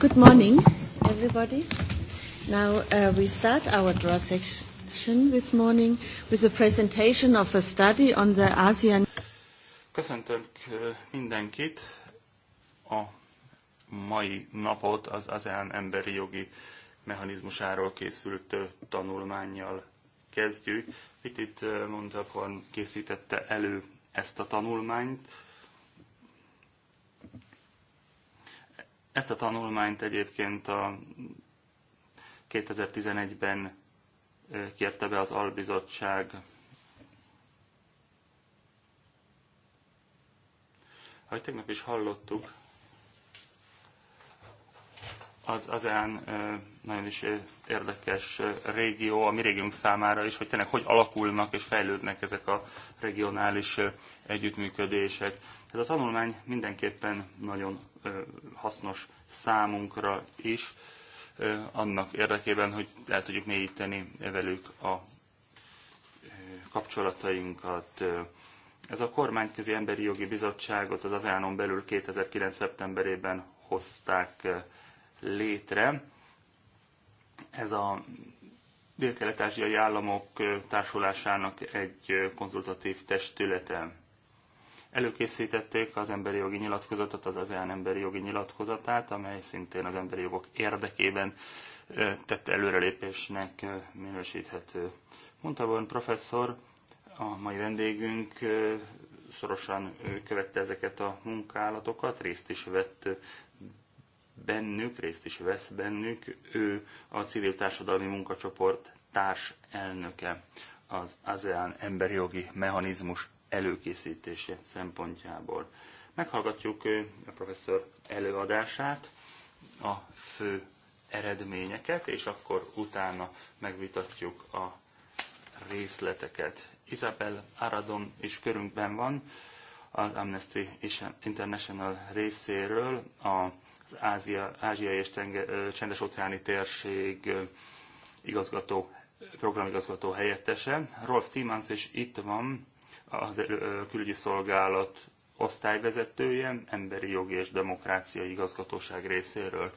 Good morning, everybody. Now uh, we start our draw session this morning with a presentation of a study on the ASEAN. Köszöntök uh, mindenkit a mai napot az ASEAN emberi jogi mechanizmusáról készült uh, tanulmányjal kezdjük. Itt itt uh, Montakorn készítette elő ezt a tanulmányt, Ezt a tanulmányt egyébként a 2011-ben kérte be az albizottság. Ahogy tegnap is hallottuk, az azán nagyon is érdekes régió a mi régiónk számára is, hogy tényleg hogy alakulnak és fejlődnek ezek a regionális együttműködések. Ez a tanulmány mindenképpen nagyon hasznos számunkra is, annak érdekében, hogy el tudjuk mélyíteni velük a kapcsolatainkat. Ez a kormányközi emberi jogi bizottságot az asean belül 2009. szeptemberében hozták létre. Ez a dél-kelet-ázsiai államok társulásának egy konzultatív testülete. Előkészítették az emberi jogi nyilatkozatot, az ASEAN emberi jogi nyilatkozatát, amely szintén az emberi jogok érdekében tett előrelépésnek minősíthető. Montaborn professzor, a mai vendégünk szorosan követte ezeket a munkálatokat, részt is vett bennük, részt is vesz bennük. Ő a civil társadalmi munkacsoport társ elnöke az ASEAN emberi jogi mechanizmus előkészítése szempontjából. Meghallgatjuk a professzor előadását, a fő eredményeket, és akkor utána megvitatjuk a részleteket. Isabel Aradon is körünkben van az Amnesty International részéről az Ázia, Ázsiai és tenger, Csendes-óceáni térség igazgató, programigazgató helyettese. Rolf Timans is itt van, a külügyi szolgálat osztályvezetője, emberi jogi és demokrácia igazgatóság részéről.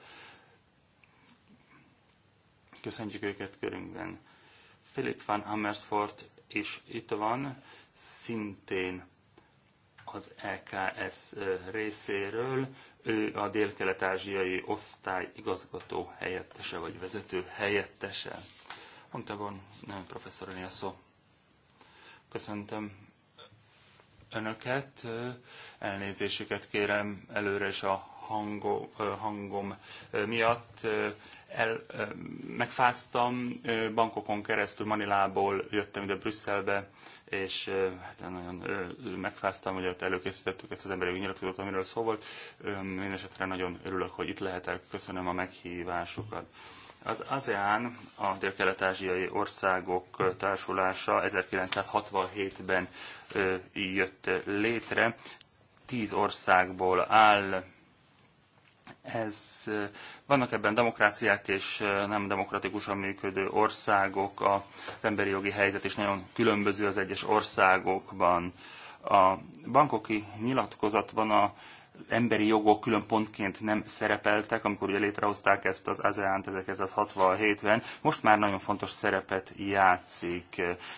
Köszöntjük őket körünkben. Philip van Amersfort is itt van, szintén az EKS részéről. Ő a dél-kelet-ázsiai osztály igazgató helyettese, vagy vezető helyettese. nem professzor szó. Köszöntöm önöket. Elnézésüket kérem előre is a hangom, hangom miatt. El, megfáztam, bankokon keresztül Manilából jöttem ide Brüsszelbe, és hát nagyon megfáztam, hogy ott előkészítettük ezt az emberi nyilatkozatot, amiről szó volt. Mindenesetre nagyon örülök, hogy itt lehetek. Köszönöm a meghívásokat. Az ASEAN, a dél-kelet-ázsiai országok társulása 1967-ben jött létre, tíz országból áll, ez, vannak ebben demokráciák és nem demokratikusan működő országok, az emberi jogi helyzet is nagyon különböző az egyes országokban. A bankoki nyilatkozatban a az emberi jogok külön pontként nem szerepeltek, amikor ugye létrehozták ezt az ASEAN-t 1967-ben. Most már nagyon fontos szerepet játszik.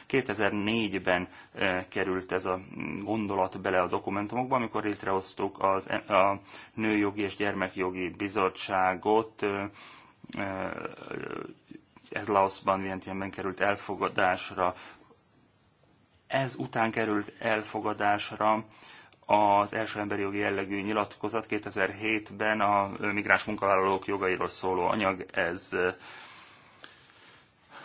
2004-ben eh, került ez a gondolat bele a dokumentumokba, amikor létrehoztuk az, e- a Nőjogi és Gyermekjogi Bizottságot, eh, eh, ez Laosban, Vientianben került elfogadásra. Ez után került elfogadásra az első emberi jogi jellegű nyilatkozat 2007-ben a migráns munkavállalók jogairól szóló anyag, ez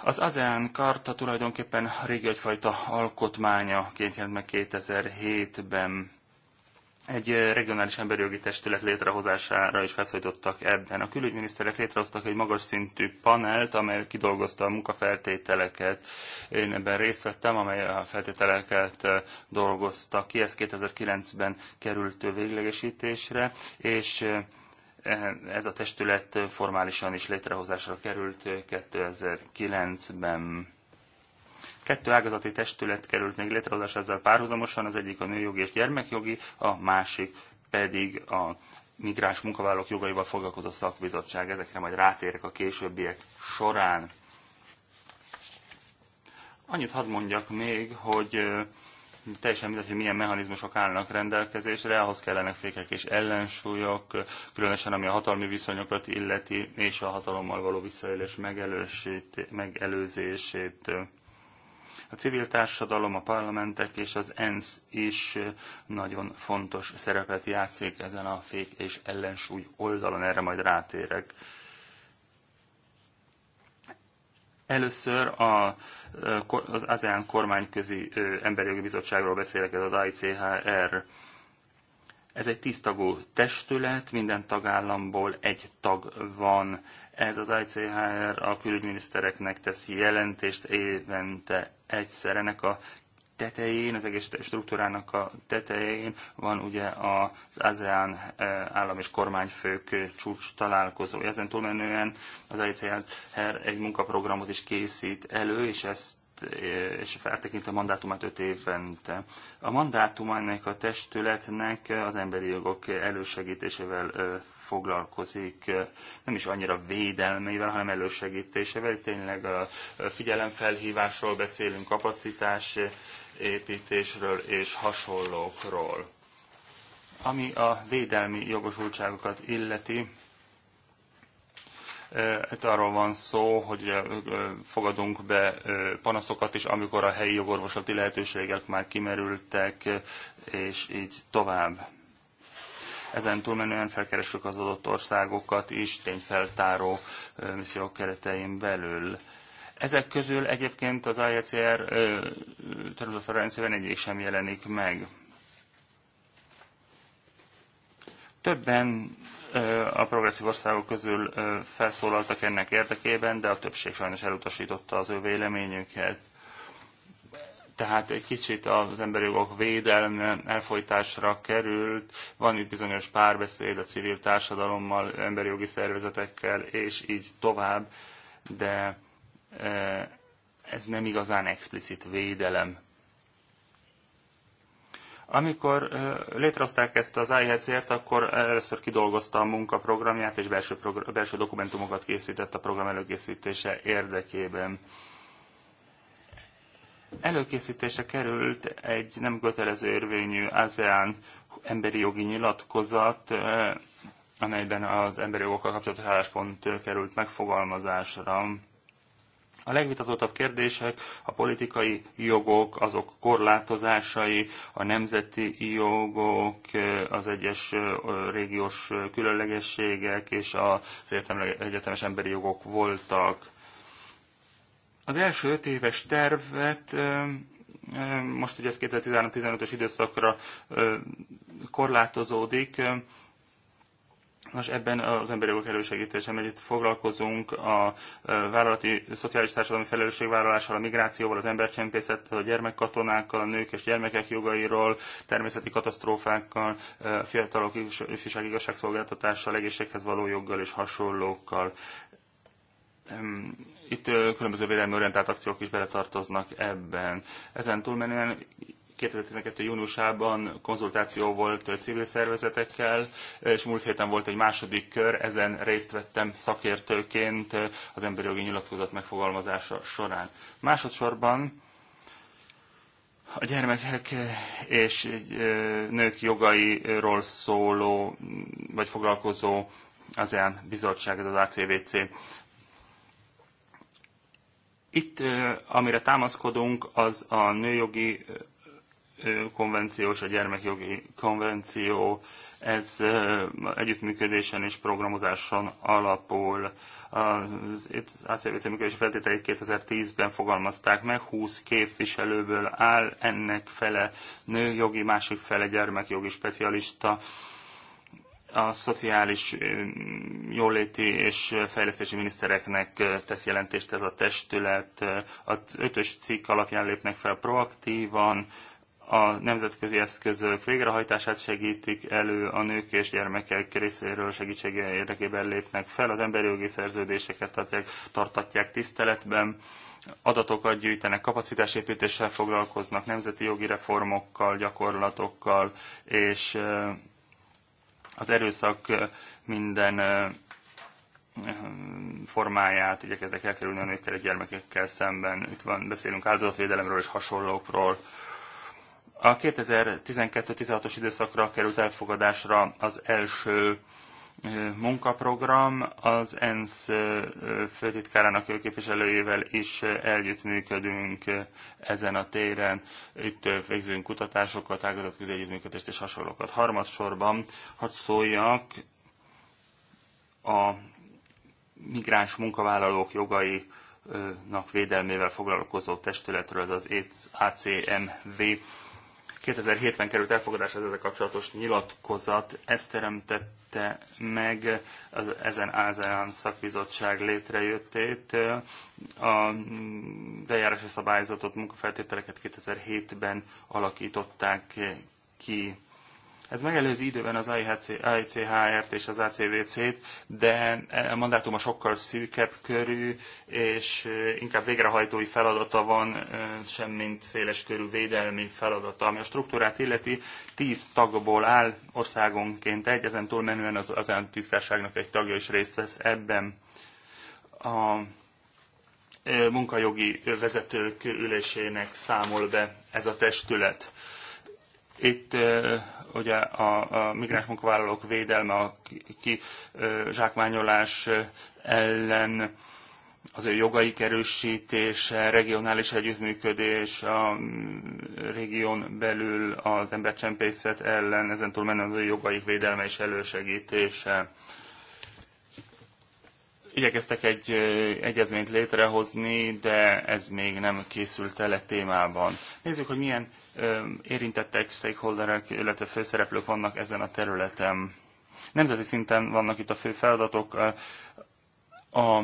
az ASEAN karta tulajdonképpen régi egyfajta alkotmánya jelent meg 2007-ben egy regionális emberjogi testület létrehozására is feszítottak ebben. A külügyminiszterek létrehoztak egy magas szintű panelt, amely kidolgozta a munkafeltételeket. Én ebben részt vettem, amely a feltételeket dolgozta ki. Ez 2009-ben került véglegesítésre, és e, ez a testület formálisan is létrehozásra került 2009-ben. Kettő ágazati testület került még létrehozás ezzel párhuzamosan, az egyik a nőjogi és gyermekjogi, a másik pedig a migráns munkavállalók jogaival foglalkozó szakbizottság. Ezekre majd rátérek a későbbiek során. Annyit hadd mondjak még, hogy teljesen mindegy, hogy milyen mechanizmusok állnak rendelkezésre, ahhoz kellenek fékek és ellensúlyok, különösen ami a hatalmi viszonyokat illeti, és a hatalommal való visszaélés megelőzését. A civil társadalom, a parlamentek és az ENSZ is nagyon fontos szerepet játszik ezen a fék és ellensúly oldalon, erre majd rátérek. Először a, az ASEAN kormányközi emberjogi bizottságról beszélek, ez az ICHR. Ez egy tisztagú testület, minden tagállamból egy tag van. Ez az ICHR a külügyminisztereknek teszi jelentést évente egyszer. Ennek a tetején, az egész struktúrának a tetején van ugye az ASEAN eh, állam és kormányfők eh, csúcs találkozója. Ezen túlmenően az ICR egy munkaprogramot is készít elő, és ezt és a mandátumát öt évente. A mandátum ennek a testületnek az emberi jogok elősegítésével foglalkozik, nem is annyira védelmével, hanem elősegítésével. Tényleg a figyelemfelhívásról beszélünk, kapacitás építésről és hasonlókról. Ami a védelmi jogosultságokat illeti, itt arról van szó, hogy fogadunk be panaszokat is, amikor a helyi jogorvosati lehetőségek már kimerültek, és így tovább. Ezen túlmenően felkeressük az adott országokat is tényfeltáró missziók keretein belül. Ezek közül egyébként az IECR területreferenciában egyik sem jelenik meg. Többen a progresszív országok közül felszólaltak ennek érdekében, de a többség sajnos elutasította az ő véleményüket. Tehát egy kicsit az emberi jogok védelme elfolytásra került, van itt bizonyos párbeszéd a civil társadalommal, emberi jogi szervezetekkel, és így tovább, de ez nem igazán explicit védelem amikor létrehozták ezt az IHCR-t, akkor először kidolgozta a munkaprogramját, és belső, progr- belső dokumentumokat készített a program előkészítése érdekében. Előkészítése került egy nem kötelező érvényű ASEAN emberi jogi nyilatkozat, amelyben az emberi jogokkal kapcsolatos álláspont került megfogalmazásra. A legvitatottabb kérdések a politikai jogok, azok korlátozásai, a nemzeti jogok, az egyes régiós különlegességek és az egyetemes emberi jogok voltak. Az első öt éves tervet most ugye ez 2013-15-ös időszakra korlátozódik, most ebben az emberi jogok elősegítésében együtt foglalkozunk a e, vállalati szociális társadalmi felelősségvállalással, a migrációval, az embercsempészettel, a gyermekkatonákkal, a nők és gyermekek jogairól, természeti katasztrófákkal, a e, fiatalok ifjúsági igazságszolgáltatással, egészséghez való joggal és hasonlókkal. Itt e, különböző védelmi orientált akciók is beletartoznak ebben. Ezen túlmenően 2012. júniusában konzultáció volt civil szervezetekkel, és múlt héten volt egy második kör, ezen részt vettem szakértőként az emberi jogi nyilatkozat megfogalmazása során. Másodszorban a gyermekek és nők jogairól szóló, vagy foglalkozó az ilyen bizottság, ez az ACVC. Itt, amire támaszkodunk, az a nőjogi konvenció és a gyermekjogi konvenció, ez együttműködésen és programozáson alapul. Az ACVC működési feltételeit 2010-ben fogalmazták meg, 20 képviselőből áll, ennek fele nőjogi, másik fele gyermekjogi specialista a szociális jóléti és fejlesztési minisztereknek tesz jelentést ez a testület. Az ötös cikk alapján lépnek fel proaktívan, a nemzetközi eszközök végrehajtását segítik elő, a nők és gyermekek részéről segítsége érdekében lépnek fel, az emberi jogi szerződéseket tartják, tartatják tiszteletben, adatokat gyűjtenek, kapacitásépítéssel foglalkoznak, nemzeti jogi reformokkal, gyakorlatokkal, és az erőszak minden formáját igyekeznek elkerülni a nőkkel, és gyermekekkel szemben. Itt van, beszélünk áldozatvédelemről és hasonlókról a 2012-16-os időszakra került elfogadásra az első munkaprogram, az ENSZ főtitkárának képviselőjével is működünk ezen a téren. Itt végzünk kutatásokat, ágazat együttműködést és hasonlókat. Harmadsorban hadd szóljak a migráns munkavállalók nak védelmével foglalkozó testületről, az ACMV 2007-ben került elfogadásra ezzel kapcsolatos nyilatkozat, ezt teremtette meg az, ezen ASEAN szakbizottság létrejöttét. A bejárási szabályzatot munkafeltételeket 2007-ben alakították ki. Ez megelőzi időben az AICHR-t és az ACVC-t, de a mandátuma sokkal szűkebb körű, és inkább végrehajtói feladata van, semmint széles körű védelmi feladata. Ami a struktúrát illeti, tíz tagból áll országonként egy, ezen túlmenően az, az titkárságnak egy tagja is részt vesz ebben. A munkajogi vezetők ülésének számol be ez a testület. Itt ugye a, a migráns munkavállalók védelme, a kizsákmányolás ellen, az ő jogaik erősítése, regionális együttműködés, a régión belül az embercsempészet ellen, ezen túl menne az ő jogaik védelme és elősegítése. Igyekeztek egy egyezményt létrehozni, de ez még nem készült el a témában. Nézzük, hogy milyen érintettek, stakeholderek, illetve főszereplők vannak ezen a területen. Nemzeti szinten vannak itt a fő feladatok. A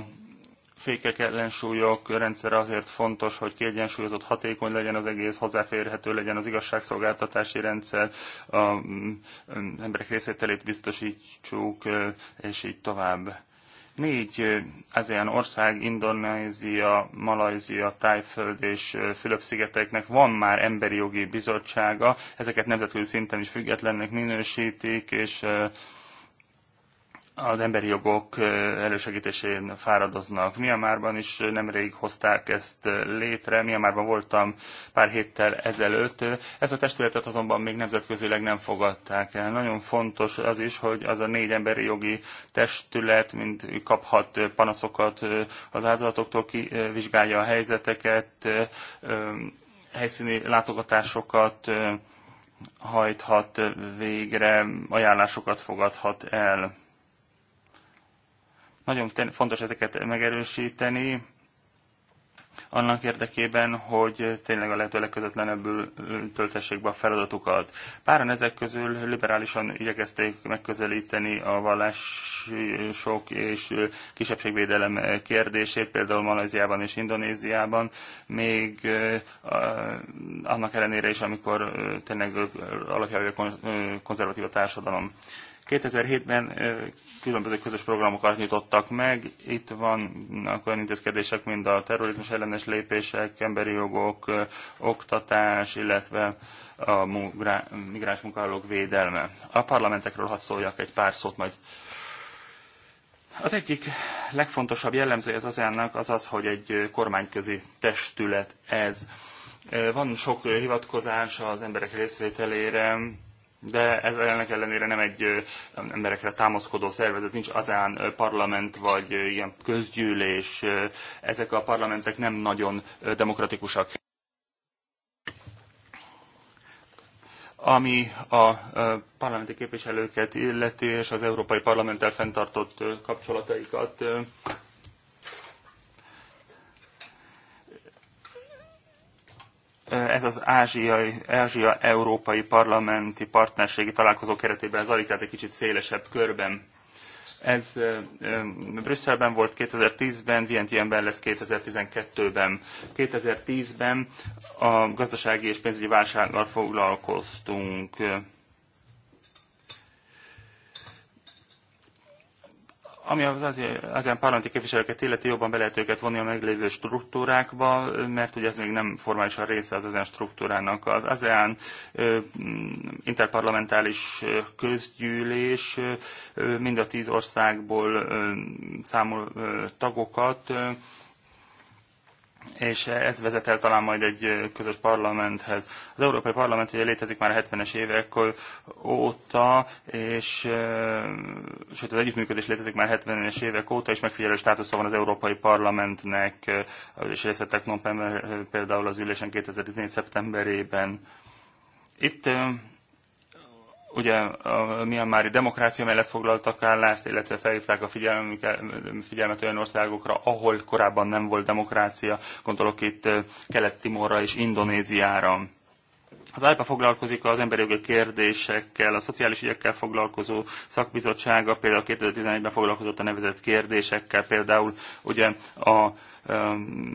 fékek, ellensúlyok rendszere azért fontos, hogy kiegyensúlyozott, hatékony legyen az egész, hozzáférhető legyen az igazságszolgáltatási rendszer, az mm, mm, emberek részételét biztosítsuk, és így tovább. Négy ilyen ország, Indonézia, Malajzia, Tájföld és Fülöp-szigeteknek van már emberi jogi bizottsága, ezeket nemzetközi szinten is függetlennek minősítik, és az emberi jogok elősegítésén fáradoznak. Miamárban is nemrég hozták ezt létre, Miamárban voltam pár héttel ezelőtt. Ez a testületet azonban még nemzetközileg nem fogadták el. Nagyon fontos az is, hogy az a négy emberi jogi testület mind kaphat panaszokat az áldozatoktól, vizsgálja a helyzeteket, helyszíni látogatásokat, hajthat végre, ajánlásokat fogadhat el. Nagyon fontos ezeket megerősíteni, annak érdekében, hogy tényleg a lehető legközvetlenebbül töltessék be a feladatukat. Páran ezek közül liberálisan igyekezték megközelíteni a vallások és kisebbségvédelem kérdését, például Malajziában és Indonéziában, még annak ellenére is, amikor tényleg alapjául a konzervatív a társadalom. 2007-ben különböző közös programokat nyitottak meg. Itt vannak olyan intézkedések, mint a terrorizmus ellenes lépések, emberi jogok, oktatás, illetve a migráns munkavállalók védelme. A parlamentekről hadd szóljak egy pár szót majd. Az egyik legfontosabb jellemzője az ASEAN-nak az az, hogy egy kormányközi testület ez. Van sok hivatkozás az emberek részvételére, de ez ennek ellenére nem egy emberekre támaszkodó szervezet, nincs azán parlament vagy ilyen közgyűlés, ezek a parlamentek nem nagyon demokratikusak. Ami a parlamenti képviselőket illeti és az Európai Parlamenttel fenntartott kapcsolataikat, ez az ázsiai, ázsia-európai parlamenti partnerségi találkozó keretében zajlik, tehát egy kicsit szélesebb körben. Ez Brüsszelben volt 2010-ben, Vientienben lesz 2012-ben. 2010-ben a gazdasági és pénzügyi válsággal foglalkoztunk Ami az ASEAN parlamenti képviselőket illeti, jobban be lehet őket vonni a meglévő struktúrákba, mert ugye ez még nem formálisan része az ASEAN struktúrának. Az ASEAN interparlamentális közgyűlés mind a tíz országból számol tagokat és ez vezet el talán majd egy közös parlamenthez. Az Európai Parlament ugye létezik már a 70-es évek óta, és sőt az együttműködés létezik már 70-es évek óta, és megfigyelő státusza van az Európai Parlamentnek, és részletek például az ülésen 2014. szeptemberében. Itt ugye a Myanmari demokrácia mellett foglaltak állást, illetve felhívták a figyelmet olyan országokra, ahol korábban nem volt demokrácia, gondolok itt Kelet-Timorra és Indonéziára. Az IPA foglalkozik az emberi jogi kérdésekkel, a szociális ügyekkel foglalkozó szakbizottsága, például 2011-ben foglalkozott a nevezett kérdésekkel, például ugye a, a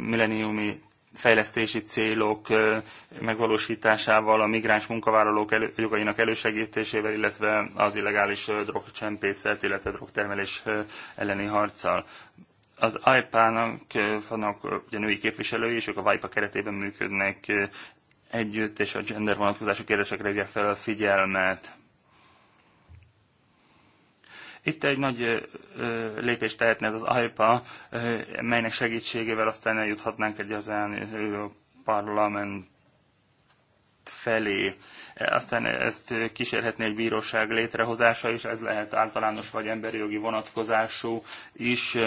milleniumi fejlesztési célok megvalósításával, a migráns munkavállalók elő, jogainak elősegítésével, illetve az illegális drogcsempészet, illetve drogtermelés elleni harccal. Az IPA-nak vannak ugye női képviselői, és ők a WIPA keretében működnek együtt, és a gender vonatkozású kérdésekre fel a figyelmet. Itt egy nagy lépést tehetne ez az AIPA, e melynek segítségével aztán eljuthatnánk egy az parlament felé. Aztán ezt kísérhetné egy bíróság létrehozása is, ez lehet általános vagy emberi jogi vonatkozású is.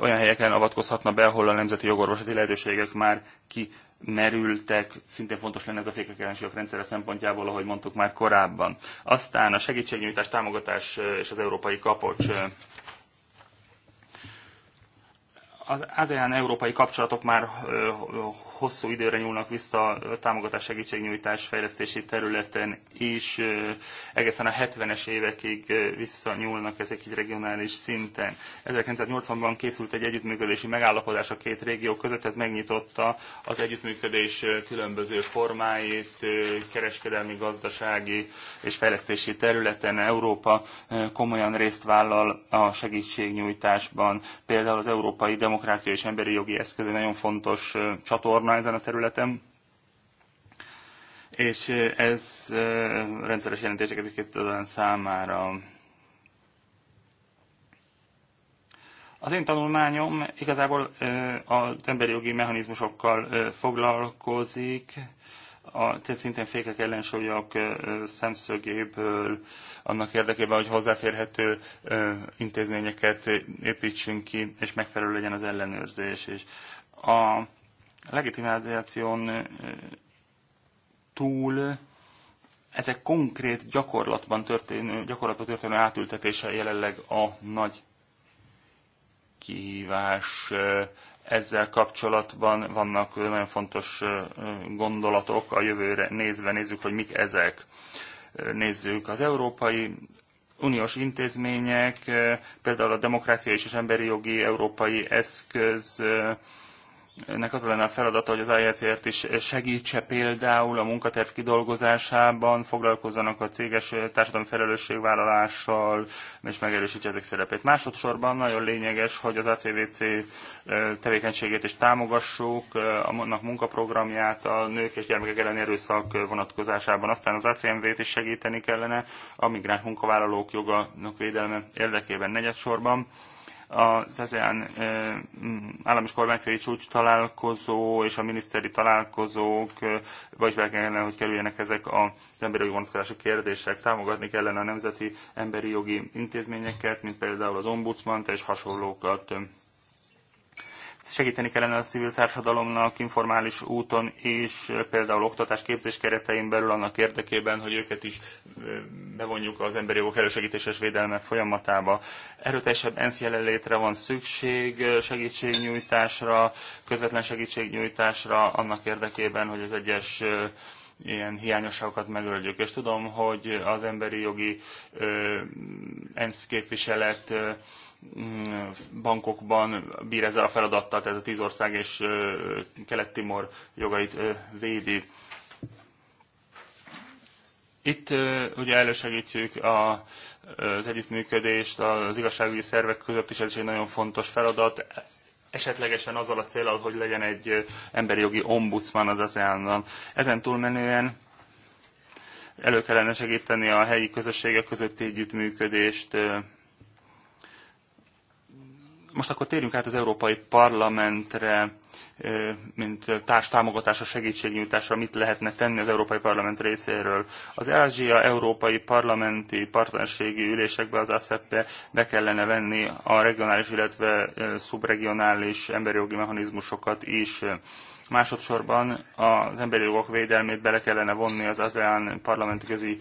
Olyan helyeken avatkozhatna be, ahol a nemzeti jogorvosati lehetőségek már ki merültek, szintén fontos lenne ez a fékek ellenségek rendszere szempontjából, ahogy mondtuk már korábban. Aztán a segítségnyújtás, támogatás és az európai kapocs az ASEAN európai kapcsolatok már hosszú időre nyúlnak vissza a támogatás segítségnyújtás fejlesztési területen is, egészen a 70-es évekig visszanyúlnak ezek így regionális szinten. 1980-ban készült egy együttműködési megállapodás a két régió között, ez megnyitotta az együttműködés különböző formáit, kereskedelmi, gazdasági és fejlesztési területen Európa komolyan részt vállal a segítségnyújtásban. Például az Európai Demokrácia és Emberi Jogi Eszköz nagyon fontos csatorna, probléma ezen a területen, és ez rendszeres jelentéseket készített készít az számára. Az én tanulmányom igazából az emberi jogi mechanizmusokkal foglalkozik, a, tehát szintén fékek ellensúlyok szemszögéből, annak érdekében, hogy hozzáférhető intézményeket építsünk ki, és megfelelő legyen az ellenőrzés. És a a legitimizáción túl ezek konkrét gyakorlatban történő, gyakorlatban történő átültetése jelenleg a nagy kihívás. Ezzel kapcsolatban vannak nagyon fontos gondolatok a jövőre nézve, nézzük, hogy mik ezek. Nézzük az európai uniós intézmények, például a demokrácia és az emberi jogi európai eszköz ennek az lenne a feladata, hogy az iecr is segítse például a munkaterv kidolgozásában, foglalkozzanak a céges eh, társadalmi felelősségvállalással, és megerősítse ezek szerepét. Másodszorban nagyon lényeges, hogy az ACVC eh, tevékenységét is támogassuk, eh, annak munkaprogramját a nők és gyermekek elleni erőszak vonatkozásában. Aztán az ACMV-t is segíteni kellene a migráns munkavállalók jogának védelme érdekében negyedsorban. sorban az ASEAN mm, állam és kormányfői csúcs találkozó és a miniszteri találkozók, vagy be kellene, hogy kerüljenek ezek az emberi jogi vonatkozású kérdések. Támogatni kellene a nemzeti emberi jogi intézményeket, mint például az Ombudsman és hasonlókat segíteni kellene a civil társadalomnak informális úton és például oktatás képzés keretein belül annak érdekében, hogy őket is bevonjuk az emberi jogok elősegítéses védelme folyamatába. Erőteljesebb ENSZ jelenlétre van szükség, segítségnyújtásra, közvetlen segítségnyújtásra annak érdekében, hogy az egyes ilyen hiányosságokat megöldjük. És tudom, hogy az emberi jogi ENSZ képviselet ö, Mm, bankokban bír ezzel a feladattal, tehát a tíz ország és Kelet-Timor jogait védi. Itt ugye elősegítjük a, az együttműködést az igazságügyi szervek között is, ez is egy nagyon fontos feladat esetlegesen azzal a célral, hogy legyen egy emberi jogi ombudsman az ASEAN-ban. Ezen túlmenően elő kellene segíteni a helyi közösségek közötti együttműködést, most akkor térjünk át az Európai Parlamentre, mint társ támogatása, segítségnyújtásra, mit lehetne tenni az Európai Parlament részéről. Az Ázsia Európai Parlamenti Partnerségi Ülésekbe, az asep be be kellene venni a regionális, illetve szubregionális emberi jogi mechanizmusokat is. Másodszorban az emberi jogok védelmét bele kellene vonni az ASEAN parlamenti közi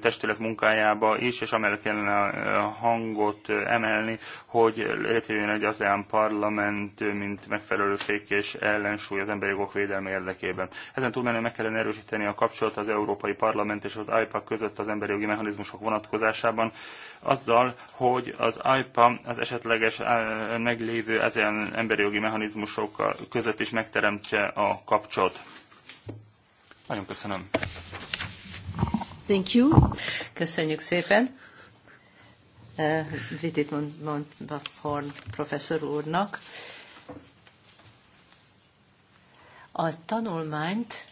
testület munkájába is, és amellett kellene hangot emelni, hogy létrejön egy ASEAN parlament, mint megfelelő és ellensúly az emberi jogok védelme érdekében. Ezen túlmenően meg kellene erősíteni a kapcsolat az Európai Parlament és az AIPA között az emberi jogi mechanizmusok vonatkozásában, azzal, hogy az AIPA az esetleges meglévő ezen emberi jogi mechanizmusok között is megteremt megteremtse a kapcsolat. Nagyon köszönöm. Thank you. Köszönjük szépen. Uh, eh, Vitit Horn professzor úrnak. A tanulmányt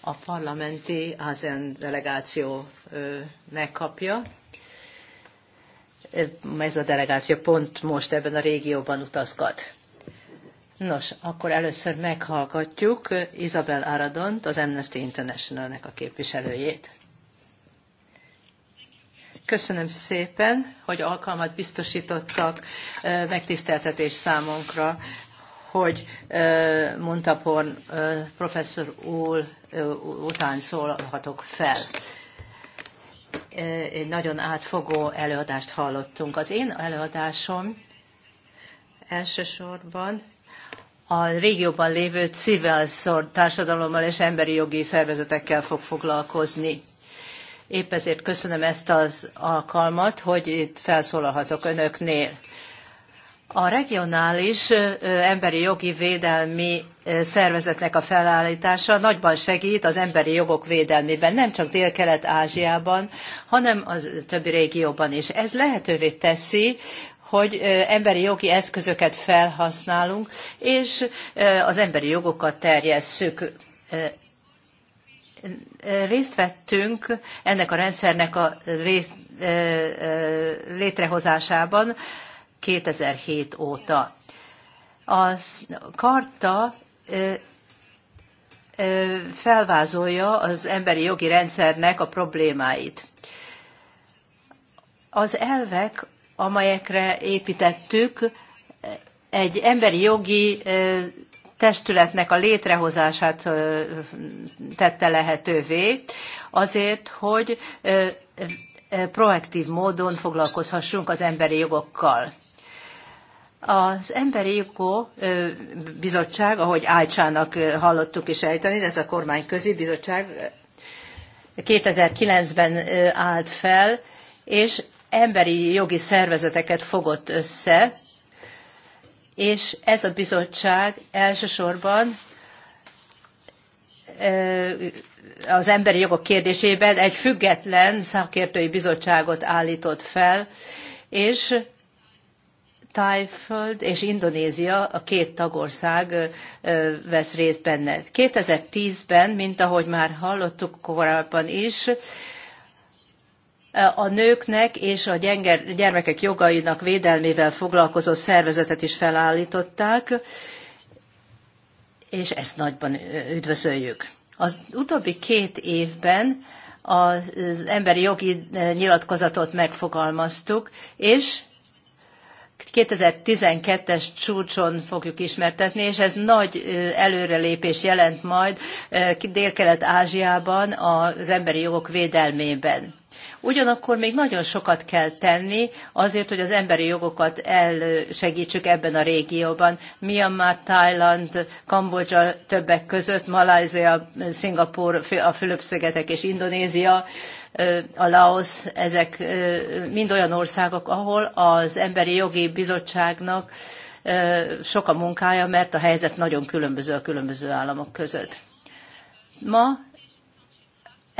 a parlamenti ASEAN delegáció megkapja. Ez a delegáció pont most ebben a régióban utazgat. Nos, akkor először meghallgatjuk Isabel Aradont, az Amnesty International-nek a képviselőjét. Köszönöm szépen, hogy alkalmat biztosítottak, megtiszteltetés számunkra, hogy Montaporn professzor úr után szólhatok fel egy nagyon átfogó előadást hallottunk. Az én előadásom elsősorban a régióban lévő civil társadalommal és emberi jogi szervezetekkel fog foglalkozni. Épp ezért köszönöm ezt az alkalmat, hogy itt felszólalhatok önöknél. A regionális emberi jogi védelmi szervezetnek a felállítása nagyban segít az emberi jogok védelmében, nem csak Dél-Kelet-Ázsiában, hanem a többi régióban is. Ez lehetővé teszi, hogy emberi jogi eszközöket felhasználunk, és az emberi jogokat terjesszük. Részt vettünk ennek a rendszernek a rész, létrehozásában 2007 óta. A karta felvázolja az emberi jogi rendszernek a problémáit. Az elvek amelyekre építettük egy emberi jogi testületnek a létrehozását tette lehetővé, azért, hogy proaktív módon foglalkozhassunk az emberi jogokkal. Az Emberi Jogok Bizottság, ahogy Ájcsának hallottuk is ejteni, ez a kormányközi bizottság 2009-ben állt fel, és emberi jogi szervezeteket fogott össze, és ez a bizottság elsősorban az emberi jogok kérdésében egy független szakértői bizottságot állított fel, és Tájföld és Indonézia, a két tagország vesz részt benne. 2010-ben, mint ahogy már hallottuk korábban is, a nőknek és a gyermekek jogainak védelmével foglalkozó szervezetet is felállították, és ezt nagyban üdvözöljük. Az utóbbi két évben az emberi jogi nyilatkozatot megfogalmaztuk, és 2012-es csúcson fogjuk ismertetni, és ez nagy előrelépés jelent majd Dél-Kelet-Ázsiában az emberi jogok védelmében. Ugyanakkor még nagyon sokat kell tenni azért, hogy az emberi jogokat elsegítsük ebben a régióban. Myanmar, Thailand, Kambodzsa többek között, Malajzia, Szingapur, a Fülöp-szigetek és Indonézia, a Laos, ezek mind olyan országok, ahol az Emberi Jogi Bizottságnak sok a munkája, mert a helyzet nagyon különböző a különböző államok között. Ma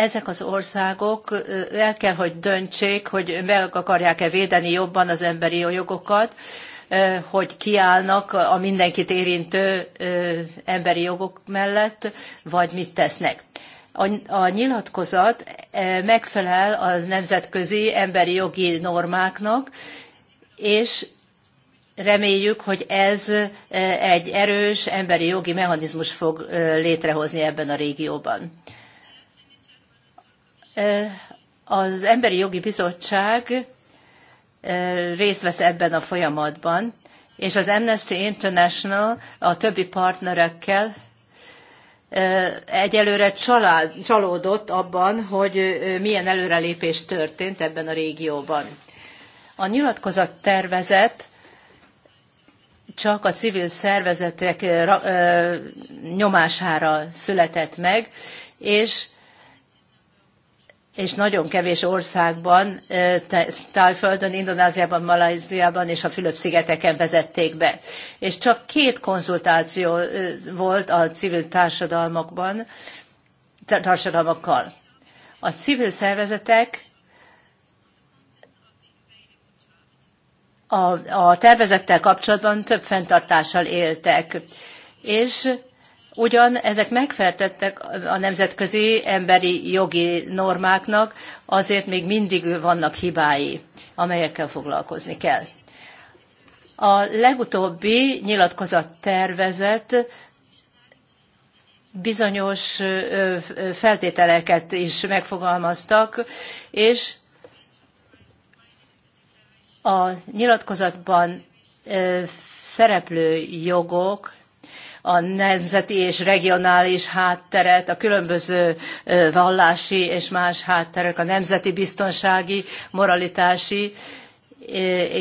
ezek az országok el kell, hogy döntsék, hogy meg akarják-e védeni jobban az emberi jogokat, hogy kiállnak a mindenkit érintő emberi jogok mellett, vagy mit tesznek. A, nyilatkozat megfelel az nemzetközi emberi jogi normáknak, és reméljük, hogy ez egy erős emberi jogi mechanizmus fog létrehozni ebben a régióban. Eh, az Emberi Jogi Bizottság eh, részt vesz ebben a folyamatban, és az Amnesty International a többi partnerekkel eh, egyelőre család, csalódott abban, hogy milyen előrelépés történt ebben a régióban. A nyilatkozat tervezet csak a civil szervezetek nyomására született meg, és és nagyon kevés országban, Tájföldön, Indonéziában, Malajziában és a Fülöp-szigeteken vezették be. És csak két konzultáció volt a civil társadalmakban, társadalmakkal. A civil szervezetek a, a tervezettel kapcsolatban több fenntartással éltek, és Ugyan ezek megfertettek a nemzetközi emberi jogi normáknak, azért még mindig vannak hibái, amelyekkel foglalkozni kell. A legutóbbi nyilatkozat tervezet bizonyos feltételeket is megfogalmaztak, és a nyilatkozatban szereplő jogok a nemzeti és regionális hátteret, a különböző vallási és más hátterek, a nemzeti biztonsági, moralitási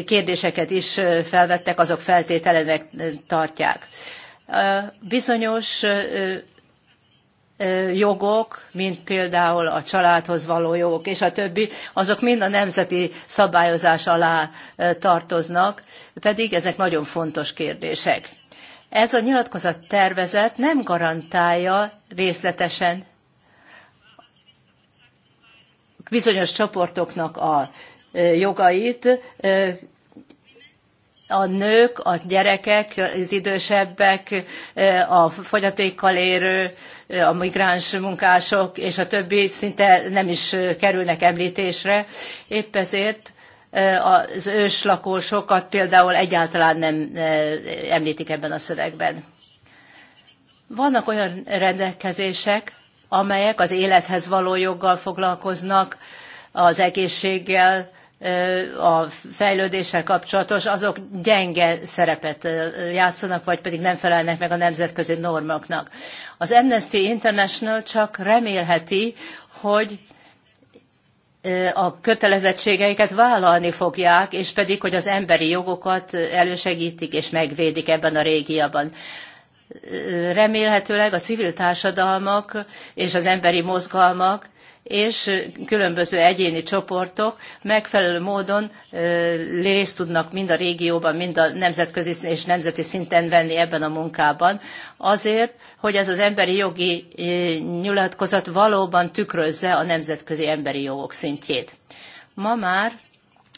kérdéseket is felvettek, azok feltételenek tartják. Bizonyos jogok, mint például a családhoz való jogok és a többi, azok mind a nemzeti szabályozás alá tartoznak, pedig ezek nagyon fontos kérdések. Ez a nyilatkozat tervezet nem garantálja részletesen bizonyos csoportoknak a jogait, a nők, a gyerekek, az idősebbek, a fogyatékkal érő, a migráns munkások és a többi szinte nem is kerülnek említésre. Épp ezért az őslakósokat például egyáltalán nem említik ebben a szövegben. Vannak olyan rendelkezések, amelyek az élethez való joggal foglalkoznak, az egészséggel, a fejlődéssel kapcsolatos, azok gyenge szerepet játszanak, vagy pedig nem felelnek meg a nemzetközi normáknak. Az Amnesty International csak remélheti, hogy a kötelezettségeiket vállalni fogják, és pedig, hogy az emberi jogokat elősegítik és megvédik ebben a régiában. Remélhetőleg a civil társadalmak és az emberi mozgalmak és különböző egyéni csoportok megfelelő módon részt tudnak mind a régióban, mind a nemzetközi és nemzeti szinten venni ebben a munkában, azért, hogy ez az emberi jogi nyilatkozat valóban tükrözze a nemzetközi emberi jogok szintjét. Ma már,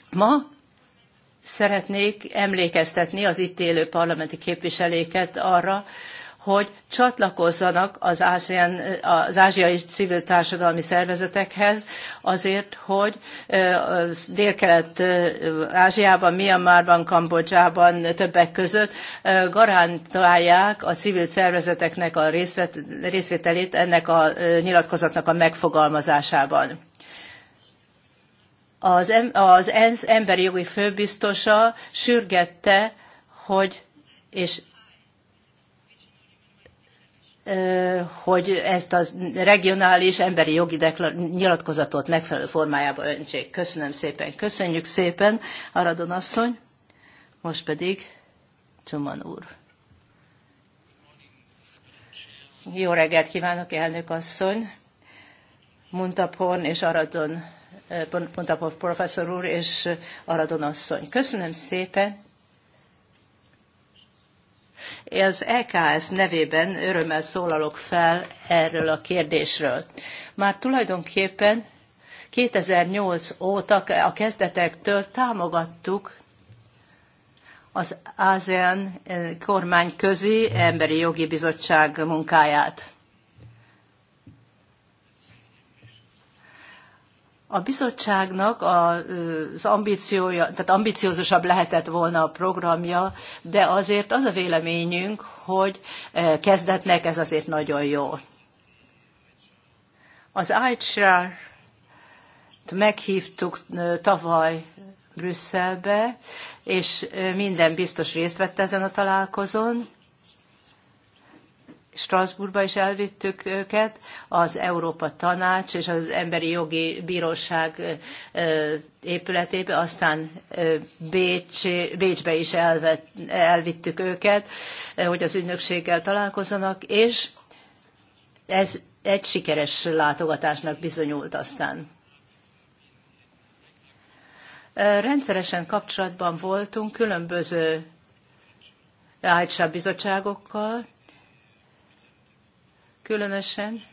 ma szeretnék emlékeztetni az itt élő parlamenti képviselőket arra, hogy csatlakozzanak az, ASEAN, az ázsiai civil társadalmi szervezetekhez azért, hogy délkelet ázsiában Myanmarban, Kambodzsában többek között garantálják a civil szervezeteknek a részvételét ennek a nyilatkozatnak a megfogalmazásában. Az, az ENSZ emberi jogi főbiztosa sürgette, hogy és hogy ezt a regionális emberi jogi nyilatkozatot megfelelő formájába öntsék. Köszönöm szépen. Köszönjük szépen, Aradon asszony. Most pedig Csuman úr. Jó reggelt kívánok, elnök asszony. Muntaporn és Aradon, Muntapor professzor úr és Aradon asszony. Köszönöm szépen az EKS nevében örömmel szólalok fel erről a kérdésről. Már tulajdonképpen 2008 óta a kezdetektől támogattuk az ASEAN eh, kormányközi emberi jogi bizottság munkáját. A bizottságnak az ambíciója, tehát ambiciózusabb lehetett volna a programja, de azért az a véleményünk, hogy eh, kezdetnek ez azért nagyon jó. Az IHR meghívtuk eh, tavaly Brüsszelbe, és eh, minden biztos részt vett ezen a találkozón, Strasbourgba is elvittük őket, az Európa Tanács és az Emberi Jogi Bíróság épületébe, aztán Bécs, Bécsbe is elvet, elvittük őket, hogy az ügynökséggel találkozzanak, és ez egy sikeres látogatásnak bizonyult aztán. Rendszeresen kapcsolatban voltunk különböző Ájtsa bizottságokkal, különösen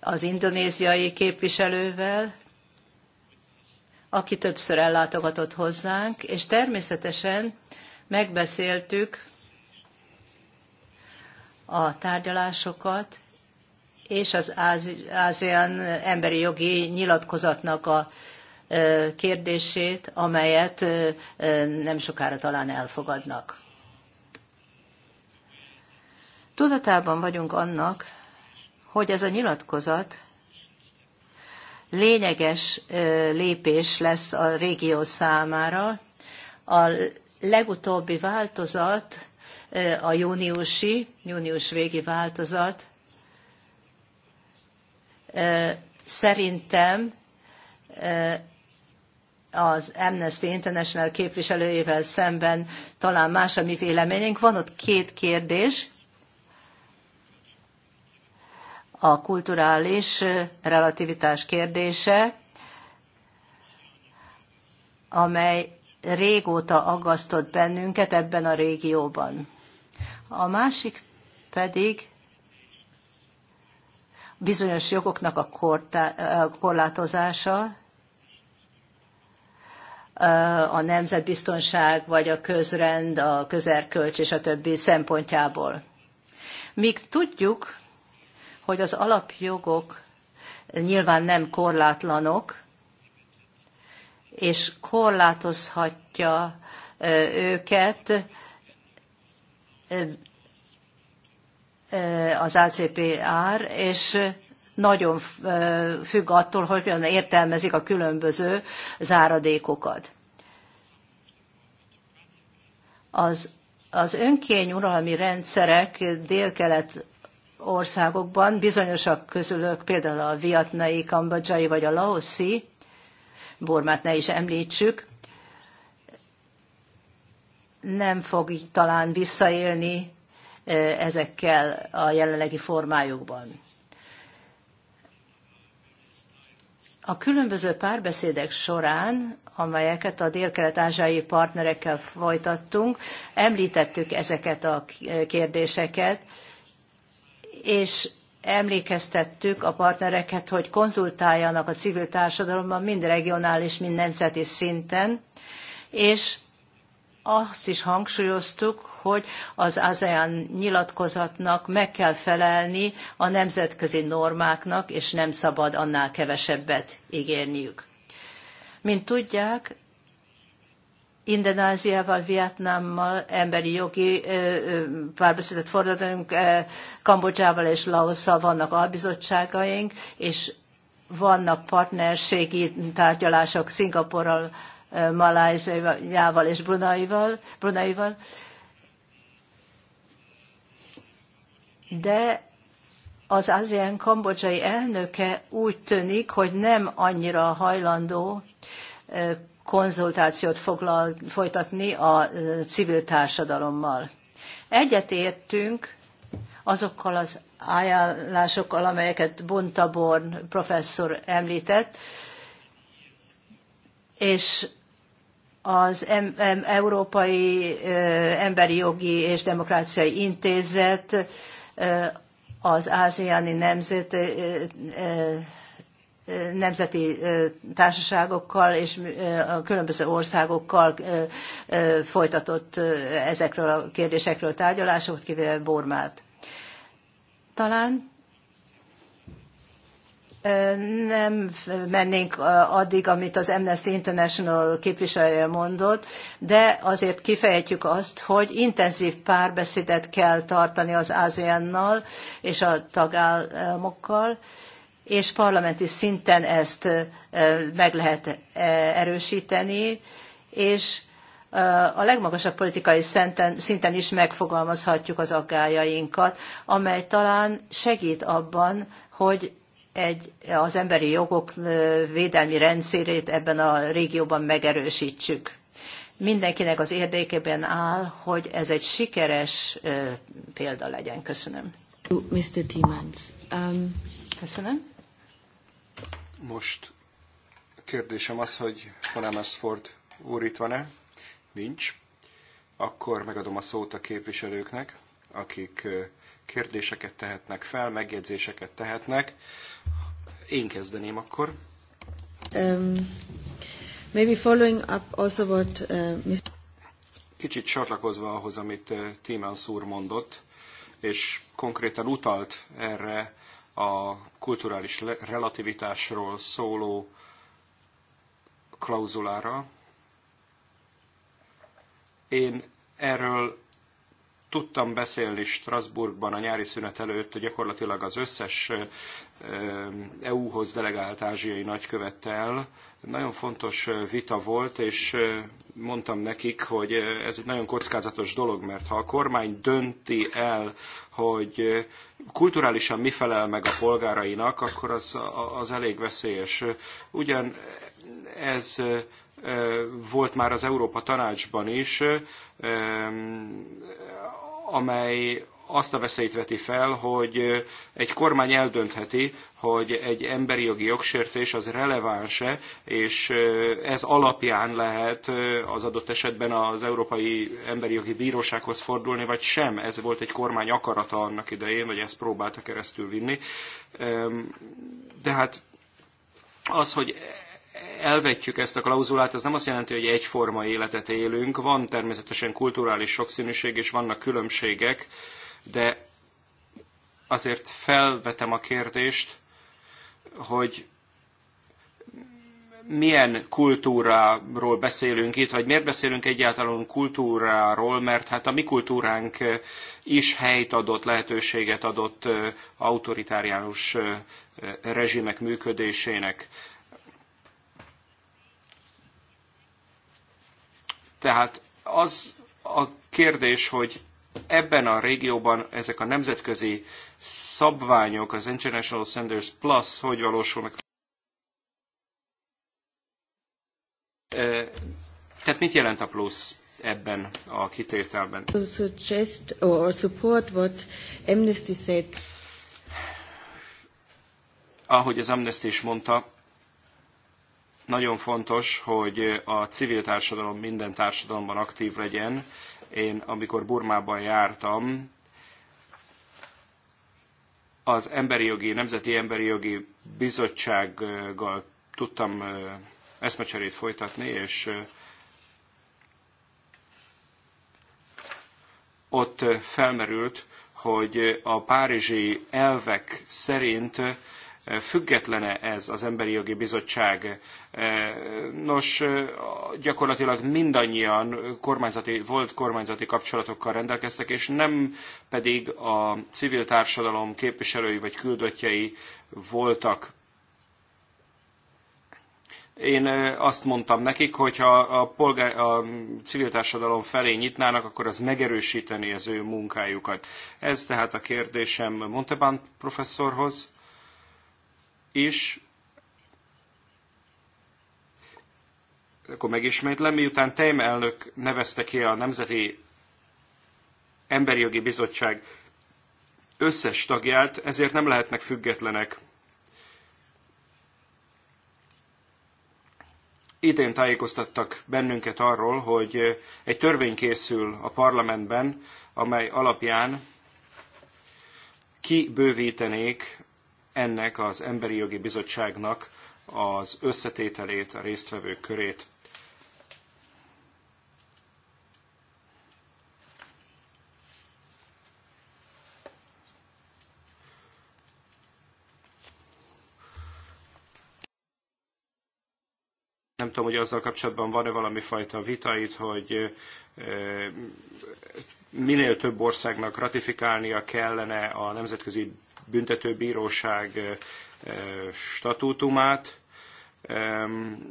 az indonéziai képviselővel, aki többször ellátogatott hozzánk, és természetesen megbeszéltük a tárgyalásokat és az ASEAN emberi jogi nyilatkozatnak a kérdését, amelyet nem sokára talán elfogadnak. Tudatában vagyunk annak, hogy ez a nyilatkozat lényeges lépés lesz a régió számára. A legutóbbi változat, a júniusi, június végi változat szerintem az Amnesty International képviselőjével szemben talán más a mi véleményünk. Van ott két kérdés, a kulturális relativitás kérdése, amely régóta aggasztott bennünket ebben a régióban. A másik pedig bizonyos jogoknak a korlátozása, a nemzetbiztonság, vagy a közrend, a közerkölcs és a többi szempontjából. Míg tudjuk, hogy az alapjogok nyilván nem korlátlanok, és korlátozhatja őket az ACPR, és nagyon függ attól, hogy hogyan értelmezik a különböző záradékokat. Az, az önkény uralmi rendszerek délkelet országokban, bizonyosak közülök, például a vietnai, kambodzsai vagy a laoszi, Burmát ne is említsük, nem fog talán visszaélni ezekkel a jelenlegi formájukban. A különböző párbeszédek során, amelyeket a dél-kelet-ázsiai partnerekkel folytattunk, említettük ezeket a kérdéseket, és emlékeztettük a partnereket, hogy konzultáljanak a civil társadalomban mind regionális, mind nemzeti szinten, és azt is hangsúlyoztuk, hogy az ASEAN nyilatkozatnak meg kell felelni a nemzetközi normáknak, és nem szabad annál kevesebbet ígérniük. Mint tudják, Indonéziával, Vietnámmal emberi jogi párbeszédet fordítunk, Kambodzsával és Laosszal vannak albizottságaink, és vannak partnerségi tárgyalások Szingaporral, Malajziával és Brunaival, Brunaival. De az ASEAN kambodzsai elnöke úgy tűnik, hogy nem annyira hajlandó konzultációt foglal, folytatni a civil társadalommal. Egyetértünk azokkal az ajánlásokkal, amelyeket Born professzor említett, és az Európai Emberi Jogi és Demokráciai Intézet, az áziáni nemzet nemzeti társaságokkal és a különböző országokkal folytatott ezekről a kérdésekről tárgyalásokat, kivéve Bormát. Talán nem mennénk addig, amit az Amnesty International képviselője mondott, de azért kifejtjük azt, hogy intenzív párbeszédet kell tartani az ASEAN-nal és a tagállamokkal, és parlamenti szinten ezt meg lehet erősíteni, és a legmagasabb politikai szinten, is megfogalmazhatjuk az aggájainkat, amely talán segít abban, hogy egy, az emberi jogok védelmi rendszerét ebben a régióban megerősítsük. Mindenkinek az érdekében áll, hogy ez egy sikeres példa legyen. Köszönöm. Mr. Um... Köszönöm. Most a kérdésem az, hogy Konámas Ford úr itt van-e? Nincs. Akkor megadom a szót a képviselőknek, akik kérdéseket tehetnek fel, megjegyzéseket tehetnek. Én kezdeném akkor. Um, maybe following up also what uh, Mr. Kicsit csatlakozva ahhoz, amit Tímán úr mondott, és konkrétan utalt erre a kulturális relativitásról szóló klauzulára. Én erről tudtam beszélni Strasbourgban a nyári szünet előtt gyakorlatilag az összes EU-hoz delegált ázsiai nagykövettel. Nagyon fontos vita volt, és mondtam nekik, hogy ez egy nagyon kockázatos dolog, mert ha a kormány dönti el, hogy kulturálisan mi felel meg a polgárainak, akkor az, az elég veszélyes. Ugyan ez volt már az Európa Tanácsban is, amely azt a veszélyt veti fel, hogy egy kormány eldöntheti, hogy egy emberi jogi jogsértés az releváns-e, és ez alapján lehet az adott esetben az Európai Emberi Jogi Bírósághoz fordulni, vagy sem. Ez volt egy kormány akarata annak idején, vagy ezt próbálta keresztül vinni. De hát az, hogy elvetjük ezt a klauzulát, ez nem azt jelenti, hogy egyforma életet élünk. Van természetesen kulturális sokszínűség, és vannak különbségek, de azért felvetem a kérdést, hogy milyen kultúráról beszélünk itt, vagy miért beszélünk egyáltalán kultúráról, mert hát a mi kultúránk is helyt adott, lehetőséget adott autoritáriánus rezsimek működésének. Tehát az a kérdés, hogy ebben a régióban ezek a nemzetközi szabványok, az International Standards Plus, hogy valósulnak. Tehát mit jelent a plusz ebben a kitételben? Suggest or support what Amnesty said. Ahogy az Amnesty is mondta, nagyon fontos, hogy a civil társadalom minden társadalomban aktív legyen, én, amikor Burmában jártam, az emberi jogi, Nemzeti Emberi Jogi Bizottsággal tudtam eszmecserét folytatni, és ott felmerült, hogy a párizsi elvek szerint függetlene ez az Emberi Jogi Bizottság? E, nos, e, gyakorlatilag mindannyian kormányzati, volt kormányzati kapcsolatokkal rendelkeztek, és nem pedig a civil társadalom képviselői vagy küldöttjei voltak. Én e, azt mondtam nekik, hogy ha a, polgár, a civil társadalom felé nyitnának, akkor az megerősíteni az ő munkájukat. Ez tehát a kérdésem Monteban professzorhoz és akkor megismétlem, miután Tejm elnök nevezte ki a Nemzeti Emberi Jogi Bizottság összes tagját, ezért nem lehetnek függetlenek. Idén tájékoztattak bennünket arról, hogy egy törvény készül a parlamentben, amely alapján kibővítenék ennek az Emberi Jogi Bizottságnak az összetételét, a résztvevők körét. Nem tudom, hogy azzal kapcsolatban van-e valami fajta vitait, hogy minél több országnak ratifikálnia kellene a nemzetközi büntetőbíróság statútumát.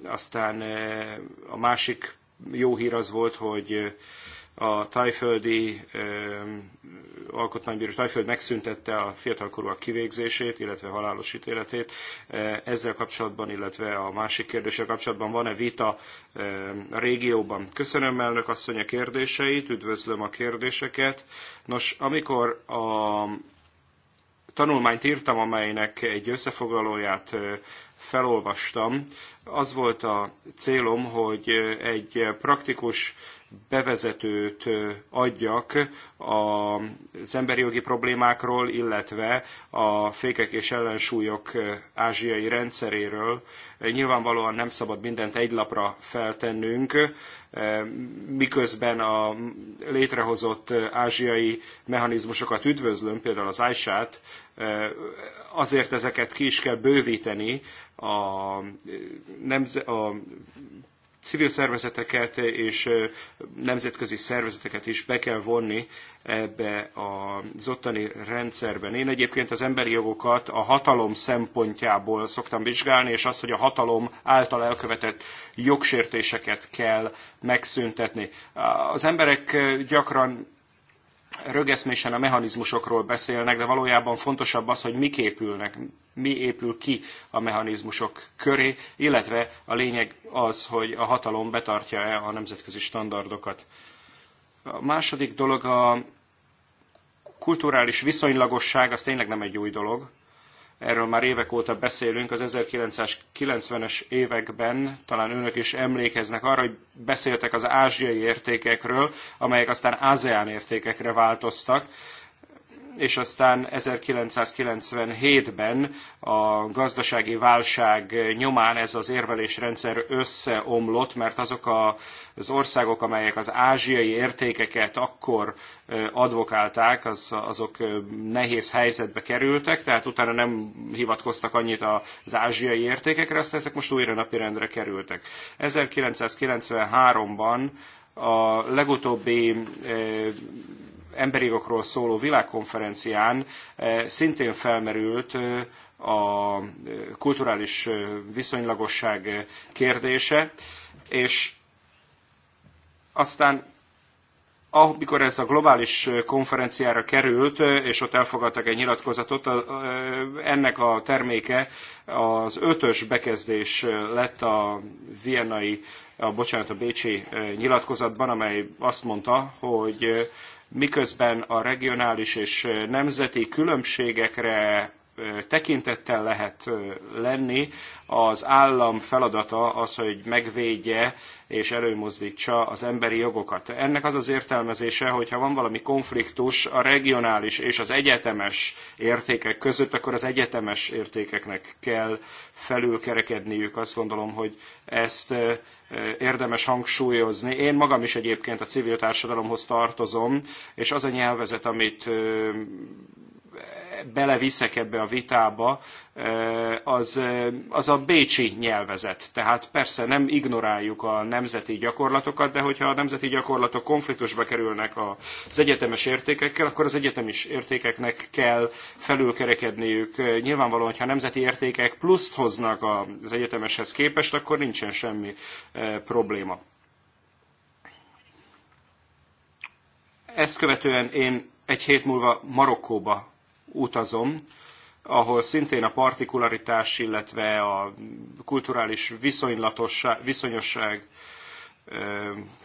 Aztán a másik jó hír az volt, hogy a tájföldi alkotmánybíró Tájföld megszüntette a fiatalkorúak kivégzését, illetve halálos ítéletét. Ezzel kapcsolatban, illetve a másik kérdéssel kapcsolatban van-e vita a régióban? Köszönöm elnök asszony a kérdéseit, üdvözlöm a kérdéseket. Nos, amikor a tanulmányt írtam, amelynek egy összefoglalóját felolvastam. Az volt a célom, hogy egy praktikus bevezetőt adjak az emberi jogi problémákról, illetve a fékek és ellensúlyok ázsiai rendszeréről. Nyilvánvalóan nem szabad mindent egy lapra feltennünk, miközben a létrehozott ázsiai mechanizmusokat üdvözlöm, például az ISAT, azért ezeket ki is kell bővíteni a, nemze- a civil szervezeteket és nemzetközi szervezeteket is be kell vonni ebbe az ottani rendszerben. Én egyébként az emberi jogokat a hatalom szempontjából szoktam vizsgálni, és azt, hogy a hatalom által elkövetett jogsértéseket kell megszüntetni. Az emberek gyakran rögeszmésen a mechanizmusokról beszélnek, de valójában fontosabb az, hogy mik épülnek, mi épül ki a mechanizmusok köré, illetve a lényeg az, hogy a hatalom betartja-e a nemzetközi standardokat. A második dolog a kulturális viszonylagosság, az tényleg nem egy új dolog erről már évek óta beszélünk, az 1990-es években talán önök is emlékeznek arra, hogy beszéltek az ázsiai értékekről, amelyek aztán ASEAN értékekre változtak, és aztán 1997-ben a gazdasági válság nyomán ez az érvelésrendszer összeomlott, mert azok a, az országok, amelyek az ázsiai értékeket akkor advokálták, az, azok nehéz helyzetbe kerültek, tehát utána nem hivatkoztak annyit az ázsiai értékekre, aztán ezek most újra napirendre kerültek. 1993-ban a legutóbbi emberi jogokról szóló világkonferencián eh, szintén felmerült eh, a kulturális eh, viszonylagosság kérdése, és aztán amikor ez a globális konferenciára került, és ott elfogadtak egy nyilatkozatot, ennek a terméke az ötös bekezdés lett a vienai, a, bocsánat, a bécsi nyilatkozatban, amely azt mondta, hogy miközben a regionális és nemzeti különbségekre tekintettel lehet lenni. Az állam feladata az, hogy megvédje és előmozdítsa az emberi jogokat. Ennek az az értelmezése, hogyha van valami konfliktus a regionális és az egyetemes értékek között, akkor az egyetemes értékeknek kell felülkerekedniük. Azt gondolom, hogy ezt érdemes hangsúlyozni. Én magam is egyébként a civil társadalomhoz tartozom, és az a nyelvezet, amit beleviszek ebbe a vitába, eh, az, eh, az a bécsi nyelvezet. Tehát persze nem ignoráljuk a nemzeti gyakorlatokat, de hogyha a nemzeti gyakorlatok konfliktusba kerülnek az egyetemes értékekkel, akkor az egyetemis értékeknek kell felülkerekedniük. Nyilvánvalóan, hogyha a nemzeti értékek pluszt hoznak az egyetemeshez képest, akkor nincsen semmi eh, probléma. Ezt követően én egy hét múlva Marokkóba utazom, ahol szintén a partikularitás, illetve a kulturális viszonyosság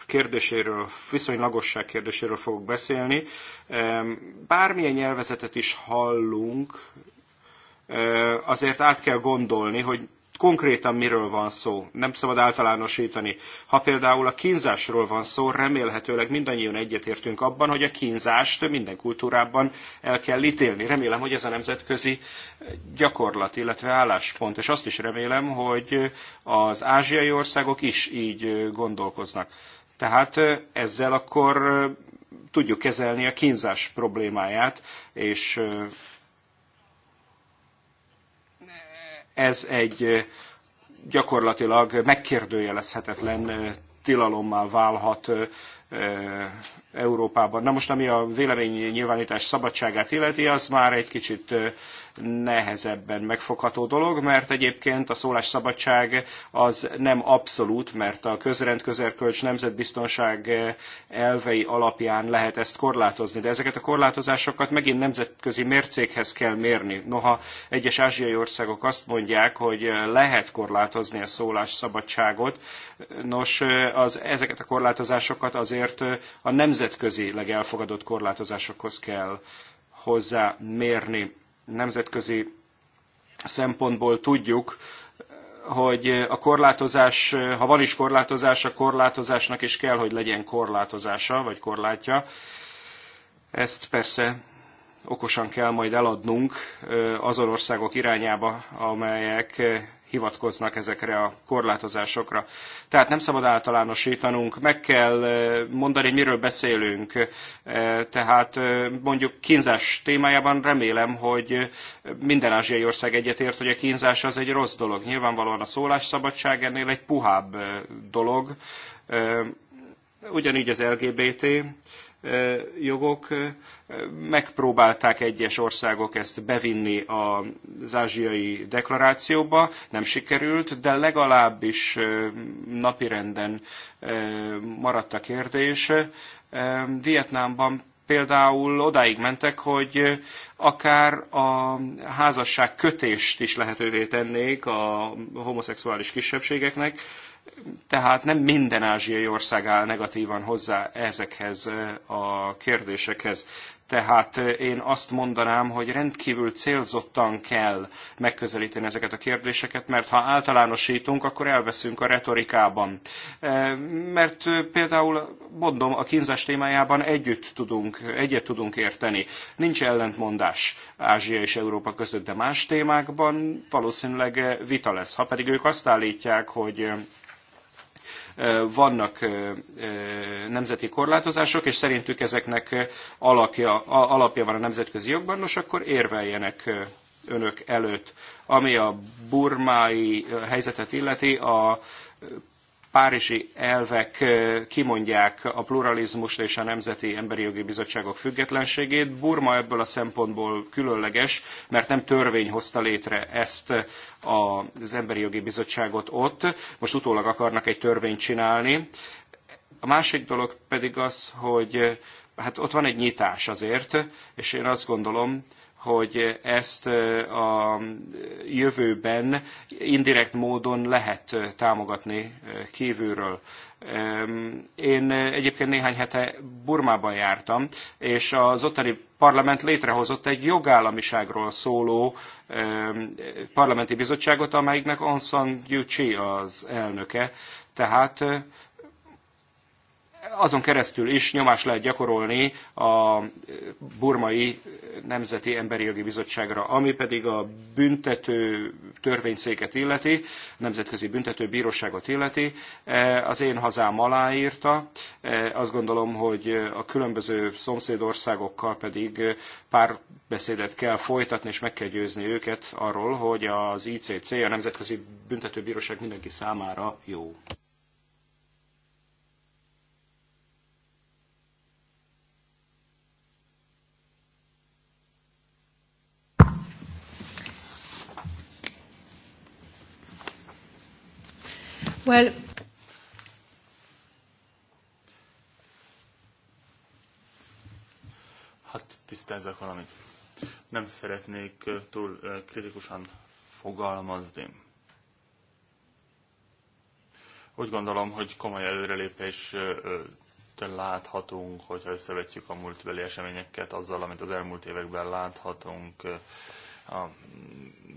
kérdéséről, viszonylagosság kérdéséről fogok beszélni. Bármilyen nyelvezetet is hallunk, azért át kell gondolni, hogy konkrétan miről van szó, nem szabad általánosítani. Ha például a kínzásról van szó, remélhetőleg mindannyian egyetértünk abban, hogy a kínzást minden kultúrában el kell ítélni. Remélem, hogy ez a nemzetközi gyakorlat, illetve álláspont, és azt is remélem, hogy az ázsiai országok is így gondolkoznak. Tehát ezzel akkor tudjuk kezelni a kínzás problémáját, és Ez egy gyakorlatilag megkérdőjelezhetetlen tilalommá válhat Európában. Na most, ami a nyilvánítás szabadságát illeti, az már egy kicsit nehezebben megfogható dolog, mert egyébként a szólásszabadság az nem abszolút, mert a közrend, közerkölcs, nemzetbiztonság elvei alapján lehet ezt korlátozni, de ezeket a korlátozásokat megint nemzetközi mércékhez kell mérni. Noha egyes ázsiai országok azt mondják, hogy lehet korlátozni a szólásszabadságot, nos, az, ezeket a korlátozásokat azért a nemzet nemzetközileg elfogadott korlátozásokhoz kell hozzá mérni. Nemzetközi szempontból tudjuk, hogy a korlátozás, ha van is korlátozás, a korlátozásnak is kell, hogy legyen korlátozása, vagy korlátja. Ezt persze okosan kell majd eladnunk azon országok irányába, amelyek hivatkoznak ezekre a korlátozásokra. Tehát nem szabad általánosítanunk, meg kell mondani, miről beszélünk. Tehát mondjuk kínzás témájában remélem, hogy minden ázsiai ország egyetért, hogy a kínzás az egy rossz dolog. Nyilvánvalóan a szólásszabadság ennél egy puhább dolog, ugyanígy az LGBT jogok. Megpróbálták egyes országok ezt bevinni az ázsiai deklarációba, nem sikerült, de legalábbis napirenden maradt a kérdés. Vietnámban például odáig mentek, hogy akár a házasság kötést is lehetővé tennék a homoszexuális kisebbségeknek, tehát nem minden ázsiai ország áll negatívan hozzá ezekhez a kérdésekhez. Tehát én azt mondanám, hogy rendkívül célzottan kell megközelíteni ezeket a kérdéseket, mert ha általánosítunk, akkor elveszünk a retorikában. Mert például, mondom, a kínzás témájában együtt tudunk, egyet tudunk érteni. Nincs ellentmondás Ázsia és Európa között, de más témákban valószínűleg vita lesz. Ha pedig ők azt állítják, hogy vannak nemzeti korlátozások, és szerintük ezeknek alapja, alapja van a nemzetközi jogban, nos akkor érveljenek önök előtt. Ami a burmái helyzetet illeti, a párizsi elvek kimondják a pluralizmust és a Nemzeti Emberi Jogi Bizottságok függetlenségét. Burma ebből a szempontból különleges, mert nem törvény hozta létre ezt az Emberi Jogi Bizottságot ott. Most utólag akarnak egy törvényt csinálni. A másik dolog pedig az, hogy hát ott van egy nyitás azért, és én azt gondolom, hogy ezt a jövőben indirekt módon lehet támogatni kívülről. Én egyébként néhány hete Burmában jártam, és az ottani parlament létrehozott egy jogállamiságról szóló parlamenti bizottságot, amelyiknek Aung San Suu Kyi az elnöke. Tehát azon keresztül is nyomás lehet gyakorolni a burmai Nemzeti Emberi Jogi Bizottságra, ami pedig a büntető törvényszéket illeti, a Nemzetközi Büntető Bíróságot illeti. E, az én hazám aláírta. E, azt gondolom, hogy a különböző szomszédországokkal pedig pár beszédet kell folytatni, és meg kell győzni őket arról, hogy az ICC, a Nemzetközi Büntető Bíróság mindenki számára jó. Well, Hát tisztázzak valamit. Nem szeretnék túl kritikusan fogalmazni. Úgy gondolom, hogy komoly előrelépés láthatunk, hogyha összevetjük a múltbeli eseményeket azzal, amit az elmúlt években láthatunk a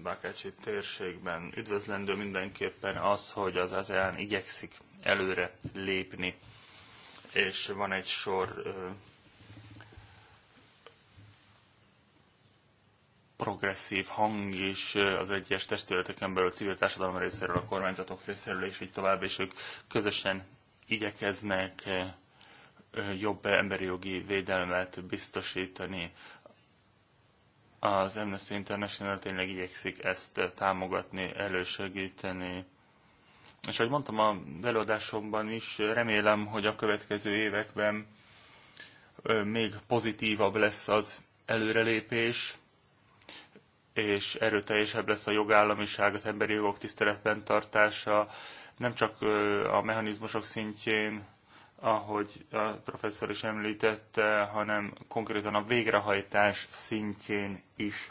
Bakácsi térségben üdvözlendő mindenképpen az, hogy az ASEAN igyekszik előre lépni, és van egy sor progresszív hang is az egyes testületeken belül, civil társadalom részéről, a kormányzatok részéről, és így tovább, és ők közösen igyekeznek jobb emberi jogi védelmet biztosítani. Az Amnesty International tényleg igyekszik ezt eh, támogatni, elősegíteni. És ahogy mondtam a előadásomban is, remélem, hogy a következő években eh, még pozitívabb lesz az előrelépés, és erőteljesebb lesz a jogállamiság, az emberi jogok tiszteletben tartása, nem csak eh, a mechanizmusok szintjén, ahogy a professzor is említette, hanem konkrétan a végrehajtás szintjén is.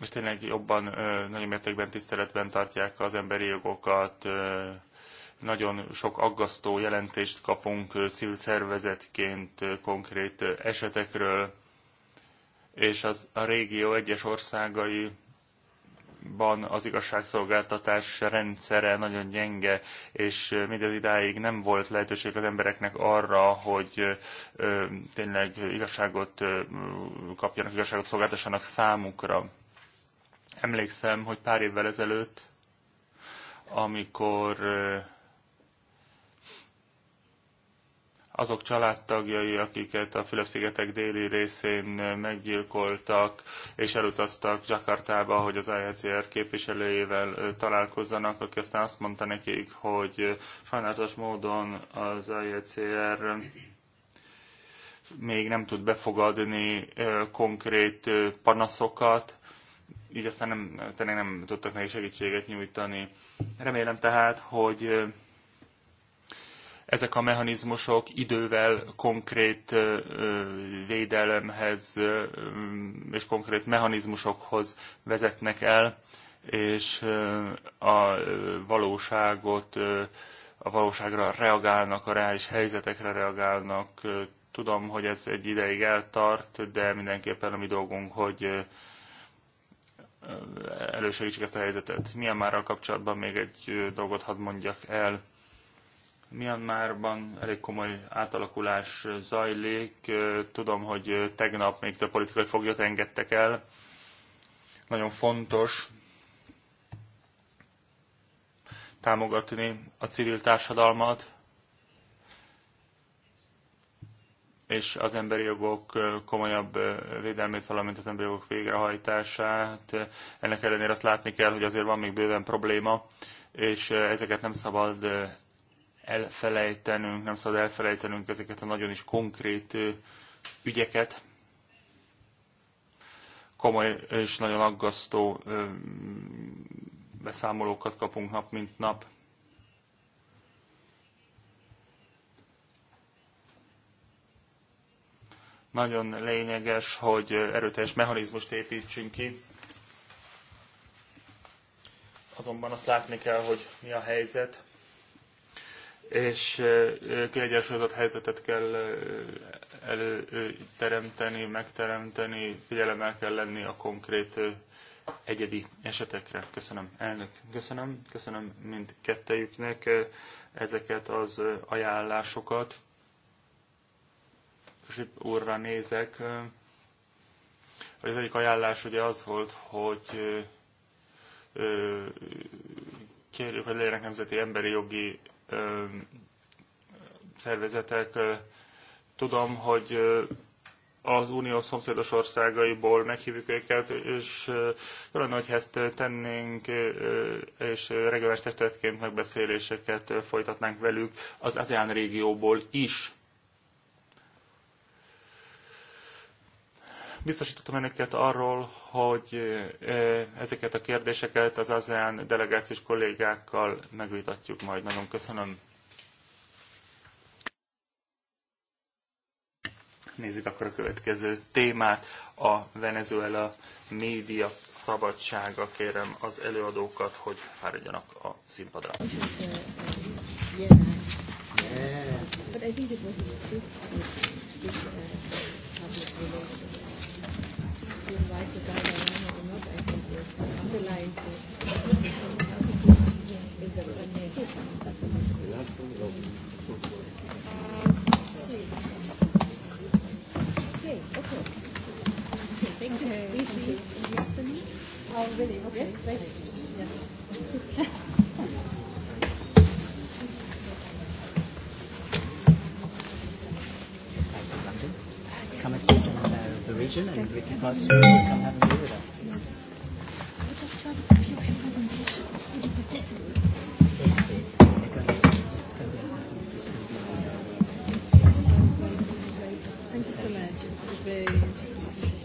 És tényleg jobban, nagyon mértékben tiszteletben tartják az emberi jogokat, nagyon sok aggasztó jelentést kapunk civil szervezetként konkrét esetekről, és az, a régió egyes országai Európában az igazságszolgáltatás rendszere nagyon gyenge, és mindez idáig nem volt lehetőség az embereknek arra, hogy tényleg igazságot kapjanak, igazságot szolgáltassanak számukra. Emlékszem, hogy pár évvel ezelőtt, amikor azok családtagjai, akiket a Fülöp-szigetek déli részén meggyilkoltak és elutaztak Jakartába, hogy az IHCR képviselőjével találkozzanak, aki aztán azt mondta nekik, hogy sajnálatos módon az IHCR még nem tud befogadni konkrét panaszokat, így aztán nem, tényleg nem tudtak neki segítséget nyújtani. Remélem tehát, hogy ezek a mechanizmusok idővel konkrét védelemhez és konkrét mechanizmusokhoz vezetnek el, és a valóságot, a valóságra reagálnak, a reális helyzetekre reagálnak. Tudom, hogy ez egy ideig eltart, de mindenképpen a mi dolgunk, hogy elősegítsük ezt a helyzetet. Milyen a kapcsolatban még egy dolgot hadd mondjak el Myanmarban elég komoly átalakulás zajlik. Tudom, hogy tegnap még több politikai foglyot engedtek el. Nagyon fontos támogatni a civil társadalmat, és az emberi jogok komolyabb védelmét, valamint az emberi jogok végrehajtását. Ennek ellenére azt látni kell, hogy azért van még bőven probléma, és ezeket nem szabad elfelejtenünk, nem szabad elfelejtenünk ezeket a nagyon is konkrét ügyeket. Komoly és nagyon aggasztó beszámolókat kapunk nap, mint nap. Nagyon lényeges, hogy erőteljes mechanizmust építsünk ki. Azonban azt látni kell, hogy mi a helyzet és kiegyensúlyozott helyzetet kell előteremteni, megteremteni, figyelemmel kell lenni a konkrét egyedi esetekre. Köszönöm, elnök. Köszönöm, köszönöm mind kettejüknek ezeket az ajánlásokat. Zsip úrra nézek. Az egyik ajánlás ugye az volt, hogy kérjük, hogy legyenek nemzeti emberi jogi szervezetek. Tudom, hogy az unió szomszédos országaiból meghívjuk őket, és jó nagy hogyha ezt tennénk, és regionális testetként megbeszéléseket folytatnánk velük az ASEAN régióból is. Biztosítottam önöket arról, hogy ezeket a kérdéseket az ASEAN delegációs kollégákkal megvitatjuk majd. Nagyon köszönöm. Nézzük akkor a következő témát, a Venezuela média szabadsága. Kérem az előadókat, hogy fáradjanak a színpadra. But I think it was uh, a invite the guy Diana or not, I think is underlined is Okay, okay. Okay, thank you. Okay, we see you in the afternoon. Oh, really? Okay. Yes, thank you. Yes. region, and we can pass come have a meal with us. Please. Thank you so much.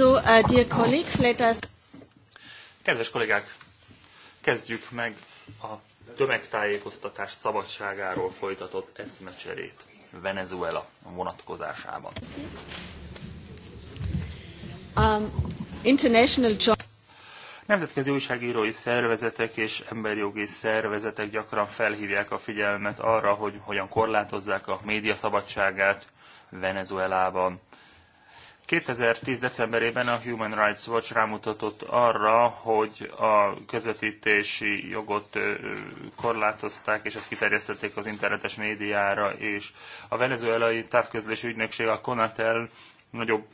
So, uh, dear colleagues, let us... Kedves kollégák, kezdjük meg a tömegtájékoztatás szabadságáról folytatott eszmecserét Venezuela vonatkozásában. Um, international Nemzetközi újságírói szervezetek és emberjogi szervezetek gyakran felhívják a figyelmet arra, hogy hogyan korlátozzák a média szabadságát Venezuelában 2010. decemberében a Human Rights Watch rámutatott arra, hogy a közvetítési jogot korlátozták, és ezt kiterjesztették az internetes médiára, és a venezuelai távközlési ügynökség, a Conatel nagyobb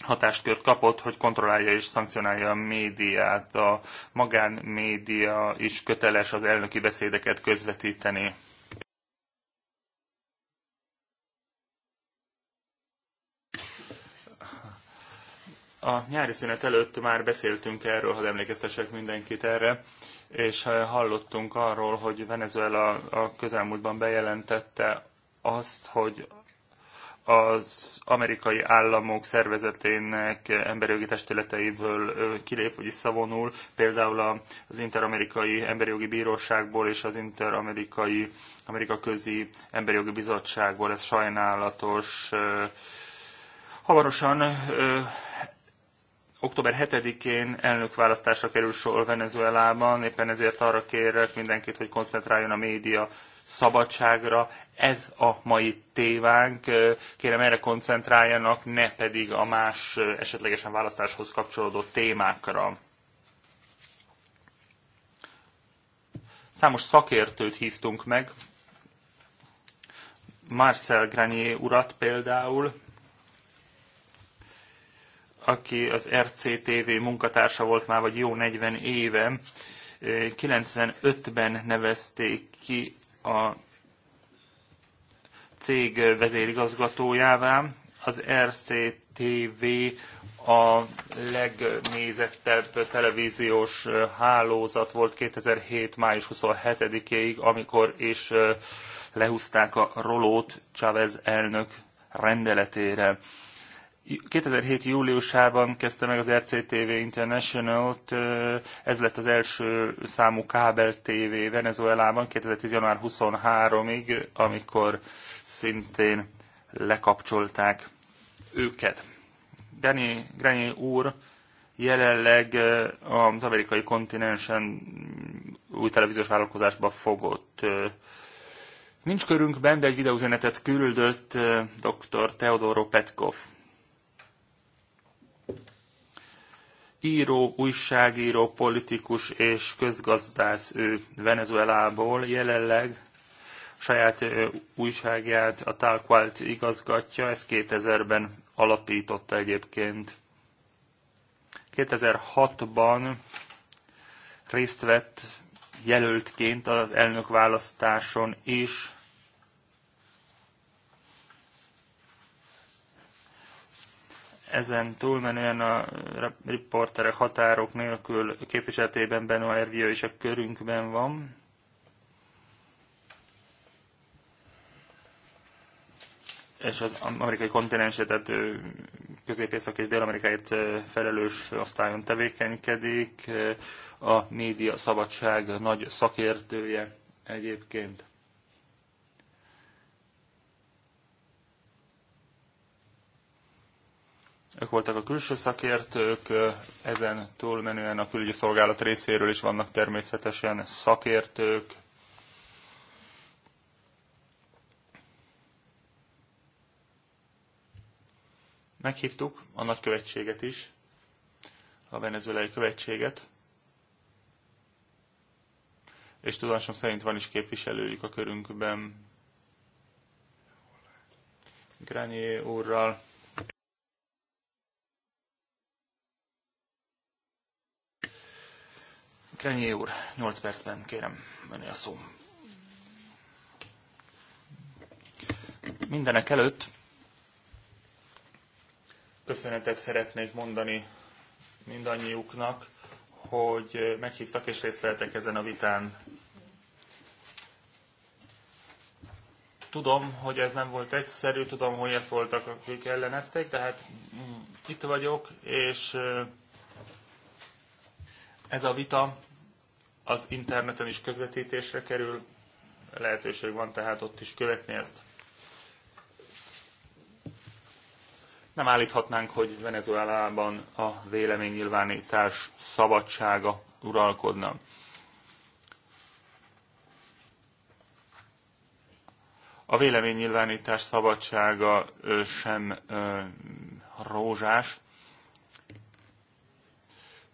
hatáskört kapott, hogy kontrollálja és szankcionálja a médiát. A magánmédia is köteles az elnöki beszédeket közvetíteni. A nyári szünet előtt már beszéltünk erről, ha emlékeztesek mindenkit erre, és eh, hallottunk arról, hogy Venezuela a közelmúltban bejelentette azt, hogy az amerikai államok szervezetének emberjogi testületeiből kilép, vagy visszavonul, például az Interamerikai Emberjogi Bíróságból és az Interamerikai Amerika Közi Emberjogi Bizottságból. Ez sajnálatos. Hamarosan Október 7-én elnökválasztásra kerül sor Venezuelában, éppen ezért arra kérek mindenkit, hogy koncentráljon a média szabadságra. Ez a mai tévánk. Kérem erre koncentráljanak, ne pedig a más esetlegesen választáshoz kapcsolódó témákra. Számos szakértőt hívtunk meg, Marcel Granier urat például, aki az RCTV munkatársa volt már, vagy jó 40 éve, 95-ben nevezték ki a cég vezérigazgatójává. Az RCTV a legnézettebb televíziós hálózat volt 2007. május 27-ig, amikor is lehúzták a rolót Chavez elnök rendeletére. 2007. júliusában kezdte meg az RCTV International-t, ez lett az első számú kábel TV Venezuelában 2010. január 23-ig, amikor szintén lekapcsolták őket. Danny, Granny úr jelenleg az amerikai kontinensen új televíziós vállalkozásba fogott. Nincs körünkben, de egy videózenetet küldött dr. Teodoro Petkov író, újságíró, politikus és közgazdász ő Venezuelából jelenleg saját újságját, a Talqualt igazgatja, ezt 2000-ben alapította egyébként. 2006-ban részt vett jelöltként az elnökválasztáson is, ezen túlmenően a riporterek határok nélkül képviseletében Benoit Ervio is a körünkben van. És az amerikai kontinensét, tehát közép és Dél-Amerikáért felelős osztályon tevékenykedik, a média szabadság nagy szakértője egyébként. Ők voltak a külső szakértők, ezen túlmenően a külügyi szolgálat részéről is vannak természetesen szakértők. Meghívtuk a nagykövetséget is, a venezuelai követséget, és tudásom szerint van is képviselőjük a körünkben. Grányé úrral Krenyé úr, 8 percben kérem, menni a szó. Mindenek előtt köszönetet szeretnék mondani mindannyiuknak, hogy meghívtak és részt vettek ezen a vitán. Tudom, hogy ez nem volt egyszerű, tudom, hogy ezt voltak, akik ellenezték, tehát mm, itt vagyok, és ez a vita az interneten is közvetítésre kerül, lehetőség van tehát ott is követni ezt. Nem állíthatnánk, hogy Venezuelában a véleménynyilvánítás szabadsága uralkodna. A véleménynyilvánítás szabadsága sem rózsás,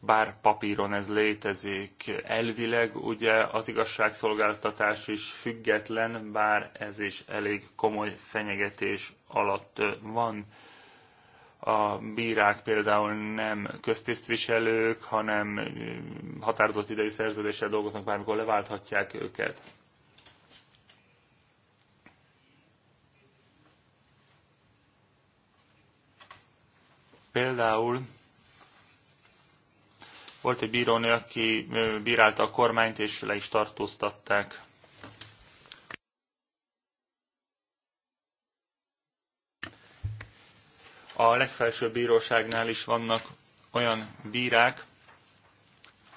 bár papíron ez létezik. Elvileg ugye az igazságszolgáltatás is független, bár ez is elég komoly fenyegetés alatt van. A bírák például nem köztisztviselők, hanem határozott idei szerződéssel dolgoznak, bármikor leválthatják őket. Például volt egy bírónő, aki bírálta a kormányt, és le is tartóztatták. A legfelsőbb bíróságnál is vannak olyan bírák,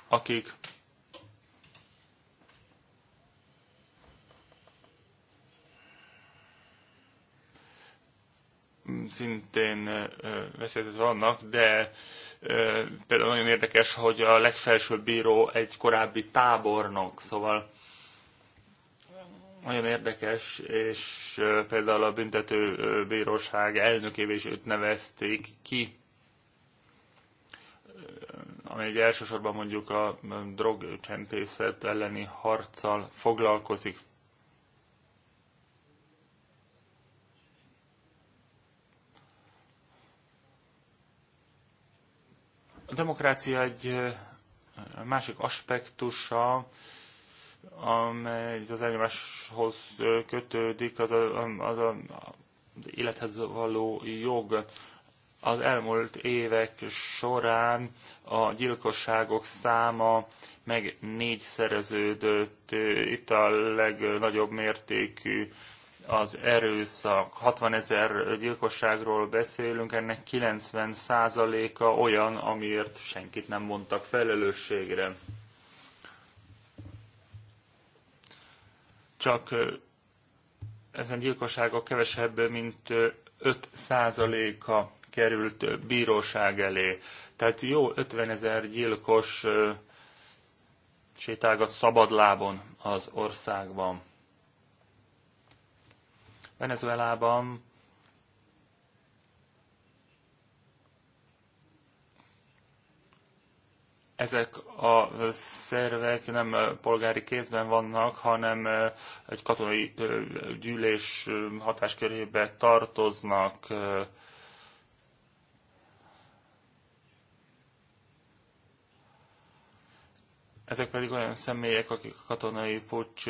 akik szintén veszélyezett vannak, de Például nagyon érdekes, hogy a legfelsőbb bíró egy korábbi tábornok, szóval nagyon érdekes, és például a büntető bíróság elnökévé is őt nevezték ki, ami egy elsősorban mondjuk a drogcsempészet elleni harccal foglalkozik. A demokrácia egy másik aspektusa, amely az elnyomáshoz kötődik, az, a, az, a, az élethez való jog. Az elmúlt évek során a gyilkosságok száma meg négyszereződött. Itt a legnagyobb mértékű az erőszak. 60 ezer gyilkosságról beszélünk, ennek 90 százaléka olyan, amiért senkit nem mondtak felelősségre. Csak ezen gyilkosságok kevesebb, mint 5 százaléka került bíróság elé. Tehát jó 50 ezer gyilkos sétálgat szabadlábon az országban. Venezuelában ezek a szervek nem polgári kézben vannak, hanem egy katonai gyűlés hatáskörébe tartoznak. Ezek pedig olyan személyek, akik a katonai pucs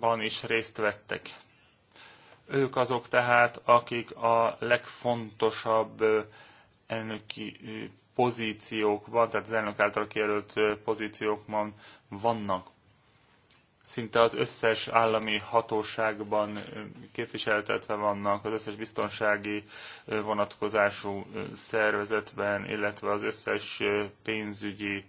ban is részt vettek. Ők azok tehát, akik a legfontosabb elnöki pozíciókban, tehát az elnök által kijelölt pozíciókban vannak. Szinte az összes állami hatóságban képviseltetve vannak, az összes biztonsági vonatkozású szervezetben, illetve az összes pénzügyi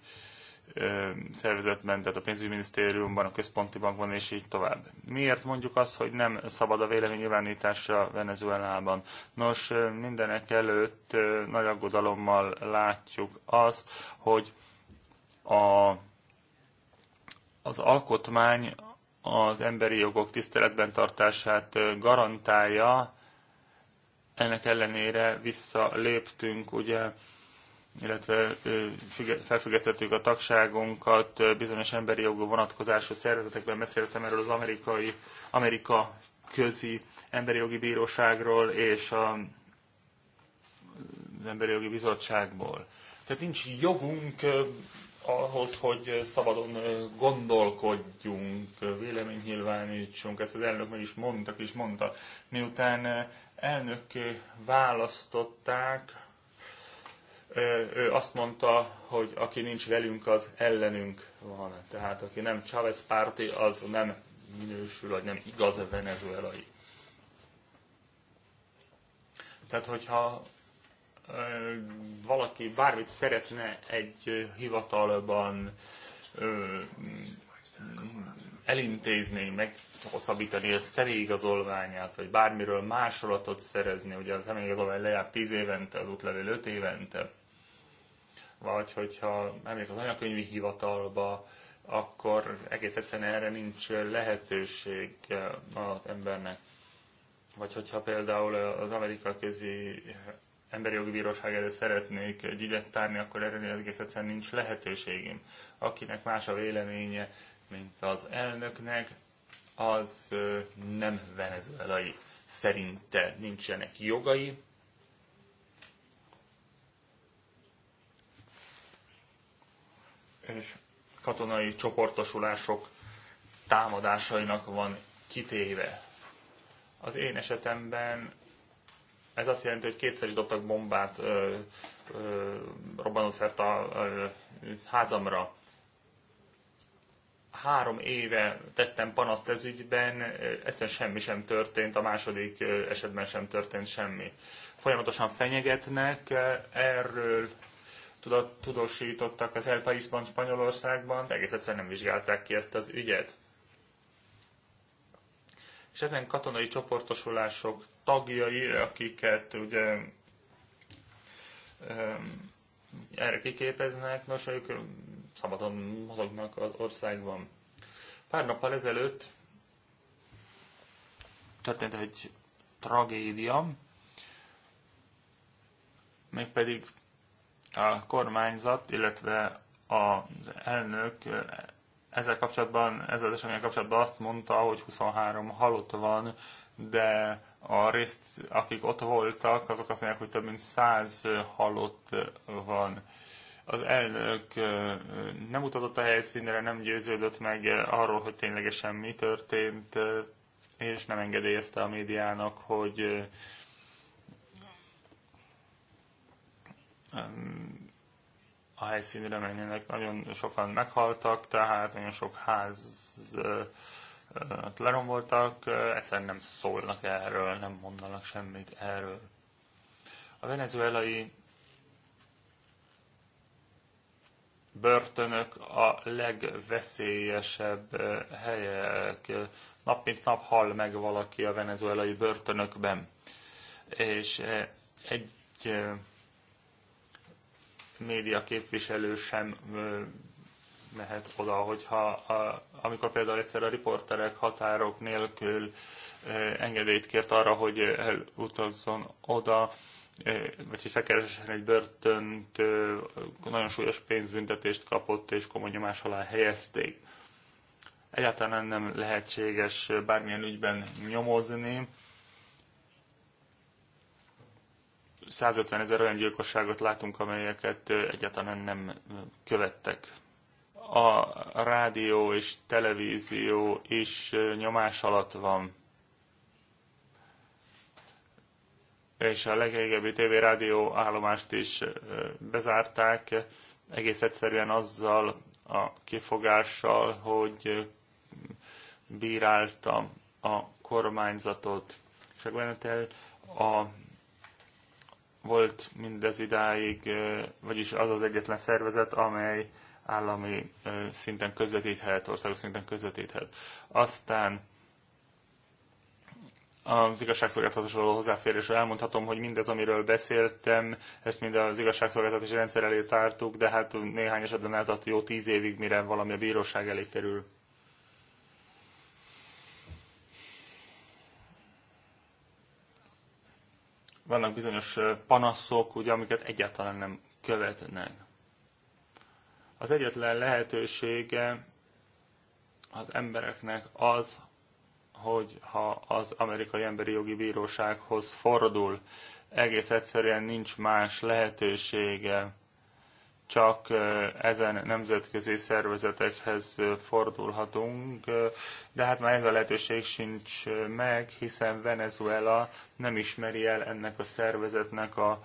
szervezetben, tehát a pénzügyminisztériumban, a központi bankban, és így tovább. Miért mondjuk azt, hogy nem szabad a véleménynyilvánítása Venezuelában? Nos, mindenek előtt nagy aggodalommal látjuk azt, hogy a, az alkotmány az emberi jogok tiszteletben tartását garantálja, ennek ellenére visszaléptünk, ugye illetve felfüggesztettük a tagságunkat bizonyos emberi jogú vonatkozású szervezetekben. Beszéltem erről az amerikai, Amerika közi emberi jogi bíróságról és a, az emberi jogi bizottságból. Tehát nincs jogunk ahhoz, hogy szabadon gondolkodjunk, véleményt nyilvánítsunk. Ezt az elnök meg is mondta, is mondta. Miután elnök választották, ő azt mondta, hogy aki nincs velünk, az ellenünk van. Tehát aki nem Chávez párti, az nem minősül, vagy nem igaz a venezuelai. Tehát, hogyha valaki bármit szeretne egy hivatalban elintézni, meg hosszabbítani a személyigazolványát, vagy bármiről másolatot szerezni, ugye a személyigazolvány lejárt 10 évente, az útlevél 5 évente, vagy hogyha elmegyek az anyakönyvi hivatalba, akkor egész egyszerűen erre nincs lehetőség eh, az embernek. Vagy hogyha például eh, az Amerika Közi Emberi Jogi Bíróság előtt szeretnék egy ügyet tárni, akkor erre egész egyszerűen nincs lehetőségem. Akinek más a véleménye, mint az elnöknek, az eh, nem venezuelai. Szerinte nincsenek jogai, és katonai csoportosulások támadásainak van kitéve. Az én esetemben ez azt jelenti, hogy kétszer is dobtak bombát, ö, ö, robbanószert a ö, házamra. Három éve tettem panaszt ez ügyben, egyszerűen semmi sem történt, a második esetben sem történt semmi. Folyamatosan fenyegetnek, erről tudat, tudósítottak az El Paisban, Spanyolországban, de egész egyszerűen nem vizsgálták ki ezt az ügyet. És ezen katonai csoportosulások tagjai, akiket ugye erre kiképeznek, nos, ők szabadon mozognak az országban. Pár nappal ezelőtt történt egy tragédia, mégpedig a kormányzat, illetve az elnök ezzel kapcsolatban, ezzel az események kapcsolatban azt mondta, hogy 23 halott van, de a részt, akik ott voltak, azok azt mondják, hogy több mint 100 halott van. Az elnök nem utazott a helyszínre, nem győződött meg arról, hogy ténylegesen mi történt, és nem engedélyezte a médiának, hogy a helyszínre menjenek. Nagyon sokan meghaltak, tehát nagyon sok ház leromboltak, egyszerűen nem szólnak erről, nem mondanak semmit erről. A venezuelai börtönök a legveszélyesebb helyek. Nap mint nap hal meg valaki a venezuelai börtönökben. És egy média képviselő sem mehet oda, hogyha a, amikor például egyszer a riporterek határok nélkül engedélyt kért arra, hogy elutazzon oda, vagy hogy felkeressen egy börtönt, nagyon súlyos pénzbüntetést kapott, és komoly nyomás alá helyezték. Egyáltalán nem lehetséges bármilyen ügyben nyomozni, 150 ezer olyan gyilkosságot látunk, amelyeket egyáltalán nem követtek. A rádió és televízió is nyomás alatt van. És a legrégebbi TV rádió állomást is bezárták, egész egyszerűen azzal a kifogással, hogy bíráltam a kormányzatot. És a volt mindez idáig, vagyis az az egyetlen szervezet, amely állami szinten közvetíthet, országos szinten közvetíthet. Aztán az igazságszolgáltatásról hozzáférésre elmondhatom, hogy mindez, amiről beszéltem, ezt mind az igazságszolgáltatási rendszer elé tártuk, de hát néhány esetben eltart jó tíz évig, mire valami a bíróság elé kerül. vannak bizonyos panaszok, ugye, amiket egyáltalán nem követnek. Az egyetlen lehetősége az embereknek az, hogy ha az amerikai emberi jogi bírósághoz fordul, egész egyszerűen nincs más lehetősége csak ezen nemzetközi szervezetekhez fordulhatunk, de hát már ez a lehetőség sincs meg, hiszen Venezuela nem ismeri el ennek a szervezetnek a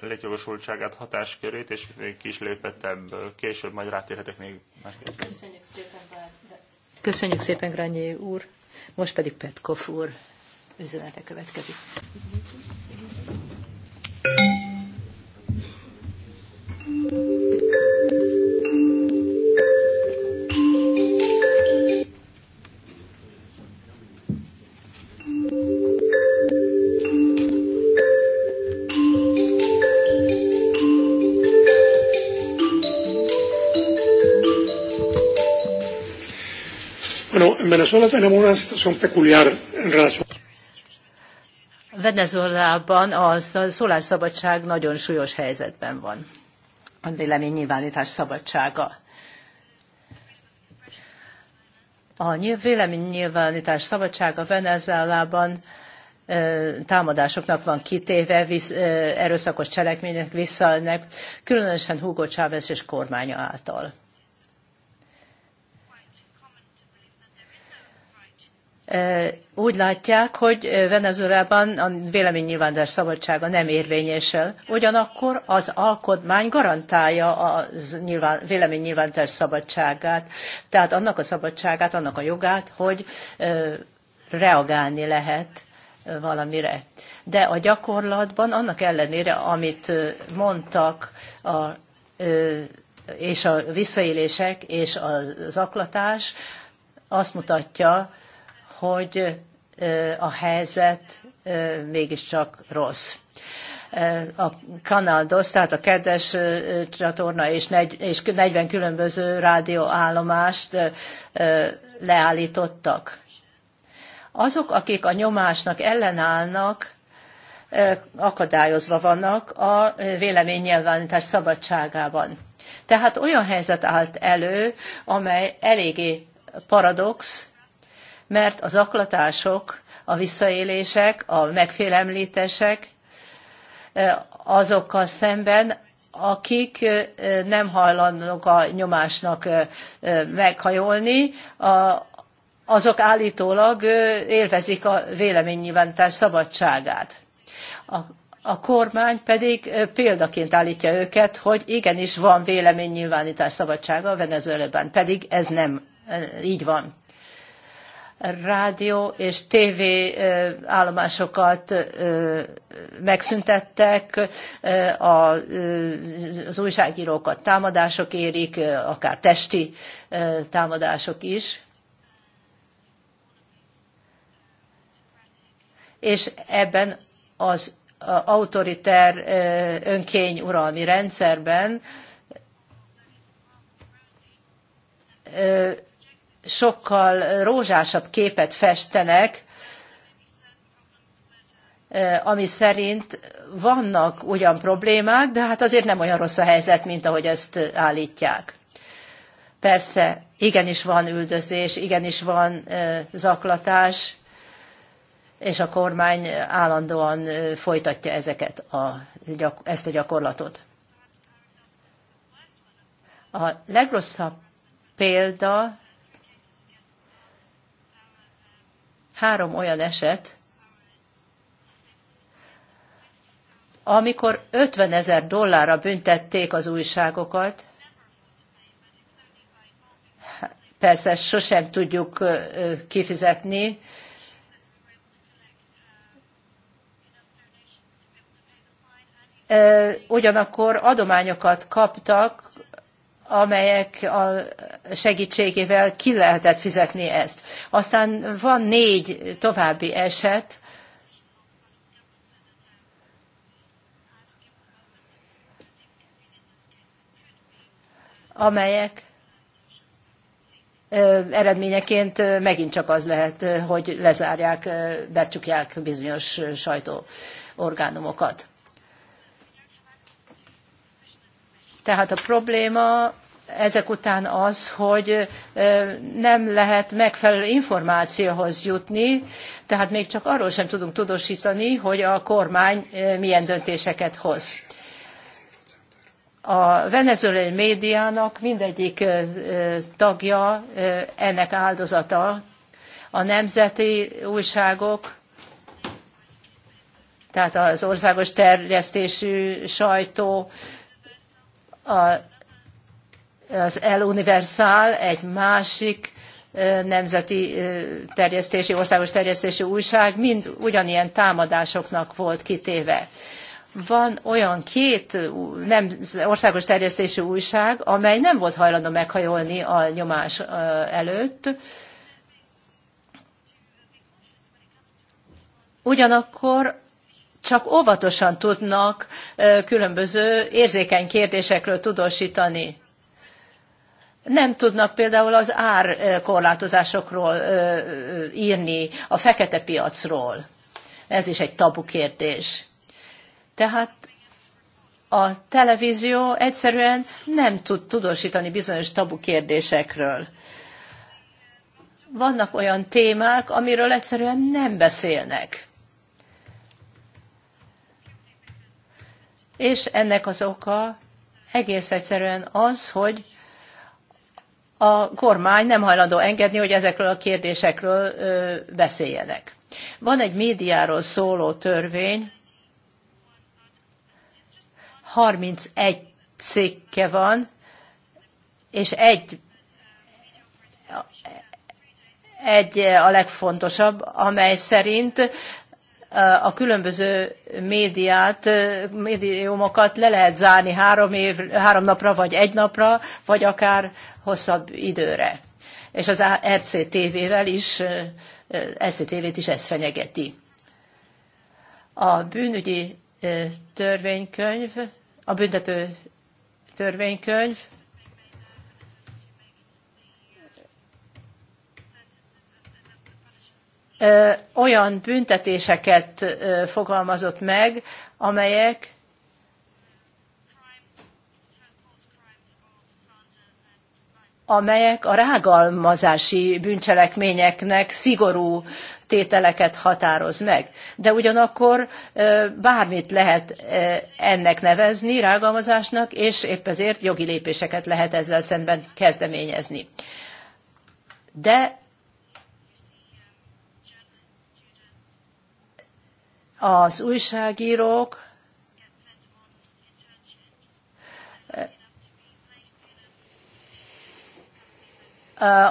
létjogosultságát, hatáskörét, és kis is lépett ebből. Később majd rátérhetek még másképp. Köszönjük szépen, Bár... Köszönjük szépen, Granyé úr. Most pedig Petkov úr üzenete következik. Venezuela tenemos una situación peculiar en relación. Venezuelában a szólásszabadság nagyon súlyos helyzetben van. A véleménynyilvánítás szabadsága. A véleménynyilvánítás szabadsága Venezuelában támadásoknak van kitéve, erőszakos cselekmények visszaelnek, különösen Hugo Chávez és kormánya által. úgy látják, hogy Venezuelában a véleménynyilvántás szabadsága nem érvényesel. Ugyanakkor az alkotmány garantálja a nyilván, véleménynyilvántás szabadságát, tehát annak a szabadságát, annak a jogát, hogy reagálni lehet valamire. De a gyakorlatban annak ellenére, amit mondtak a, és a visszaélések és a zaklatás, azt mutatja, hogy a helyzet mégiscsak rossz. A Canal DOS, tehát a kedves csatorna és 40 különböző rádióállomást leállítottak. Azok, akik a nyomásnak ellenállnak, akadályozva vannak a véleménynyilvánítás szabadságában. Tehát olyan helyzet állt elő, amely eléggé paradox, mert az aklatások, a visszaélések, a megfélemlítések e, azokkal szemben, akik e, nem hajlandók a nyomásnak e, meghajolni, azok állítólag élvezik a véleménynyilvántás szabadságát. A a kormány pedig példaként állítja őket, hogy igenis van véleménynyilvánítás szabadsága a Venezuelában, pedig ez nem így van rádió és TV állomásokat megszüntettek, az újságírókat támadások érik, akár testi támadások is. És ebben az autoriter önkény uralmi rendszerben sokkal rózsásabb képet festenek, ami szerint vannak ugyan problémák, de hát azért nem olyan rossz a helyzet, mint ahogy ezt állítják. Persze, igenis van üldözés, igenis van zaklatás, és a kormány állandóan folytatja ezeket a, ezt a gyakorlatot. A legrosszabb példa három olyan eset, amikor 50 ezer dollárra büntették az újságokat, persze sosem tudjuk kifizetni, ugyanakkor adományokat kaptak amelyek a segítségével ki lehetett fizetni ezt. Aztán van négy további eset, amelyek eredményeként megint csak az lehet, hogy lezárják, becsukják bizonyos sajtóorgánumokat. Tehát a probléma ezek után az, hogy nem lehet megfelelő információhoz jutni, tehát még csak arról sem tudunk tudósítani, hogy a kormány milyen döntéseket hoz. A venezuelai médiának mindegyik tagja ennek áldozata. A nemzeti újságok, tehát az országos terjesztésű sajtó, a, az El Universal egy másik nemzeti terjesztési, országos terjesztési újság mind ugyanilyen támadásoknak volt kitéve. Van olyan két nem, országos terjesztési újság, amely nem volt hajlandó meghajolni a nyomás előtt. Ugyanakkor csak óvatosan tudnak különböző érzékeny kérdésekről tudósítani. Nem tudnak például az árkorlátozásokról írni, a fekete piacról. Ez is egy tabu kérdés. Tehát a televízió egyszerűen nem tud tudósítani bizonyos tabu kérdésekről. Vannak olyan témák, amiről egyszerűen nem beszélnek. és ennek az oka egész egyszerűen az, hogy a kormány nem hajlandó engedni, hogy ezekről a kérdésekről beszéljenek. Van egy médiáról szóló törvény, 31 cikke van, és egy, egy a legfontosabb, amely szerint a különböző médiát, médiumokat le lehet zárni három, év, három napra, vagy egy napra, vagy akár hosszabb időre. És az RCTV-vel is, RCTV-t is ez fenyegeti. A bűnügyi törvénykönyv, a büntető törvénykönyv olyan büntetéseket fogalmazott meg, amelyek amelyek a rágalmazási bűncselekményeknek szigorú tételeket határoz meg. De ugyanakkor bármit lehet ennek nevezni, rágalmazásnak, és épp ezért jogi lépéseket lehet ezzel szemben kezdeményezni. De az újságírók eh,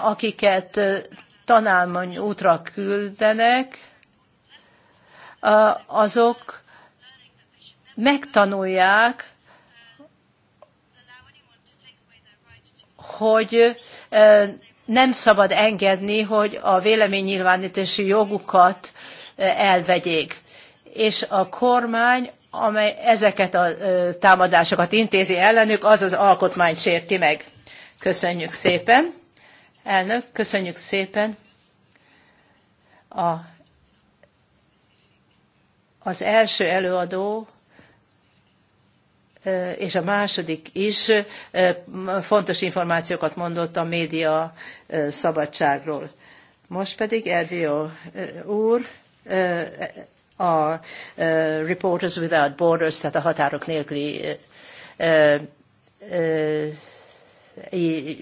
akiket eh, tanálmány útra küldenek, eh, azok megtanulják, hogy nem szabad engedni, hogy a véleménynyilvánítási jogukat elvegyék és a kormány, amely ezeket a támadásokat intézi ellenük, az az alkotmányt sérti meg. Köszönjük szépen. Elnök, köszönjük szépen. A, az első előadó és a második is fontos információkat mondott a média szabadságról. Most pedig Ervio úr a Reporters Without Borders, tehát a határok nélküli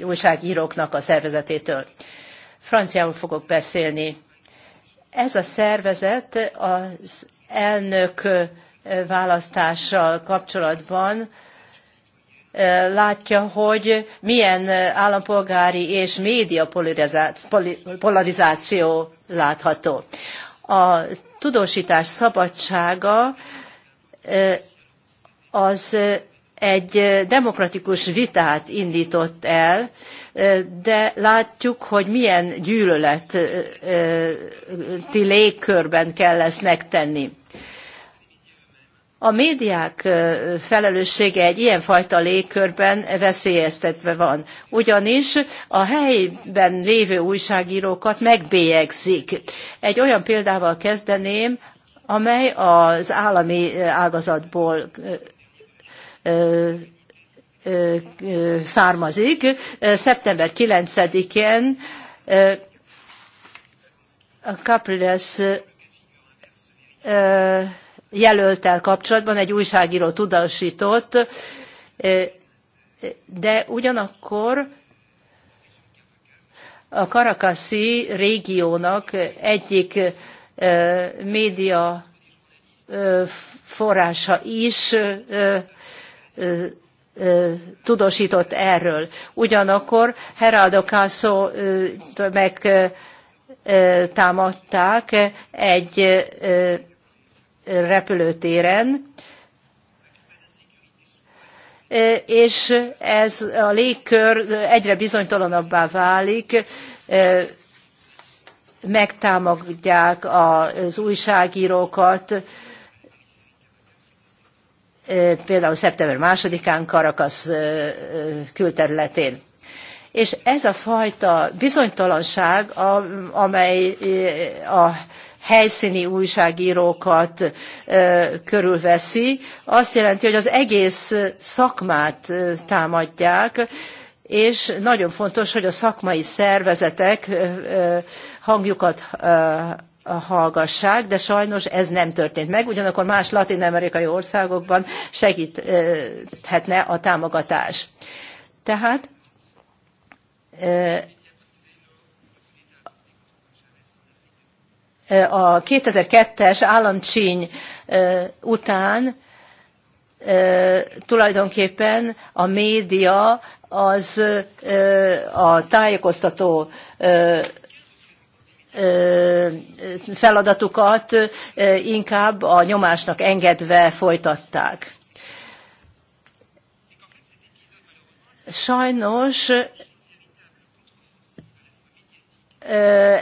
újságíróknak a szervezetétől. Franciául fogok beszélni. Ez a szervezet az elnök választással kapcsolatban látja, hogy milyen állampolgári és média polarizáció látható. A tudósítás szabadsága az egy demokratikus vitát indított el, de látjuk, hogy milyen gyűlöleti légkörben kell ezt megtenni. A médiák felelőssége egy ilyenfajta légkörben veszélyeztetve van, ugyanis a helyben lévő újságírókat megbélyegzik. Egy olyan példával kezdeném, amely az állami ágazatból származik. Szeptember 9-én Capriles jelöltel kapcsolatban egy újságíró tudósított, de ugyanakkor a Karakaszi régiónak egyik média forrása is tudósított erről. Ugyanakkor Heraldo Caso meg támadták egy repülőtéren, e, és ez a légkör egyre bizonytalanabbá válik, e, megtámadják az újságírókat, e, például szeptember másodikán Karakasz külterületén. És ez a fajta bizonytalanság, amely a helyszíni újságírókat körülveszi, azt jelenti, hogy az egész szakmát támadják, és nagyon fontos, hogy a szakmai szervezetek hangjukat hallgassák, de sajnos ez nem történt meg, ugyanakkor más latin-amerikai országokban segíthetne a támogatás. Tehát a 2002-es államcsíny után tulajdonképpen a média az a tájékoztató feladatukat inkább a nyomásnak engedve folytatták. Sajnos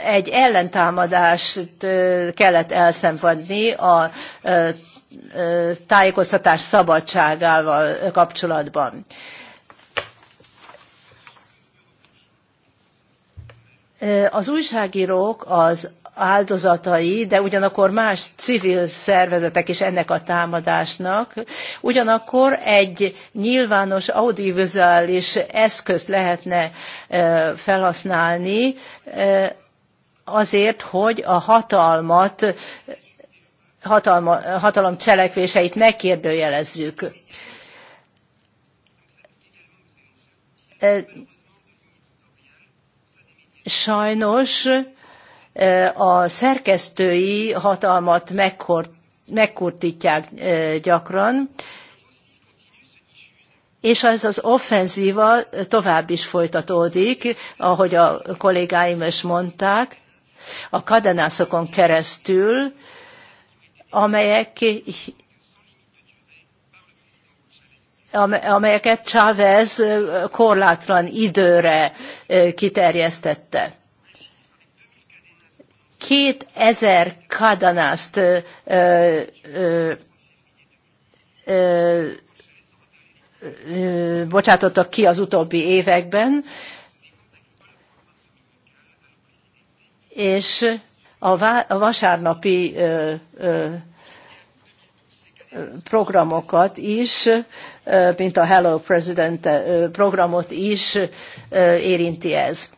egy ellentámadást kellett elszenvedni a tájékoztatás szabadságával kapcsolatban. Az újságírók az áldozatai, de ugyanakkor más civil szervezetek is ennek a támadásnak. Ugyanakkor egy nyilvános audiovizuális eszközt lehetne e, felhasználni e, azért, hogy a hatalmat, hatalma, hatalom cselekvéseit ne kérdőjelezzük e, sajnos a szerkesztői hatalmat megkort, megkurtítják gyakran, és ez az offenzíva tovább is folytatódik, ahogy a kollégáim is mondták, a kadenászokon keresztül, amelyek amelyeket Chávez korlátlan időre kiterjesztette. 2000 kadanászt ö, ö, ö, ö, bocsátottak ki az utóbbi években, és a, vá, a vasárnapi ö, ö, programokat is, mint a Hello President programot is érinti ez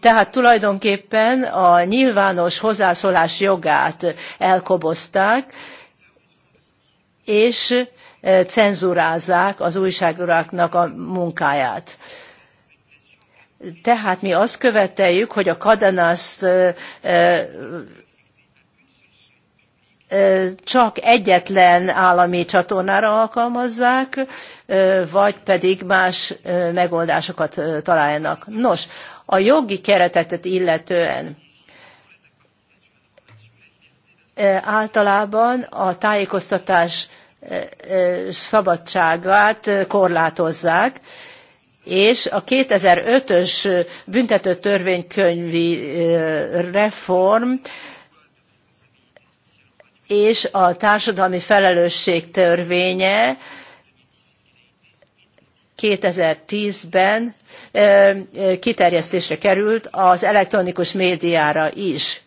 tehát tulajdonképpen a nyilvános hozzászólás jogát elkobozták, és eh, cenzurázzák az újságíróknak a munkáját. Tehát mi azt követeljük, hogy a kadenaszt eh, eh, csak egyetlen állami csatornára alkalmazzák, vagy pedig más megoldásokat találjanak. Nos, a jogi keretetet illetően e, általában a tájékoztatás e, e, szabadságát korlátozzák, és a 2005-ös büntető törvénykönyvi reform és a társadalmi felelősség törvénye 2010-ben kiterjesztésre került az elektronikus médiára is.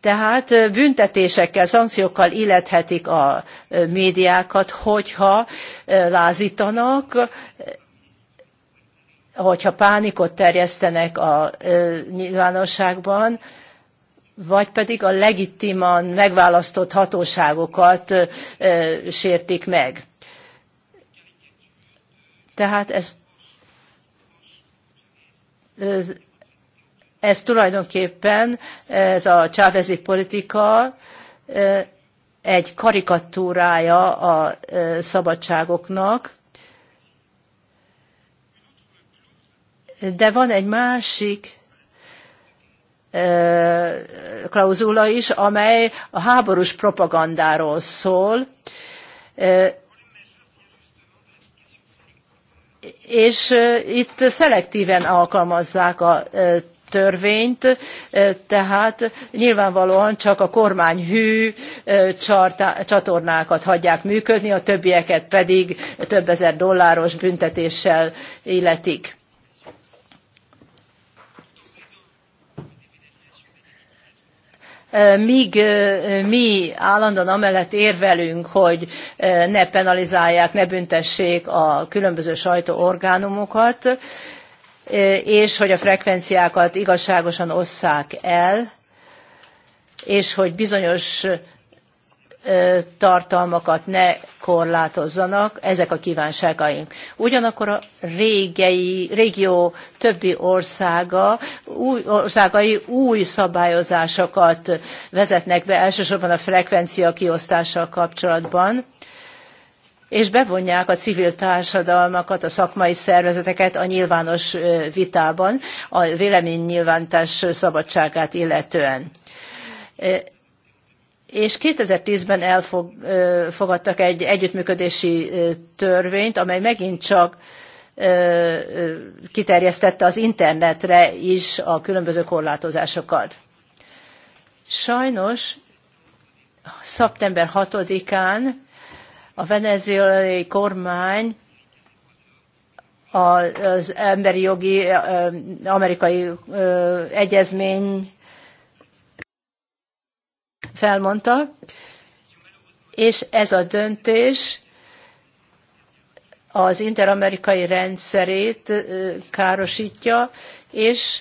Tehát büntetésekkel, szankciókkal illethetik a médiákat, hogyha lázítanak, hogyha pánikot terjesztenek a nyilvánosságban, vagy pedig a legitiman megválasztott hatóságokat sértik meg. Tehát ez, ez tulajdonképpen, ez a csávezi politika egy karikatúrája a szabadságoknak, de van egy másik klauzula is, amely a háborús propagandáról szól, és itt szelektíven alkalmazzák a törvényt, tehát nyilvánvalóan csak a kormány hű csatornákat hagyják működni, a többieket pedig több ezer dolláros büntetéssel illetik. míg mi állandóan amellett érvelünk, hogy ne penalizálják, ne büntessék a különböző sajtóorgánumokat, és hogy a frekvenciákat igazságosan osszák el, és hogy bizonyos tartalmakat ne korlátozzanak, ezek a kívánságaink. Ugyanakkor a régei, régió többi országa, új, országai új szabályozásokat vezetnek be, elsősorban a frekvencia kiosztással kapcsolatban, és bevonják a civil társadalmakat, a szakmai szervezeteket a nyilvános vitában, a véleménynyilvántás szabadságát illetően és 2010-ben elfogadtak egy együttműködési törvényt, amely megint csak kiterjesztette az internetre is a különböző korlátozásokat. Sajnos szeptember 6-án a venezuelai kormány az emberi jogi amerikai egyezmény felmondta, és ez a döntés az interamerikai rendszerét károsítja, és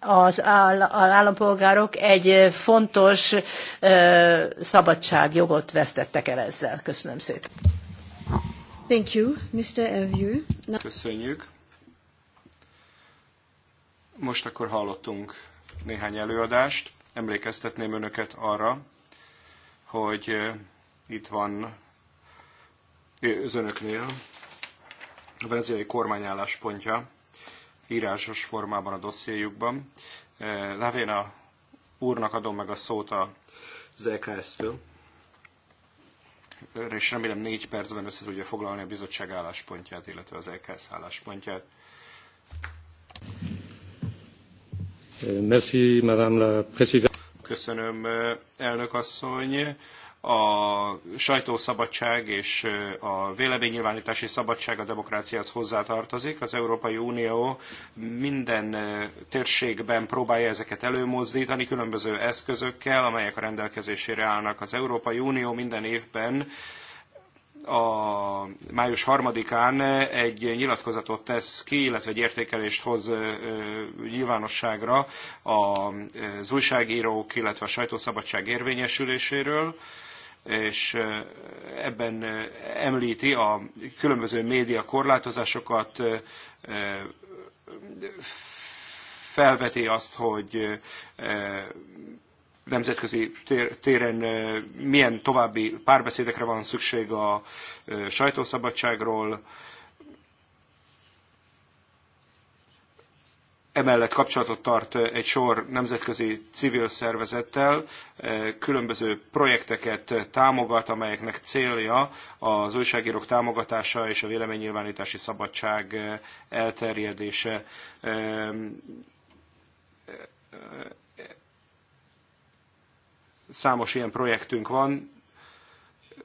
az állampolgárok egy fontos szabadságjogot vesztettek el ezzel. Köszönöm szépen. Thank you, Mr. Köszönjük. Most akkor hallottunk néhány előadást. Emlékeztetném önöket arra, hogy itt van az önöknél a veneziai kormány álláspontja írásos formában a dossziéjukban. a úrnak adom meg a szót a zks től és remélem négy percben össze tudja foglalni a bizottság álláspontját, illetve az EKS álláspontját. Euh, merci, Madame la Présidente. Köszönöm, euh, elnök asszony. A sajtószabadság és euh, a véleménynyilvánítási szabadság a demokráciához hozzátartozik. Az Európai Unió minden térségben próbálja ezeket előmozdítani különböző eszközökkel, amelyek a rendelkezésére állnak. Az Európai Unió minden évben a május harmadikán egy nyilatkozatot tesz ki, illetve egy értékelést hoz nyilvánosságra az újságírók, illetve a sajtószabadság érvényesüléséről, és ebben említi a különböző média korlátozásokat, felveti azt, hogy nemzetközi téren milyen további párbeszédekre van szükség a sajtószabadságról. Emellett kapcsolatot tart egy sor nemzetközi civil szervezettel, különböző projekteket támogat, amelyeknek célja az újságírók támogatása és a véleménynyilvánítási szabadság elterjedése Számos ilyen projektünk van,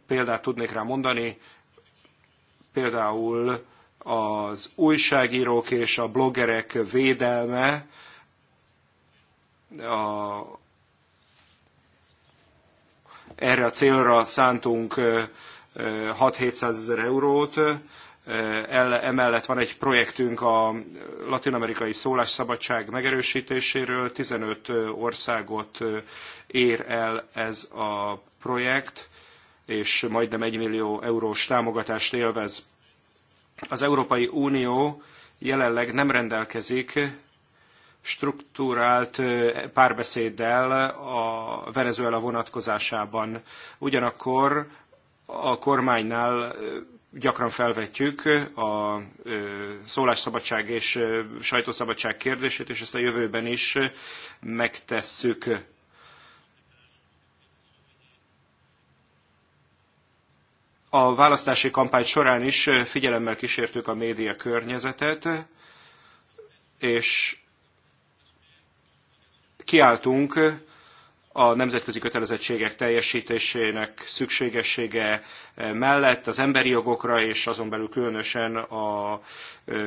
példát tudnék rá mondani, például az újságírók és a bloggerek védelme, a, erre a célra szántunk 6-700 ezer eurót, Emellett van egy projektünk a latinamerikai szólásszabadság megerősítéséről, 15 országot ér el ez a projekt, és majdnem 1 millió eurós támogatást élvez. Az Európai Unió jelenleg nem rendelkezik struktúrált párbeszéddel a Venezuela vonatkozásában. Ugyanakkor a kormánynál gyakran felvetjük a szólásszabadság és sajtószabadság kérdését, és ezt a jövőben is megtesszük. A választási kampány során is figyelemmel kísértük a média környezetet, és kiálltunk a nemzetközi kötelezettségek teljesítésének szükségessége eh, mellett az emberi jogokra és azon belül különösen a eh,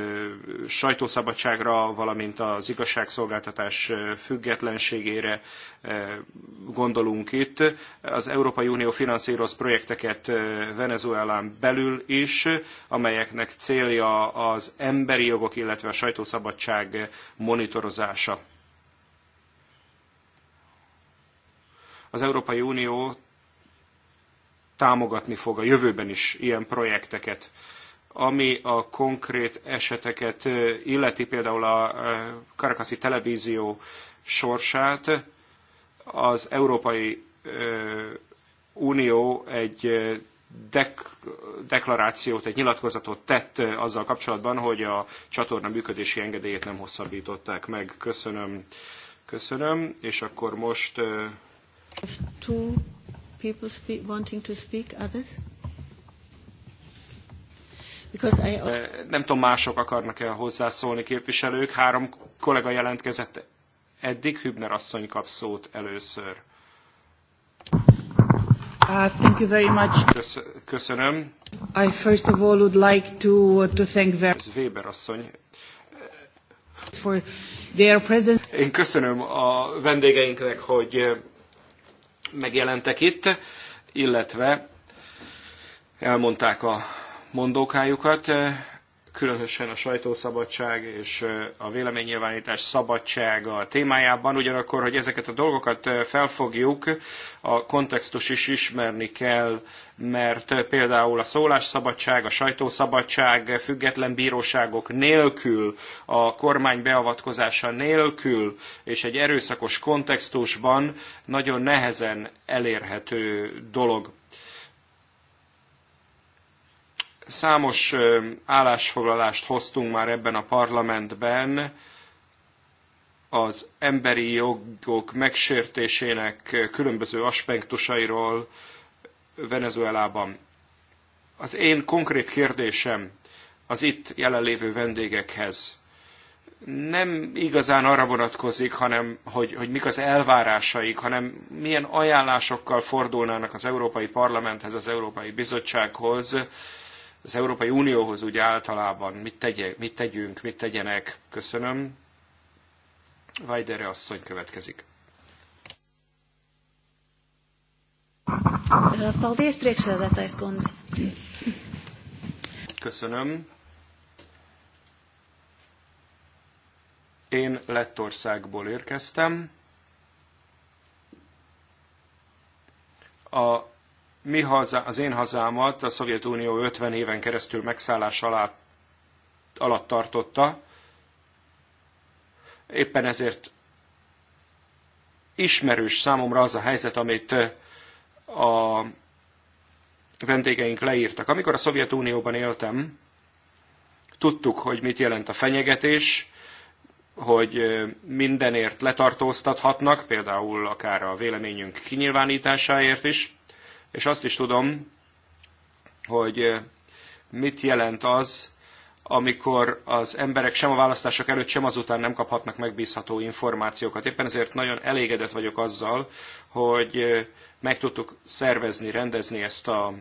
sajtószabadságra, valamint az igazságszolgáltatás eh, függetlenségére gondolunk itt. Az Európai Unió finanszíroz projekteket Venezuelán belül is, amelyeknek célja az emberi jogok, illetve a sajtószabadság monitorozása. Az Európai Unió támogatni fog a jövőben is ilyen projekteket. Ami a konkrét eseteket illeti, például a Karakaszi televízió sorsát, az Európai Unió egy dek- deklarációt, egy nyilatkozatot tett azzal kapcsolatban, hogy a csatorna működési engedélyét nem hosszabbították meg. Köszönöm. Köszönöm, és akkor most If two people speak, wanting to speak, others? Because I... Nem tudom, mások akarnak-e hozzászólni képviselők. Három kollega jelentkezett eddig. Hübner asszony kap szót először. Uh, thank you very much. Kösz köszönöm. I first of all would like to, uh, to thank very... Ez Weber asszony. For their presence. Én köszönöm a vendégeinknek, hogy megjelentek itt, illetve elmondták a mondókájukat különösen a sajtószabadság és a véleménynyilvánítás szabadsága témájában, ugyanakkor, hogy ezeket a dolgokat felfogjuk, a kontextus is ismerni kell, mert például a szólásszabadság, a sajtószabadság független bíróságok nélkül, a kormány beavatkozása nélkül és egy erőszakos kontextusban nagyon nehezen elérhető dolog. Számos állásfoglalást hoztunk már ebben a parlamentben az emberi jogok megsértésének különböző aspektusairól Venezuelában. Az én konkrét kérdésem az itt jelenlévő vendégekhez nem igazán arra vonatkozik, hanem hogy, hogy mik az elvárásaik, hanem milyen ajánlásokkal fordulnának az Európai Parlamenthez, az Európai Bizottsághoz az Európai Unióhoz úgy általában mit, tegye, mit tegyünk, mit tegyenek. Köszönöm. Vajdere asszony következik. Paldies, priekšsēdētājs kundze. Köszönöm. Én Lettországból érkeztem. A mi haza, az én hazámat a Szovjetunió 50 éven keresztül megszállás alá, alatt tartotta. Éppen ezért ismerős számomra az a helyzet, amit a vendégeink leírtak. Amikor a Szovjetunióban éltem, tudtuk, hogy mit jelent a fenyegetés, hogy mindenért letartóztathatnak, például akár a véleményünk kinyilvánításáért is, és azt is tudom, hogy eh, mit jelent az, amikor az emberek sem a választások előtt, sem azután nem kaphatnak megbízható információkat. Éppen ezért nagyon elégedett vagyok azzal, hogy eh, meg tudtuk szervezni, rendezni ezt a,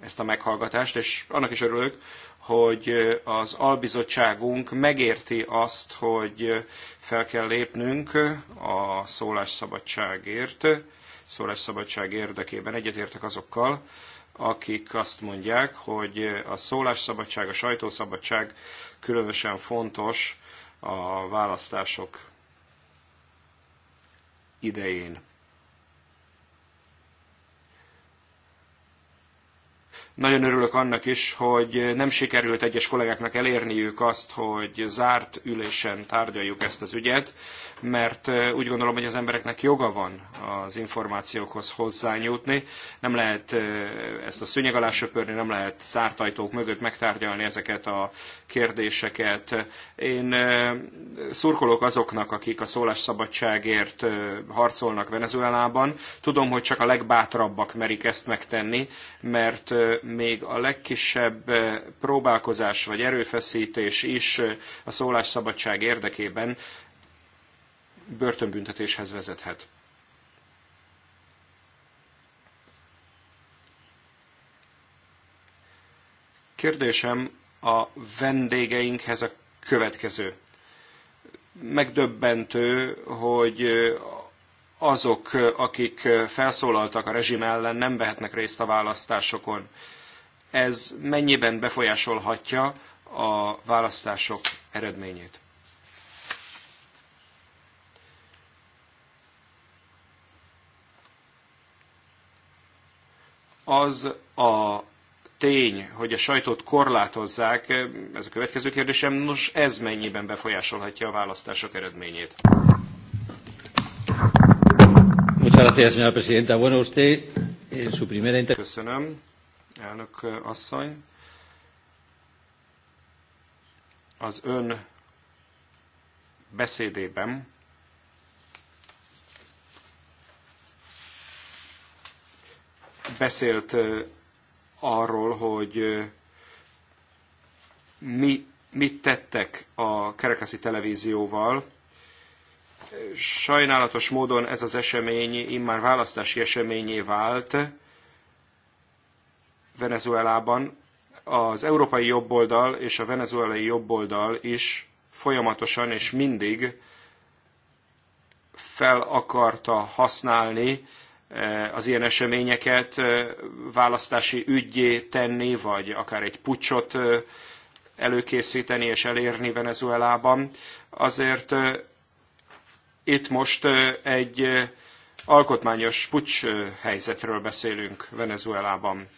ezt a meghallgatást, és annak is örülök, hogy eh, az albizottságunk megérti azt, hogy fel kell lépnünk a szólásszabadságért, szólásszabadság érdekében. Egyetértek azokkal, akik azt mondják, hogy a szólásszabadság, a sajtószabadság különösen fontos a választások idején. Nagyon örülök annak is, hogy nem sikerült egyes kollégáknak elérniük azt, hogy zárt ülésen tárgyaljuk ezt az ügyet, mert eh, úgy gondolom, hogy az embereknek joga van az információkhoz hozzányútni. Nem lehet eh, ezt a szőnyeg alá söpörni, nem lehet zárt ajtók mögött megtárgyalni ezeket a kérdéseket. Én eh, szurkolok azoknak, akik a szólásszabadságért harcolnak Venezuelában. Tudom, hogy csak a legbátrabbak merik ezt megtenni, mert még a legkisebb eh, próbálkozás vagy erőfeszítés is eh, a szólásszabadság érdekében börtönbüntetéshez vezethet. Kérdésem a vendégeinkhez a következő. Megdöbbentő, hogy eh, azok, akik felszólaltak a rezsim ellen, nem vehetnek részt a választásokon ez mennyiben befolyásolhatja a választások eredményét. Az a tény, hogy a sajtót korlátozzák, ez a következő kérdésem, nos ez mennyiben befolyásolhatja a választások eredményét? Muchas gracias, señora presidenta. Bueno, usted, en su primera Köszönöm elnök asszony. Az ön beszédében beszélt arról, hogy mi, mit tettek a kerekeszi televízióval. Sajnálatos módon ez az esemény immár választási eseményé vált, Venezuelában az európai jobboldal és a venezuelai jobboldal is folyamatosan és mindig fel akarta használni eh, az ilyen eseményeket eh, választási ügyé tenni, vagy akár egy pucsot eh, előkészíteni és elérni Venezuelában. Azért itt most egy alkotmányos pucs helyzetről beszélünk Venezuelában.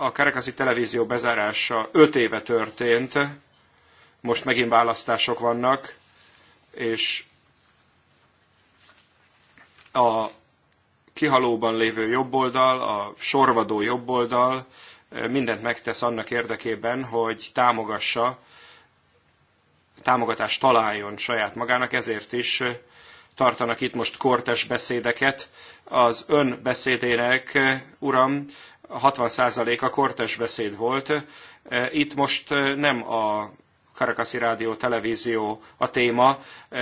a Kerekaszi Televízió bezárása 5 éve történt, most megint választások vannak, és a kihalóban lévő jobboldal, a sorvadó jobboldal eh, mindent megtesz annak érdekében, hogy támogassa, támogatást találjon saját magának, ezért is eh, tartanak itt most kortes beszédeket. Az ön beszédének, eh, uram, 60%-a kortes beszéd volt. E, itt most e, nem a Karakaszi Rádió Televízió a téma. E,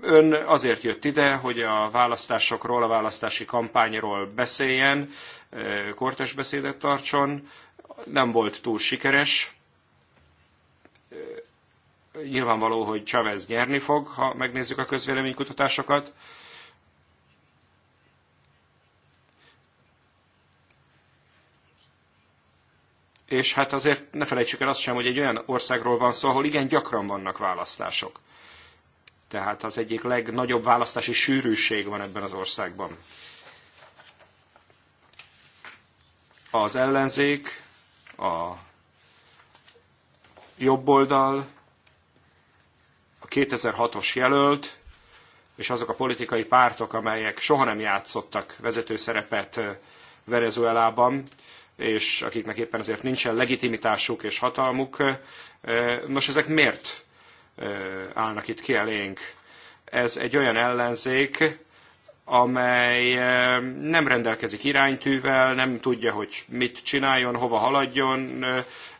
ön azért jött ide, hogy a választásokról, a választási kampányról beszéljen, kortes beszédet tartson. Nem volt túl sikeres. Nyilvánvaló, hogy Chavez nyerni fog, ha megnézzük a közvéleménykutatásokat. és hát azért ne felejtsük el azt sem, hogy egy olyan országról van szó, ahol igen gyakran vannak választások. Tehát az egyik legnagyobb választási sűrűség van ebben az országban. Az ellenzék, a jobboldal, a 2006-os jelölt, és azok a politikai pártok, amelyek soha nem játszottak vezető szerepet Venezuelában, és akiknek éppen ezért nincsen legitimitásuk és hatalmuk. Nos, ezek miért állnak itt ki elénk? Ez egy olyan ellenzék, amely nem rendelkezik iránytűvel, nem tudja, hogy mit csináljon, hova haladjon.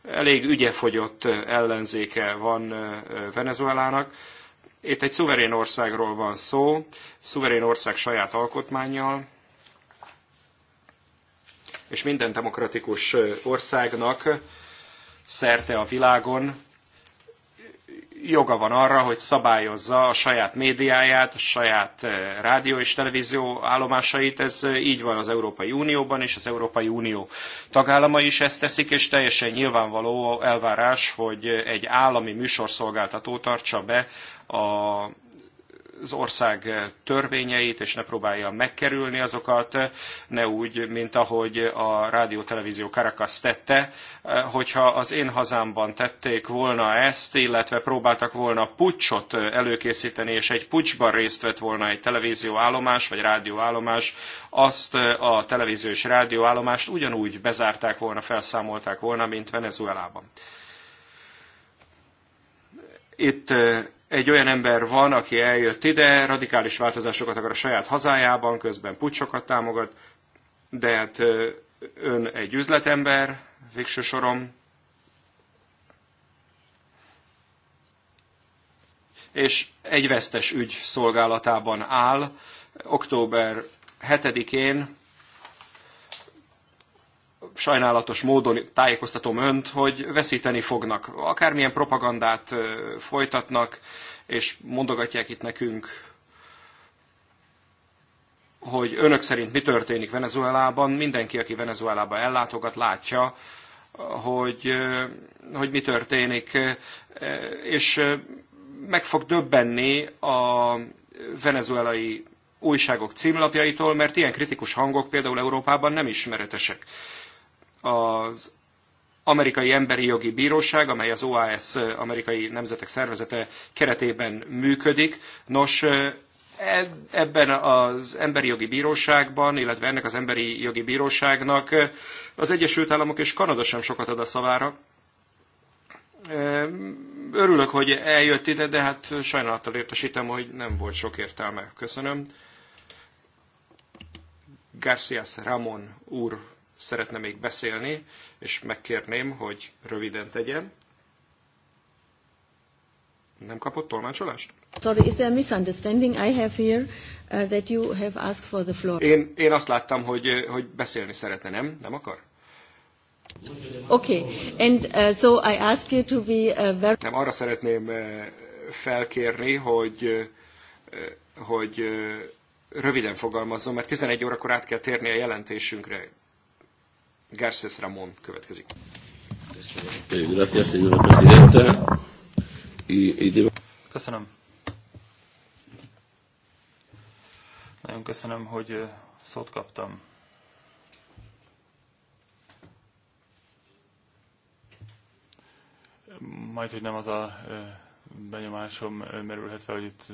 Elég ügyefogyott ellenzéke van Venezuelának. Itt egy szuverén országról van szó, szuverén ország saját alkotmányjal, és minden demokratikus országnak szerte a világon joga van arra, hogy szabályozza a saját médiáját, a saját rádió és televízió állomásait. Ez így van az Európai Unióban, és az Európai Unió tagállamai is ezt teszik, és teljesen nyilvánvaló elvárás, hogy egy állami műsorszolgáltató tartsa be a az ország törvényeit, és ne próbálja megkerülni azokat, ne úgy, mint ahogy a rádió televízió Caracas tette, hogyha az én hazámban tették volna ezt, illetve próbáltak volna pucsot előkészíteni, és egy pucsban részt vett volna egy állomás, vagy rádió állomás, azt a televízió és állomást ugyanúgy bezárták volna, felszámolták volna, mint Venezuelában. Itt egy olyan ember van, aki eljött ide, radikális változásokat akar a saját hazájában, közben pucsokat támogat, de hát ön egy üzletember, végső sorom, és egy vesztes ügy szolgálatában áll. Október 7-én sajnálatos módon tájékoztatom önt, hogy veszíteni fognak. Akármilyen propagandát folytatnak, és mondogatják itt nekünk, hogy önök szerint mi történik Venezuelában, mindenki, aki Venezuelába ellátogat, látja, hogy, hogy mi történik, és meg fog döbbenni a venezuelai újságok címlapjaitól, mert ilyen kritikus hangok például Európában nem ismeretesek az amerikai emberi jogi bíróság, amely az OAS amerikai nemzetek szervezete keretében működik. Nos, e, ebben az emberi jogi bíróságban, illetve ennek az emberi jogi bíróságnak az Egyesült Államok és Kanada sem sokat ad a szavára. Örülök, hogy eljött ide, de hát sajnálattal értesítem, hogy nem volt sok értelme. Köszönöm. Garcias Ramon úr szeretne még beszélni, és megkérném, hogy röviden tegyen. Nem kapott tolmácsolást? Sorry, is there a misunderstanding I have here uh, that you have asked for the floor? Én, én azt láttam, hogy, uh, hogy beszélni szeretne, nem? Nem akar? Okay, and uh, so I ask you to be uh, very... Nem, arra szeretném uh, felkérni, hogy, uh, uh hogy uh, röviden fogalmazzon, mert 11 órakor át kell térni a jelentésünkre. Garces Ramón következik. Köszönöm. Nagyon köszönöm, hogy szót kaptam. Majd, hogy nem az a benyomásom merülhet fel, hogy itt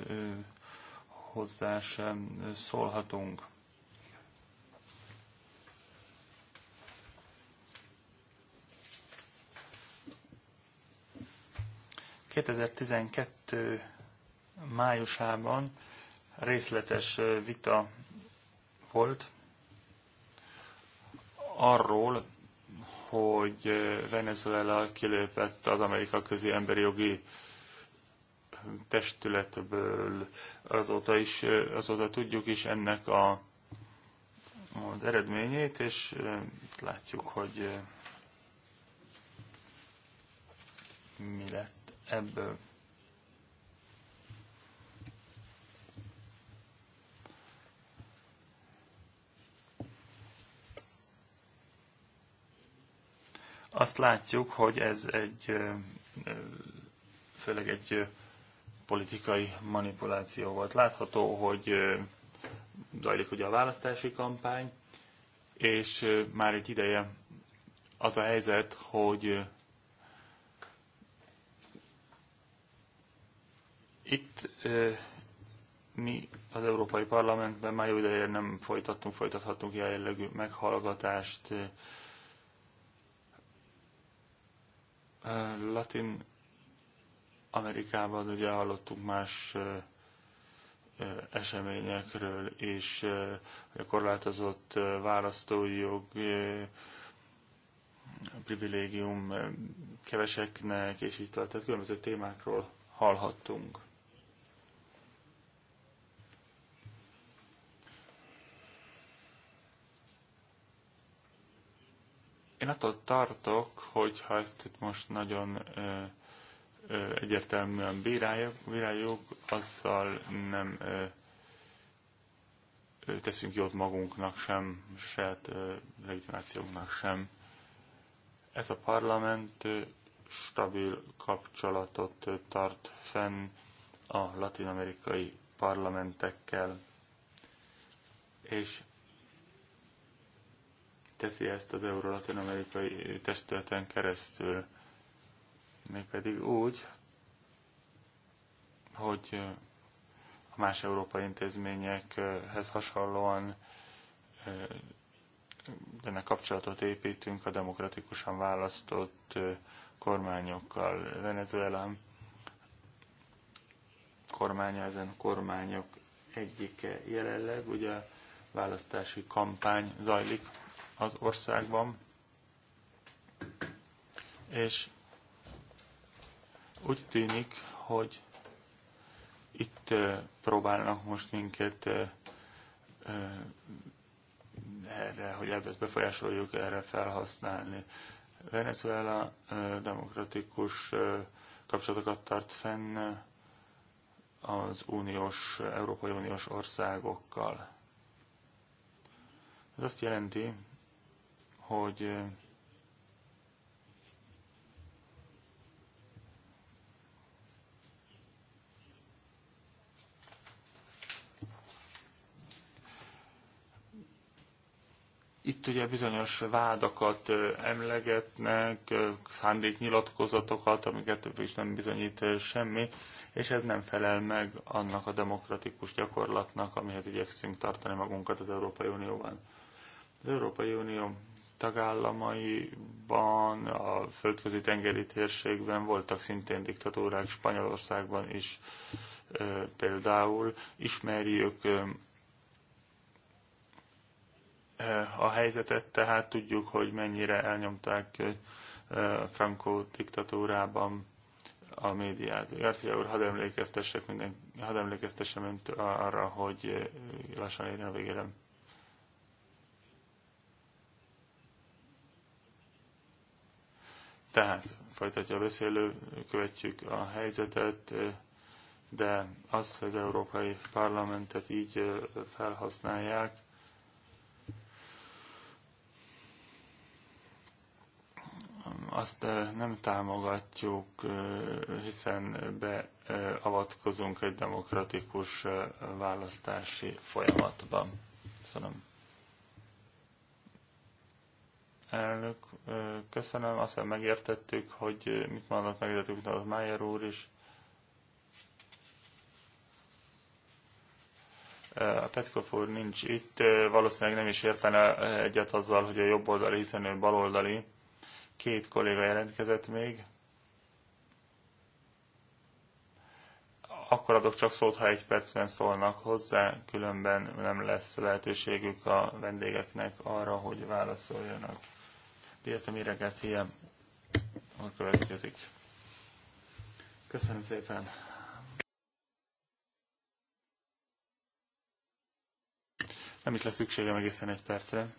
hozzá sem szólhatunk. 2012 májusában részletes vita volt arról, hogy Venezuela kilépett az Amerika Közi Emberi Jogi Testületből. Azóta, is, azóta tudjuk is ennek a, az eredményét, és látjuk, hogy mi lett ebből. Azt látjuk, hogy ez egy, főleg egy politikai manipuláció volt. Látható, hogy zajlik ugye a választási kampány, és már egy ideje az a helyzet, hogy Itt mi az Európai Parlamentben már jó ideje nem folytattunk, folytathatunk ilyen jellegű meghallgatást. Latin Amerikában ugye hallottunk más eseményekről, és a korlátozott választói jog, privilégium keveseknek, és így tovább. Tehát különböző témákról hallhattunk. Én attól tartok, hogy ha ezt itt most nagyon ö, ö, egyértelműen bíráljuk, bíráljuk, azzal nem ö, ö, teszünk jót magunknak sem, se ö, legitimációnknak sem. Ez a parlament ö, stabil kapcsolatot ö, tart fenn a latinamerikai parlamentekkel, és teszi ezt az Euró-Latin-amerikai testületen keresztül, mégpedig úgy, hogy a más európai intézményekhez hasonlóan ennek kapcsolatot építünk a demokratikusan választott kormányokkal. Venezuela kormánya, ezen kormányok egyike jelenleg, ugye választási kampány zajlik az országban, és úgy tűnik, hogy itt próbálnak most minket erre, hogy ezt befolyásoljuk, erre felhasználni. Venezuela demokratikus kapcsolatokat tart fenn az uniós, Európai Uniós országokkal. Ez azt jelenti, hogy Itt ugye bizonyos vádakat emlegetnek, szándéknyilatkozatokat, amiket több is nem bizonyít semmi, és ez nem felel meg annak a demokratikus gyakorlatnak, amihez igyekszünk tartani magunkat az Európai Unióban. Az Európai Unió tagállamaiban, a földközi tengeri térségben voltak szintén diktatúrák, Spanyolországban is például. Ismerjük a helyzetet, tehát tudjuk, hogy mennyire elnyomták Franco diktatúrában a médiát. Garcia úr, hadd emlékeztessek minden, hadd emlékeztessem arra, hogy lassan érjen a végére. Tehát folytatja a beszélő, követjük a helyzetet, de azt, hogy az Európai Parlamentet így felhasználják, azt nem támogatjuk, hiszen beavatkozunk egy demokratikus választási folyamatban. Köszönöm. Elnök, köszönöm. Aztán megértettük, hogy mit mondott, megértettük, mit az Májer úr is. A Petkov úr nincs itt, valószínűleg nem is értene egyet azzal, hogy a jobb oldali hiszen ő baloldali. Két kolléga jelentkezett még. Akkor adok csak szót, ha egy percben szólnak hozzá, különben nem lesz lehetőségük a vendégeknek arra, hogy válaszoljanak. Értem éreget, hiány A következik. Köszönöm szépen. Nem is lesz szükségem egészen egy percre.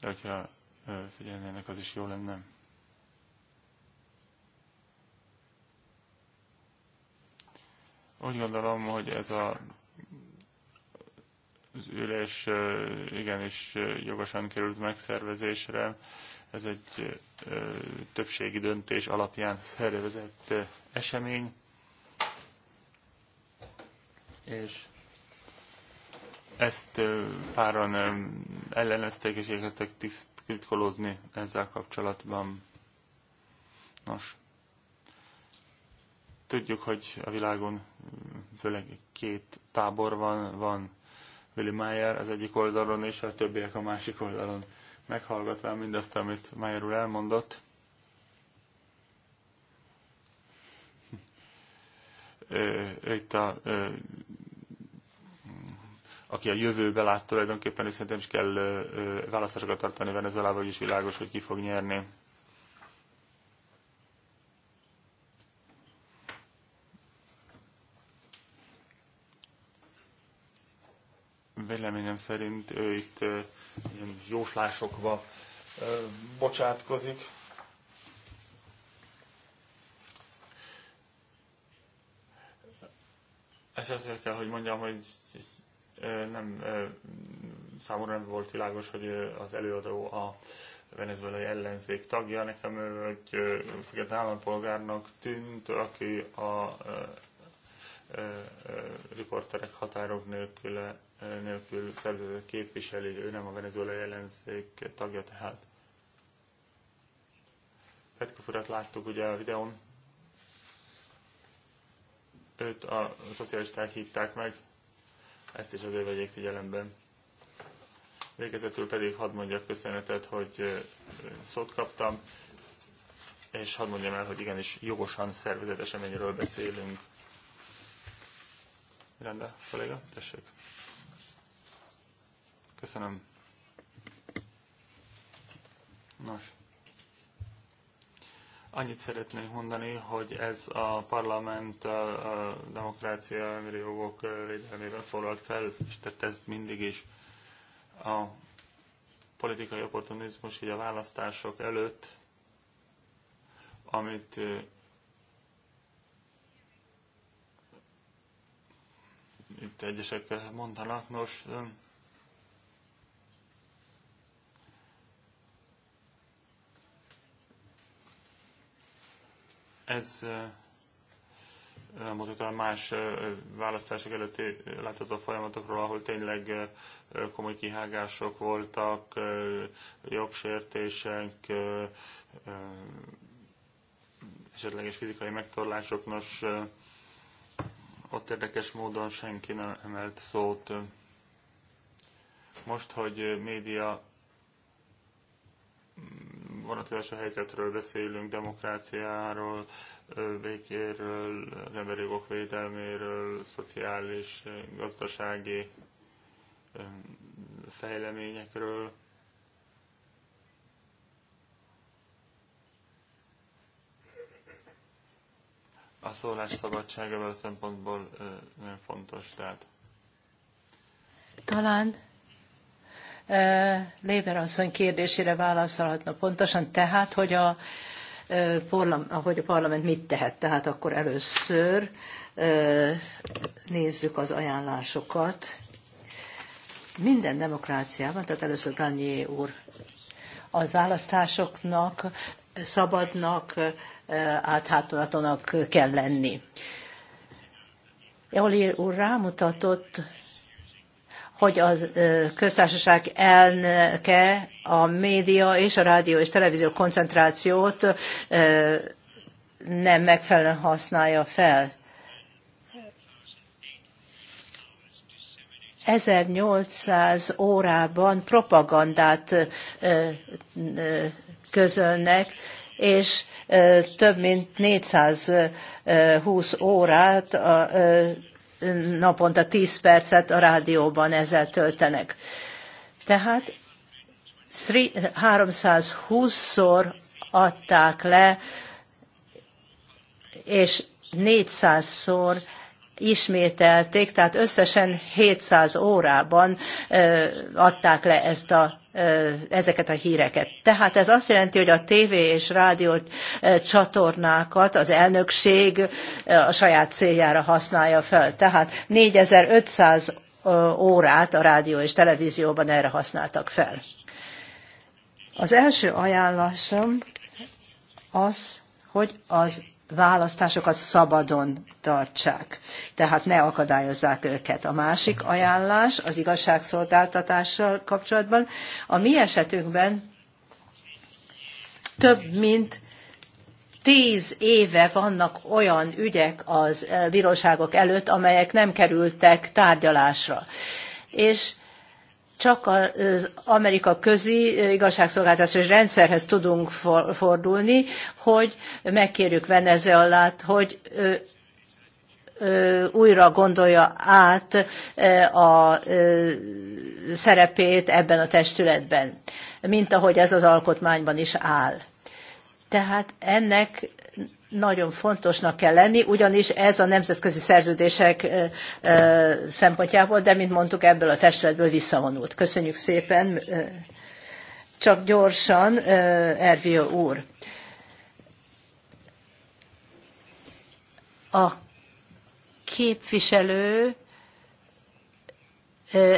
De hogyha figyelnének, az is jó lenne. Úgy gondolom, hogy ez a az ülés igenis jogosan került megszervezésre. Ez egy többségi döntés alapján szervezett esemény. És ezt páran ellenezték és érkeztek titkolózni ezzel kapcsolatban. Nos, tudjuk, hogy a világon főleg két tábor van, van Willi Meyer az egyik oldalon, és a többiek a másik oldalon. meghallgatva mindazt, amit Meyer úr elmondott, itt a, ő, aki a jövőbe lát tulajdonképpen, és szerintem is kell ö, választásokat tartani Venezuelával, is világos, hogy ki fog nyerni. Véleményem szerint ő itt ilyen jóslásokba bocsátkozik. És ezért kell, hogy mondjam, hogy nem, számomra nem volt világos, hogy az előadó a venezuelai ellenzék tagja. Nekem ő egy független állampolgárnak tűnt, aki a riporterek határok nélküle nélkül szerződött képviselő, ő nem a venezuelai ellenzék tagja tehát. Petkov urat láttuk ugye a videón, őt a szocialisták hívták meg, ezt is azért vegyék figyelemben. Végezetül pedig hadd mondjak köszönetet, hogy szót kaptam, és hadd mondjam el, hogy igenis jogosan szervezett eseményről beszélünk. Rendben, kolléga, tessék. Köszönöm. Nos. Annyit szeretnék mondani, hogy ez a parlament a, demokrácia, emberi jogok védelmére szólalt fel, és tett ezt mindig is. A politikai opportunizmus, így a választások előtt, amit itt egyesek mondanak, nos, Ez mutat a más választások előtti látható folyamatokról, ahol tényleg komoly kihágások voltak, jogsértések, esetleges fizikai megtorlások. Nos, ott érdekes módon senki nem emelt szót. Most, hogy média vonatkozás a helyzetről beszélünk, demokráciáról, békéről, jogok védelméről, szociális, gazdasági fejleményekről. A szólás szabadsága a szempontból nagyon fontos, tehát. Talán Léver asszony kérdésére válaszolhatna pontosan, tehát, hogy a, hogy a parlament mit tehet. Tehát akkor először nézzük az ajánlásokat. Minden demokráciában, tehát először Granier úr, a választásoknak szabadnak, áthátolatonak kell lenni. Oli úr rámutatott hogy a köztársaság elnöke a média és a rádió és televízió koncentrációt nem megfelelően használja fel. 1800 órában propagandát közölnek, és több mint 420 órát a naponta 10 percet a rádióban ezzel töltenek. Tehát 320-szor adták le, és 400-szor ismételték, tehát összesen 700 órában adták le ezt a ezeket a híreket. Tehát ez azt jelenti, hogy a tévé és rádió csatornákat az elnökség a saját céljára használja fel. Tehát 4500 órát a rádió és televízióban erre használtak fel. Az első ajánlásom az, hogy az választásokat szabadon tartsák, tehát ne akadályozzák őket. A másik ajánlás az igazságszolgáltatással kapcsolatban. A mi esetünkben több mint tíz éve vannak olyan ügyek az eh, bíróságok előtt, amelyek nem kerültek tárgyalásra. És csak az Amerika közi igazságszolgáltatási rendszerhez tudunk fordulni, hogy megkérjük Venezuelát, hogy újra gondolja át a szerepét ebben a testületben, mint ahogy ez az alkotmányban is áll. Tehát ennek nagyon fontosnak kell lenni, ugyanis ez a nemzetközi szerződések szempontjából, de mint mondtuk, ebből a testületből visszavonult. Köszönjük szépen, csak gyorsan, Ervio úr. A képviselő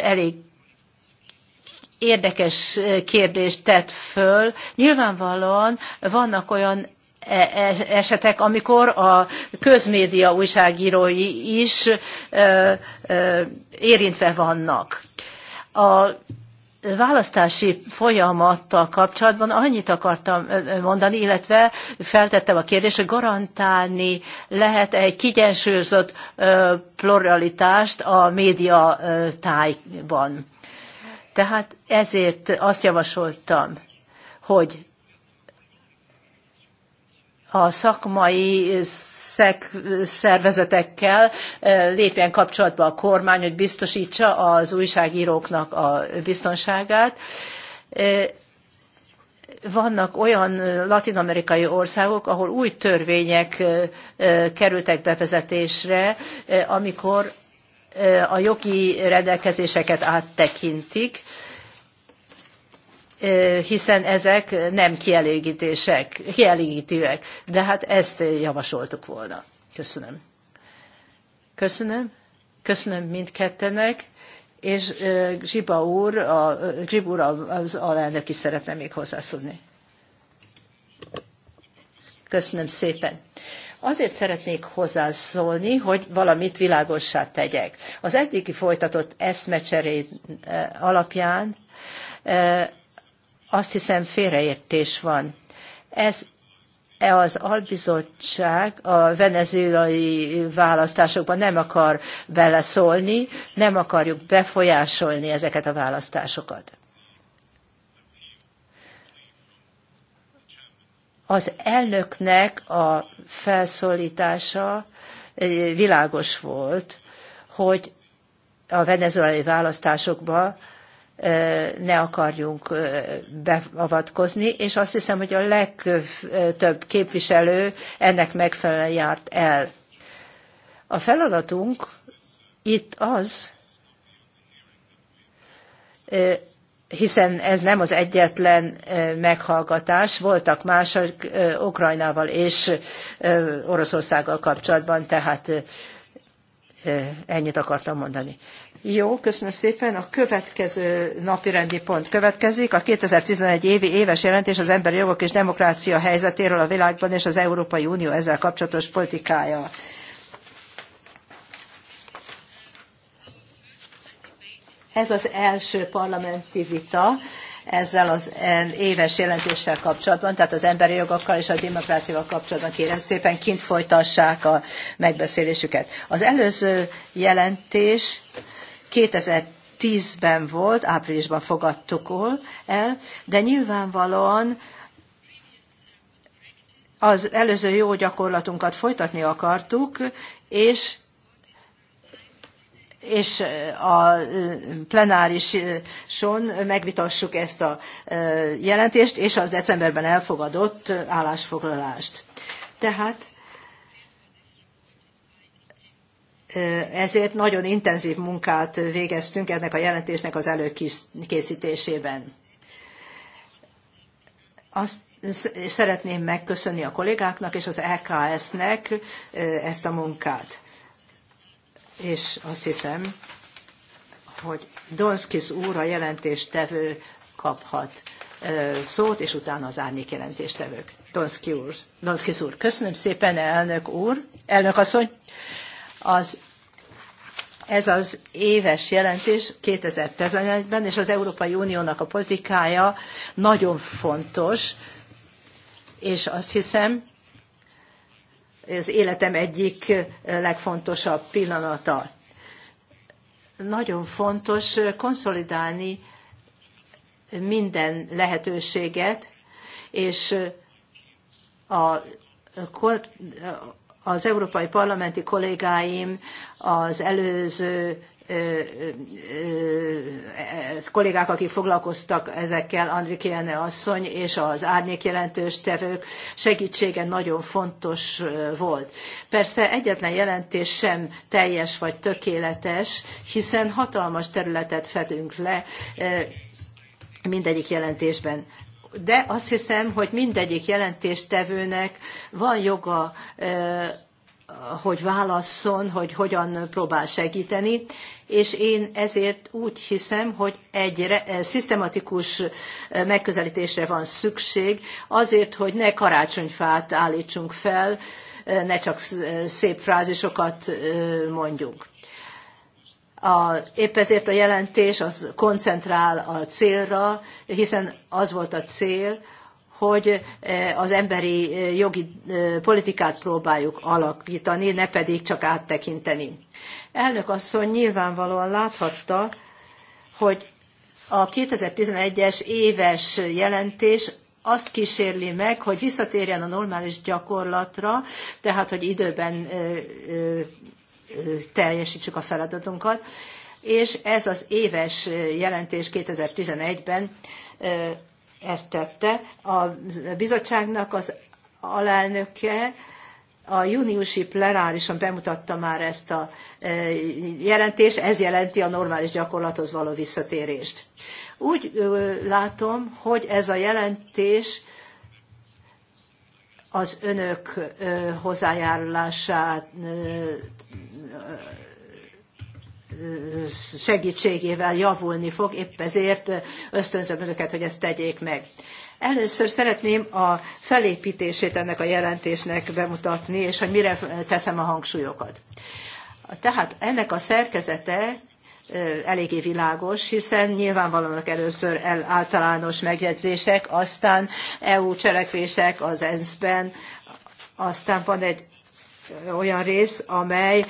elég érdekes kérdést tett föl. Nyilvánvalóan vannak olyan E, e, esetek, amikor a közmédia újságírói is e, érintve vannak. A választási folyamattal kapcsolatban annyit akartam mondani, illetve feltettem a kérdést, hogy garantálni lehet egy kiegyensúlyozott pluralitást a média tájban. Tehát ezért azt javasoltam, hogy a szakmai szervezetekkel lépjen kapcsolatba a kormány, hogy biztosítsa az újságíróknak a biztonságát. Vannak olyan latinamerikai országok, ahol új törvények kerültek bevezetésre, amikor a jogi rendelkezéseket áttekintik, hiszen ezek nem kielégítések, kielégítőek. De hát ezt javasoltuk volna. Köszönöm. Köszönöm. Köszönöm mindkettenek, és Zsiba úr, a, Zsib úr az alelnök is szeretne még hozzászólni. Köszönöm szépen. Azért szeretnék hozzászólni, hogy valamit világossá tegyek. Az eddigi folytatott eszmecseré alapján azt hiszem félreértés van. Ez e az albizottság a venezuelai választásokban nem akar beleszólni, nem akarjuk befolyásolni ezeket a választásokat. Az elnöknek a felszólítása e, világos volt, hogy a venezuelai választásokban ne akarjunk beavatkozni, és azt hiszem, hogy a legtöbb képviselő ennek megfelelően járt el. A feladatunk itt az, hiszen ez nem az egyetlen meghallgatás, voltak mások Ukrajnával és Oroszországgal kapcsolatban, tehát ennyit akartam mondani. Jó, köszönöm szépen. A következő napirendi pont következik. A 2011 évi éves jelentés az emberi jogok és demokrácia helyzetéről a világban és az Európai Unió ezzel kapcsolatos politikája. Ez az első parlamenti vita ezzel az éves jelentéssel kapcsolatban, tehát az emberi jogokkal és a demokráciával kapcsolatban kérem szépen kint folytassák a megbeszélésüket. Az előző jelentés 2010-ben volt, áprilisban fogadtuk el, de nyilvánvalóan az előző jó gyakorlatunkat folytatni akartuk, és és a plenárison megvitassuk ezt a jelentést, és az decemberben elfogadott állásfoglalást. Tehát ezért nagyon intenzív munkát végeztünk ennek a jelentésnek az előkészítésében. Azt szeretném megköszönni a kollégáknak és az EKS-nek ezt a munkát. És azt hiszem, hogy Donskis úr a jelentéstevő kaphat szót, és utána az árnyék jelentéstevők. Donski úr. Donskis úr. Köszönöm szépen, elnök úr. Elnök asszony. Az, ez az éves jelentés 2011-ben, és az Európai Uniónak a politikája nagyon fontos, és azt hiszem, az életem egyik legfontosabb pillanata. Nagyon fontos konszolidálni minden lehetőséget, és a az európai parlamenti kollégáim az előző kollégák, akik foglalkoztak ezekkel, Andrikiene asszony és az árnyék jelentős tevők segítsége nagyon fontos volt. Persze egyetlen jelentés sem teljes vagy tökéletes, hiszen hatalmas területet fedünk le mindegyik jelentésben de azt hiszem, hogy mindegyik jelentéstevőnek van joga, hogy válasszon, hogy hogyan próbál segíteni, és én ezért úgy hiszem, hogy egy szisztematikus megközelítésre van szükség, azért, hogy ne karácsonyfát állítsunk fel, ne csak szép frázisokat mondjunk. A, épp ezért a jelentés az koncentrál a célra, hiszen az volt a cél, hogy e, az emberi e, jogi e, politikát próbáljuk alakítani, ne pedig csak áttekinteni. Elnök asszony nyilvánvalóan láthatta, hogy a 2011-es éves jelentés azt kísérli meg, hogy visszatérjen a normális gyakorlatra, tehát hogy időben teljesítsük a feladatunkat, és ez az éves jelentés 2011-ben ezt tette. A bizottságnak az alelnöke a júniusi plenárison bemutatta már ezt a jelentést, ez jelenti a normális gyakorlathoz való visszatérést. Úgy látom, hogy ez a jelentés az önök hozzájárulását segítségével javulni fog, épp ezért ösztönzöm önöket, hogy ezt tegyék meg. Először szeretném a felépítését ennek a jelentésnek bemutatni, és hogy mire teszem a hangsúlyokat. Tehát ennek a szerkezete eléggé világos, hiszen nyilván vannak először el, általános megjegyzések, aztán EU cselekvések az ENSZ-ben, aztán van egy olyan rész, amely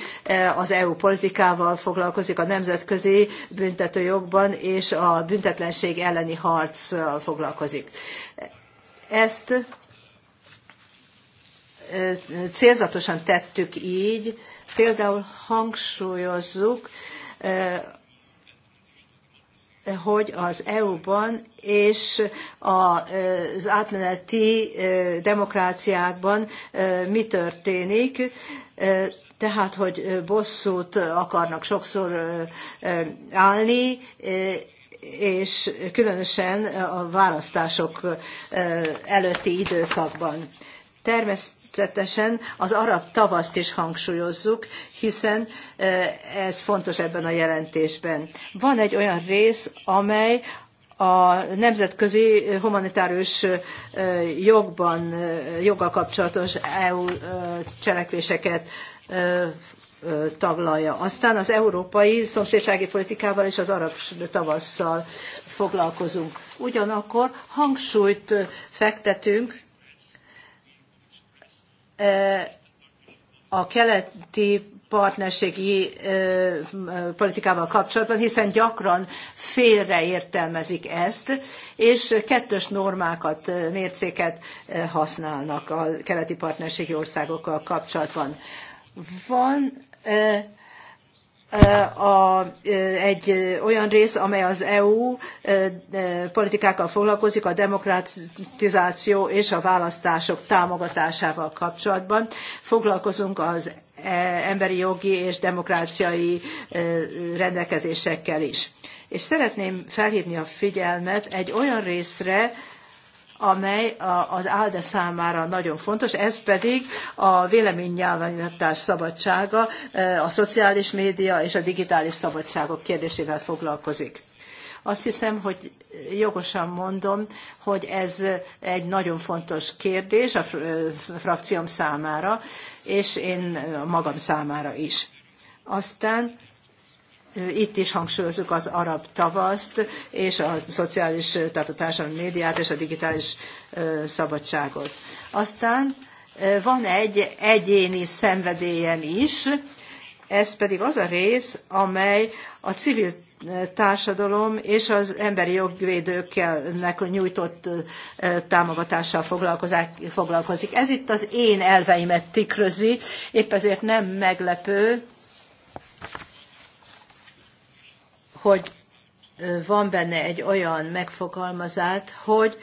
az EU politikával foglalkozik a nemzetközi büntetőjogban, és a büntetlenség elleni harccal foglalkozik. Ezt célzatosan tettük így, például hangsúlyozzuk Eh, hogy az EU-ban és az átmeneti eh, demokráciákban eh, mi történik, tehát, hogy bosszút akarnak sokszor állni, és különösen a választások előtti időszakban. Természetesen Természetesen az arab tavaszt is hangsúlyozzuk, hiszen ez fontos ebben a jelentésben. Van egy olyan rész, amely a nemzetközi humanitárius jogban, joggal kapcsolatos EU cselekvéseket taglalja. Aztán az európai szomszédsági politikával és az arab tavasszal foglalkozunk. Ugyanakkor hangsúlyt fektetünk a keleti partnerségi politikával kapcsolatban, hiszen gyakran félreértelmezik ezt, és kettős normákat, mércéket használnak a keleti partnerségi országokkal kapcsolatban. Van a, egy olyan rész, amely az EU e, e, politikákkal foglalkozik, a demokratizáció és a választások támogatásával kapcsolatban. Foglalkozunk az e, emberi jogi és demokráciai rendelkezésekkel is. És szeretném felhívni a figyelmet egy olyan részre, amely az ALDE számára nagyon fontos, ez pedig a véleménynyilvánítás szabadsága, eh, a szociális média és a digitális szabadságok kérdésével foglalkozik. Azt hiszem, hogy jogosan mondom, hogy ez egy nagyon fontos kérdés a eh, frakcióm számára, és én magam számára is. Aztán itt is hangsúlyozzuk az arab tavaszt, és a szociális, tehát a társadalmi médiát és a digitális szabadságot. Aztán van egy egyéni szenvedélyem is, ez pedig az a rész, amely a civil társadalom és az emberi jogvédőknek nyújtott támogatással foglalkozik. Ez itt az én elveimet tükrözi, épp ezért nem meglepő, hogy van benne egy olyan megfogalmazát, hogy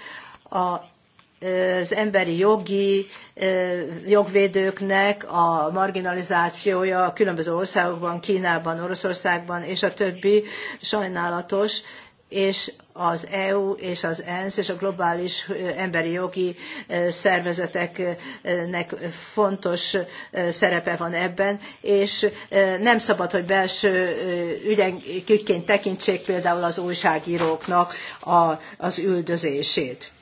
a az emberi jogi jogvédőknek a marginalizációja a különböző országokban, Kínában, Oroszországban és a többi sajnálatos, és az EU és az ENSZ és a globális emberi jogi szervezeteknek fontos szerepe van ebben, és nem szabad, hogy belső ügyként tekintsék például az újságíróknak az üldözését.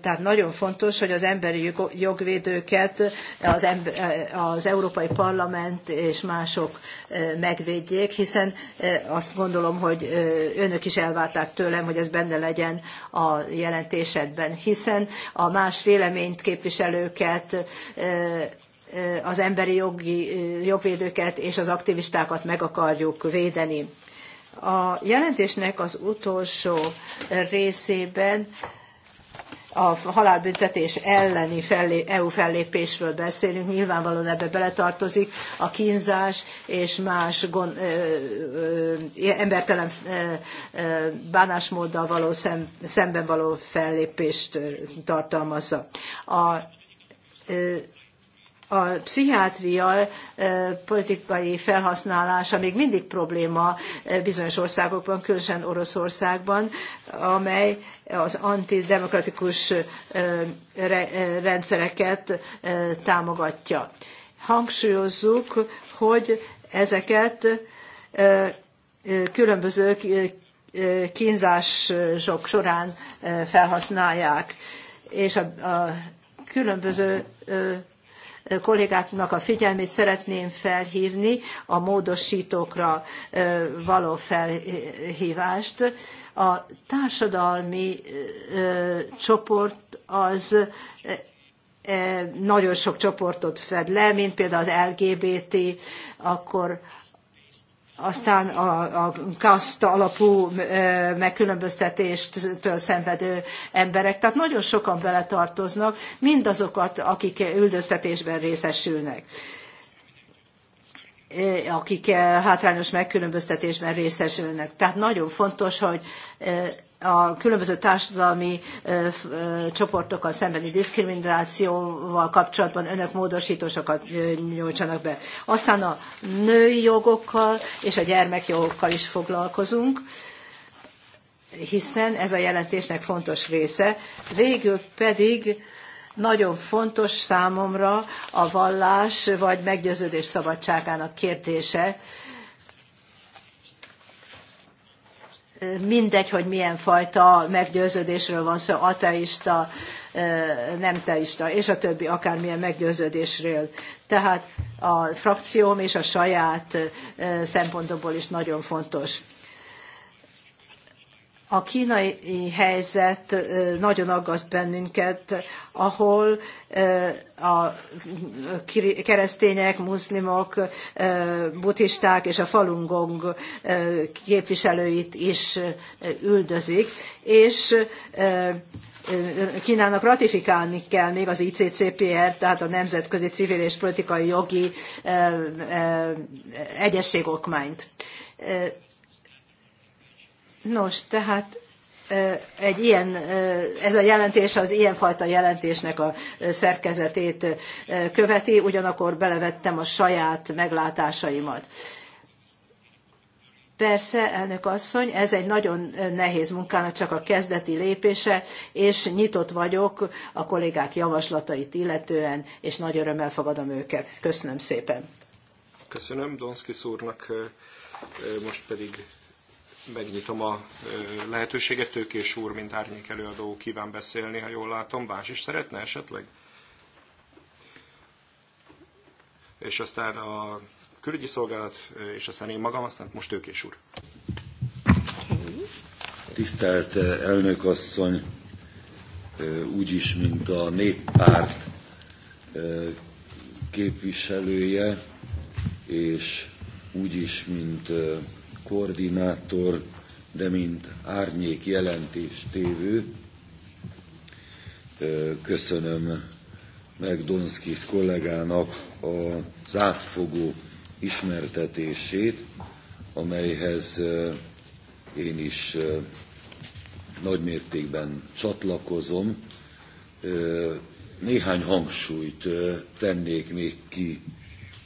Tehát nagyon fontos, hogy az emberi jogvédőket az, az Európai Parlament és mások megvédjék, hiszen azt gondolom, hogy önök is elvárták tőlem, hogy ez benne legyen a jelentésedben, hiszen a más véleményt képviselőket az emberi jogi, jogvédőket és az aktivistákat meg akarjuk védeni. A jelentésnek az utolsó részében a halálbüntetés elleni fellé, EU fellépésről beszélünk, nyilvánvalóan ebbe beletartozik a kínzás és más gond, ö, embertelen ö, ö, bánásmóddal való szem, szemben való fellépést tartalmazza. A, a pszichiátria politikai felhasználása még mindig probléma bizonyos országokban, különösen Oroszországban, amely az antidemokratikus rendszereket támogatja. Hangsúlyozzuk, hogy ezeket különböző kínzások során felhasználják, és a, a különböző kollégáknak a figyelmét szeretném felhívni a módosítókra való felhívást. A társadalmi csoport az nagyon sok csoportot fed le, mint például az LGBT, akkor aztán a, a kaszt alapú megkülönböztetéstől szenvedő emberek, tehát nagyon sokan beletartoznak, mindazokat, akik üldöztetésben részesülnek akik hátrányos megkülönböztetésben részesülnek. Tehát nagyon fontos, hogy a különböző társadalmi csoportokkal szembeni diszkriminációval kapcsolatban önök módosítósokat nyújtsanak be. Aztán a női jogokkal és a gyermekjogokkal is foglalkozunk hiszen ez a jelentésnek fontos része. Végül pedig nagyon fontos számomra a vallás vagy meggyőződés szabadságának kérdése mindegy, hogy milyen fajta meggyőződésről van szó, ateista, nem teista, és a többi akármilyen meggyőződésről. Tehát a frakcióm és a saját szempontomból is nagyon fontos. A kínai helyzet nagyon aggaszt bennünket, ahol a keresztények, muszlimok, buddhisták és a falungong képviselőit is üldözik, és Kínának ratifikálni kell még az ICCPR, tehát a Nemzetközi Civil és Politikai Jogi Egyesség okmányt Nos, tehát egy ilyen, ez a jelentés az ilyenfajta jelentésnek a szerkezetét követi, ugyanakkor belevettem a saját meglátásaimat. Persze, elnök asszony, ez egy nagyon nehéz munkának csak a kezdeti lépése, és nyitott vagyok a kollégák javaslatait illetően, és nagy örömmel fogadom őket. Köszönöm szépen. Köszönöm Donszki úrnak, most pedig megnyitom a lehetőséget. Tőkés úr, mint árnyék előadó kíván beszélni, ha jól látom. Vás is szeretne esetleg? És aztán a külügyi szolgálat, és aztán én magam, aztán most Tőkés úr. Tisztelt elnökasszony, úgyis, mint a néppárt képviselője, és úgyis, mint koordinátor, de mint árnyék jelentéstévő. Köszönöm meg Donskis kollégának az átfogó ismertetését, amelyhez én is nagymértékben csatlakozom. Néhány hangsúlyt tennék még ki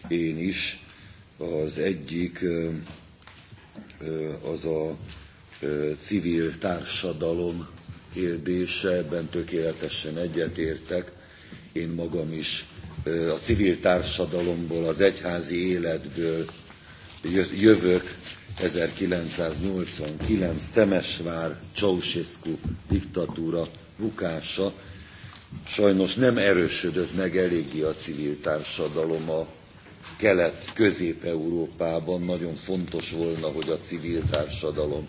én is. Az egyik az a civil társadalom kérdése, ebben tökéletesen egyetértek. Én magam is a civil társadalomból, az egyházi életből jövök, 1989 Temesvár Ceausescu diktatúra bukása sajnos nem erősödött meg eléggé a civil társadalom a Kelet-Közép-Európában nagyon fontos volna, hogy a civil társadalom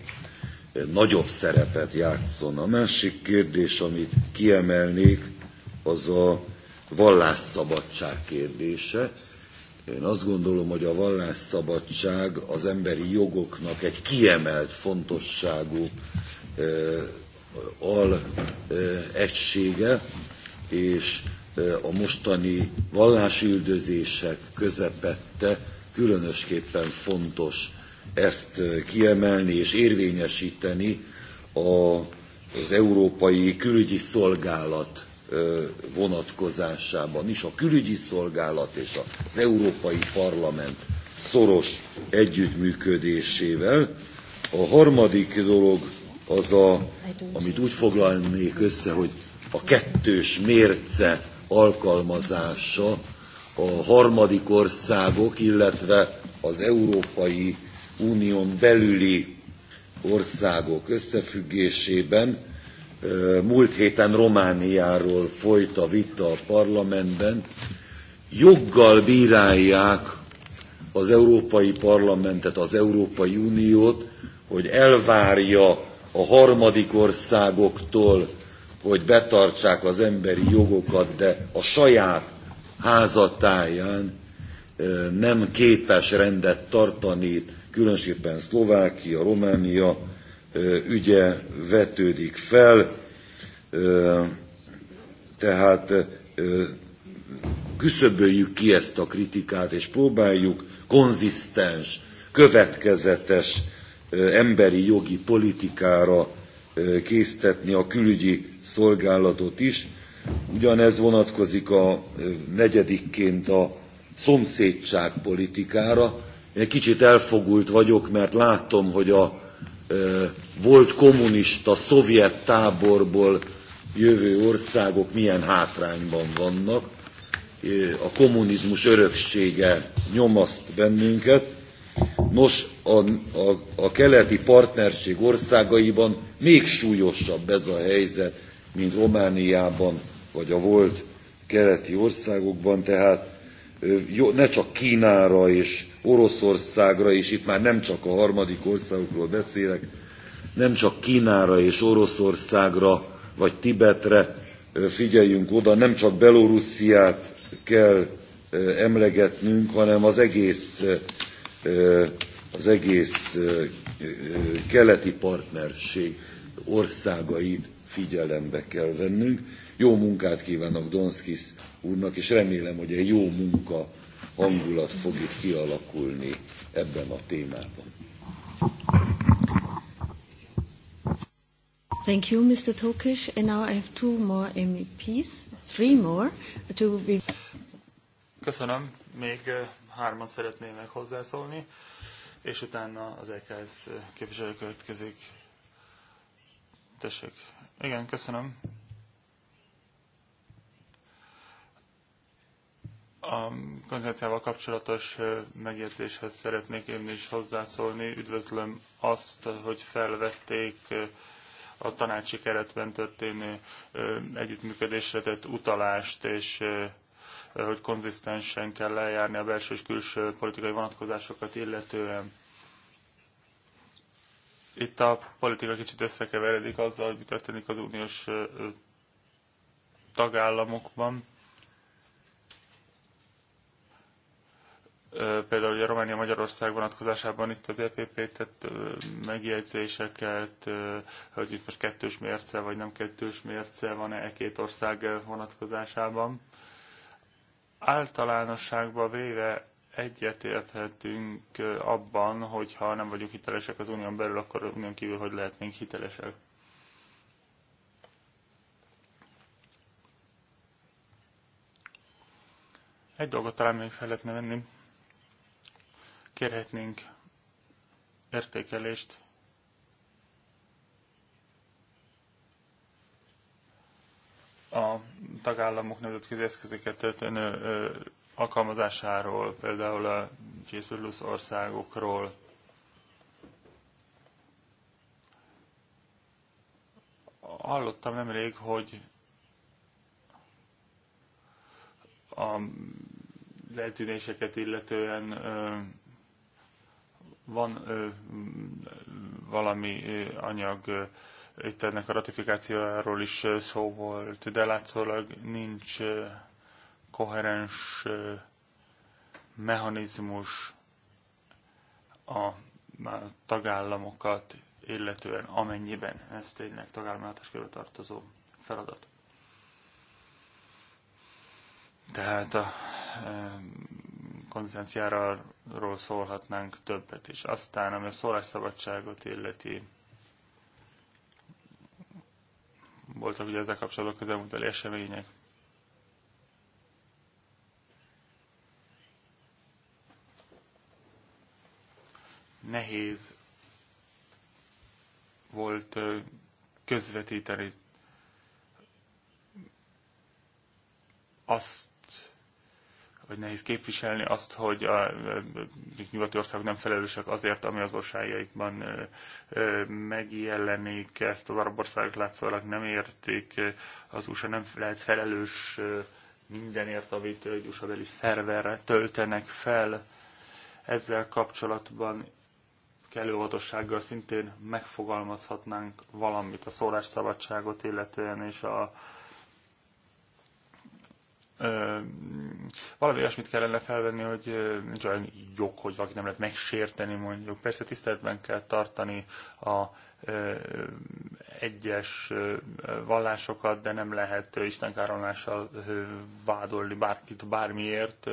eh, nagyobb szerepet játszon. A másik kérdés, amit kiemelnék, az a vallásszabadság kérdése. Én azt gondolom, hogy a vallásszabadság az emberi jogoknak egy kiemelt fontosságú eh, al eh, egysége, és a mostani vallási üldözések közepette különösképpen fontos ezt kiemelni és érvényesíteni az Európai Külügyi Szolgálat vonatkozásában is. A külügyi szolgálat és az Európai Parlament szoros együttműködésével. A harmadik dolog az, a, amit úgy foglalnék össze, hogy a kettős mérce alkalmazása a harmadik országok, illetve az Európai Unión belüli országok összefüggésében. Múlt héten Romániáról folyt a vita a parlamentben. Joggal bírálják az Európai Parlamentet, az Európai Uniót, hogy elvárja a harmadik országoktól hogy betartsák az emberi jogokat, de a saját házatáján nem képes rendet tartani, különösképpen Szlovákia, Románia ügye vetődik fel, tehát küszöböljük ki ezt a kritikát, és próbáljuk konzisztens, következetes emberi jogi politikára késztetni a külügyi szolgálatot is. Ugyanez vonatkozik a negyedikként a szomszédságpolitikára. Én egy kicsit elfogult vagyok, mert látom, hogy a volt kommunista szovjet táborból jövő országok milyen hátrányban vannak. A kommunizmus öröksége nyomaszt bennünket. Nos, a, a, a keleti partnerség országaiban még súlyosabb ez a helyzet, mint Romániában vagy a volt keleti országokban, tehát ne csak Kínára és Oroszországra, és itt már nem csak a harmadik országokról beszélek, nem csak Kínára és Oroszországra vagy Tibetre figyeljünk oda, nem csak Belorussziát kell emlegetnünk, hanem az egész az egész keleti partnerség országait figyelembe kell vennünk. Jó munkát kívánok Donskis úrnak, és remélem, hogy egy jó munka hangulat fog itt kialakulni ebben a témában. Thank you, Mr. Tokish. And now I have two more MEPs, three more, to be... Köszönöm. Még hárman szeretnének hozzászólni és utána az EKS képviselő következik. Tessék. Igen, köszönöm. A konzervációval kapcsolatos megjegyzéshez szeretnék én is hozzászólni. Üdvözlöm azt, hogy felvették a tanácsi keretben történő együttműködésre tett utalást, és Eh, hogy konzisztensen kell lejárni a belső és külső politikai vonatkozásokat illetően. Itt a politika kicsit összekeveredik azzal, hogy mi történik az uniós eh, tagállamokban. Eh, például a Románia-Magyarország vonatkozásában itt az EPP tett megjegyzéseket, hogy itt most kettős mérce, vagy nem kettős mérce van-e e két ország vonatkozásában általánosságban véve egyetérthetünk abban, hogy ha nem vagyunk hitelesek az unión belül, akkor unión kívül hogy lehetnénk hitelesek. Egy dolgot talán még fel lehetne venni. Kérhetnénk értékelést a tagállamok nemzetközi eszközöket történő alkalmazásáról, például a G++ országokról, hallottam nemrég, hogy a eltűnéseket illetően ö, van ö, valami anyag ö, itt ennek a ratifikációjáról is szó volt, de látszólag nincs koherens mechanizmus a tagállamokat illetően, amennyiben ez tényleg tagállami körül tartozó feladat. Tehát a konzisztenciáról szólhatnánk többet is. Aztán, ami a szólásszabadságot illeti, voltak ugye ezzel kapcsolatban közelmúltbeli események. Nehéz volt közvetíteni azt, vagy nehéz képviselni azt, hogy a, a nyugati országok nem felelősek azért, ami az országaikban megjelenik, ezt az arab országok látszólag nem értik, az USA nem lehet felelős mindenért, amit egy USA beli szerverre töltenek fel. Ezzel kapcsolatban kellő óvatossággal szintén megfogalmazhatnánk valamit a szólásszabadságot illetően és a, valami olyasmit kellene felvenni, hogy nincs olyan jog, hogy valaki nem lehet megsérteni mondjuk. Persze tiszteletben kell tartani a egyes vallásokat, de nem lehet istenkárolással vádolni bárkit bármiért.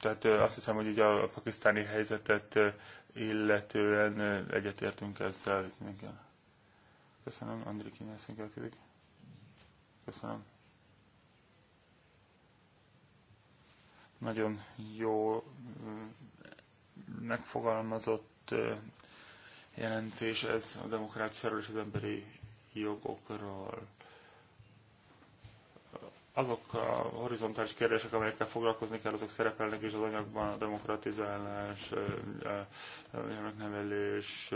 Tehát azt hiszem, hogy így a pakisztáni helyzetet illetően egyetértünk ezzel. Igen. Köszönöm, Andrik Inészen következik. Köszönöm. Nagyon jó mm, megfogalmazott jelentés ez a demokráciáról és az emberi jogokról. Azok a horizontális kérdések, amelyekkel foglalkozni kell, azok szerepelnek is az anyagban, a demokratizálás, a gyermeknevelés,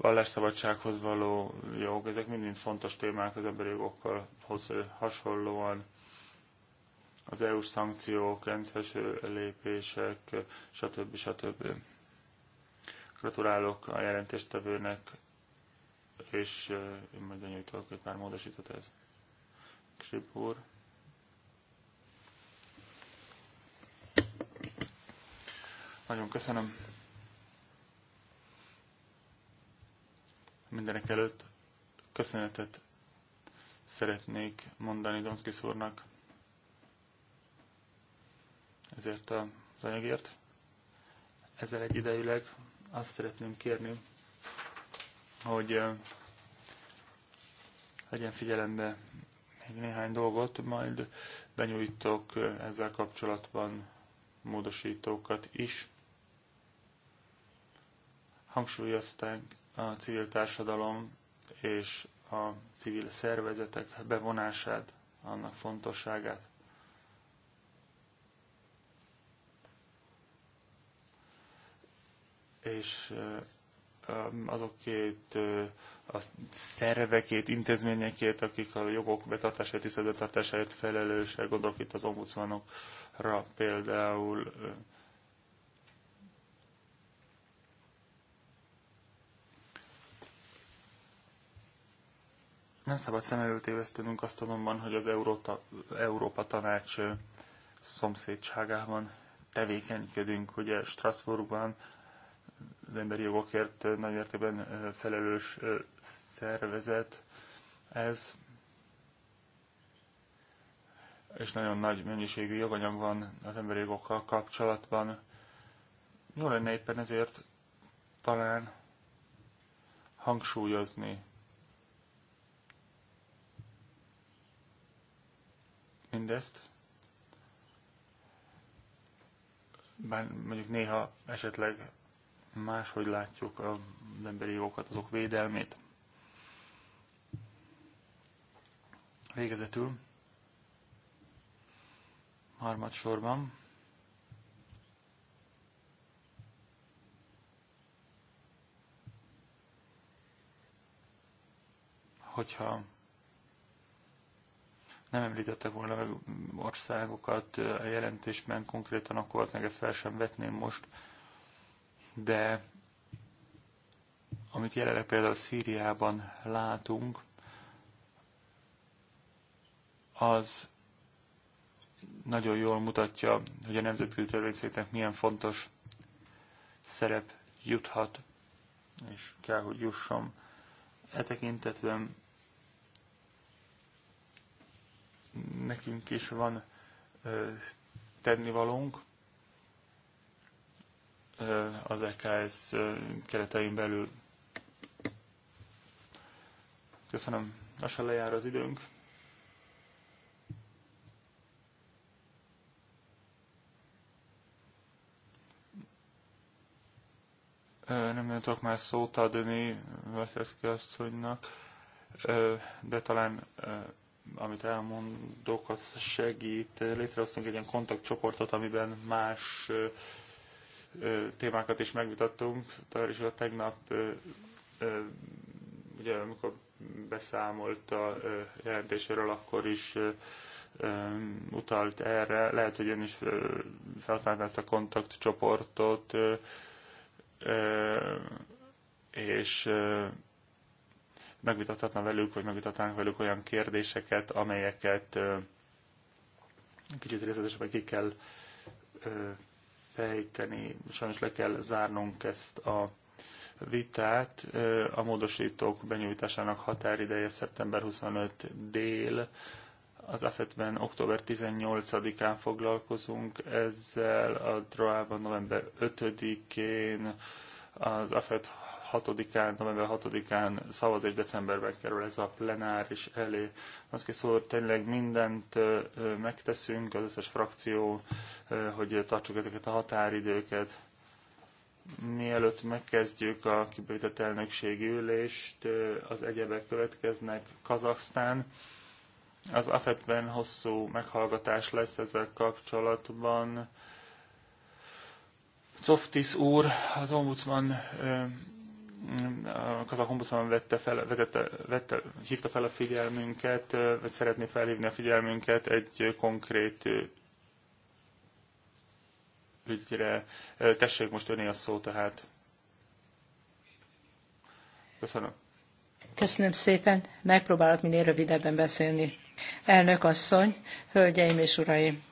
vallásszabadsághoz való jog, ezek mind-mind fontos témák az emberi jogokkal hasonlóan. Az EU-s szankciók, rendszeres lépések, stb. stb. Gratulálok a jelentéstevőnek, és én majd benyújtok hogy már módosított ez. Krip úr. Nagyon köszönöm. Mindenek előtt köszönetet szeretnék mondani Donskis úrnak ezért az anyagért. Ezzel idejűleg azt szeretném kérni, hogy legyen eh, figyelembe még néhány dolgot, majd benyújtok eh, ezzel kapcsolatban módosítókat is. Hangsúlyozták a civil társadalom és a civil szervezetek bevonását, annak fontosságát. És azokét a szervekét, intézményekét, akik a jogok betartásáért, tiszteletbetartásáért felelősek, gondolok itt az ombudsmanokra például, Nem szabad szem előtt évesztenünk azt azonban, hogy az Európa, Európa Tanács szomszédságában tevékenykedünk. Ugye Strasbourgban az emberi jogokért nagy mértékben felelős szervezet ez, és nagyon nagy mennyiségű joganyag van az emberi jogokkal kapcsolatban. Jó lenne éppen ezért talán hangsúlyozni mindezt. Bár mondjuk néha esetleg máshogy látjuk az emberi jogokat, azok védelmét. Végezetül, harmadsorban, hogyha nem említettek volna meg országokat a jelentésben konkrétan, akkor az ezt fel sem vetném most, de amit jelenleg például Szíriában látunk, az nagyon jól mutatja, hogy a nemzetközi törvényszéknek milyen fontos szerep juthat, és kell, hogy jusson. E tekintetben nekünk is van tennivalónk az EKS keretein belül. Köszönöm, lassan lejár az időnk. nem nagyon tudok már szót adni Veszeszki asszonynak, de talán amit elmondok, az segít. Létrehoztunk egy ilyen kontaktcsoportot, amiben más ö, ö, témákat is megvitattunk. És a tegnap, ö, ö, ugye amikor beszámolt a ö, jelentéséről, akkor is ö, utalt erre. Lehet, hogy én is felhasználtam ezt a kontaktcsoportot, és megvitathatna velük, vagy megvitatnánk velük olyan kérdéseket, amelyeket kicsit vagy ki kell fejteni. Sajnos le kell zárnunk ezt a vitát. A módosítók benyújtásának határideje szeptember 25 dél. Az AFET-ben október 18-án foglalkozunk ezzel, a DROA-ban november 5-én, az AFET 6-án, november 6-án szavaz, és decemberben kerül ez a plenáris elé. Azt kell szóval tényleg mindent megteszünk, az összes frakció, hogy tartsuk ezeket a határidőket. Mielőtt megkezdjük a kibővített elnökségi ülést, az egyebek következnek Kazaksztán. Az AFET-ben hosszú meghallgatás lesz ezzel kapcsolatban. Coftis úr, az ombudsman a Kombuszban vette fel, vetette, vette, hívta fel a figyelmünket, vagy szeretné felhívni a figyelmünket egy konkrét ügyre. Tessék most öné a szó tehát. Köszönöm. Köszönöm szépen. Megpróbálok minél rövidebben beszélni. Elnök asszony, hölgyeim és uraim!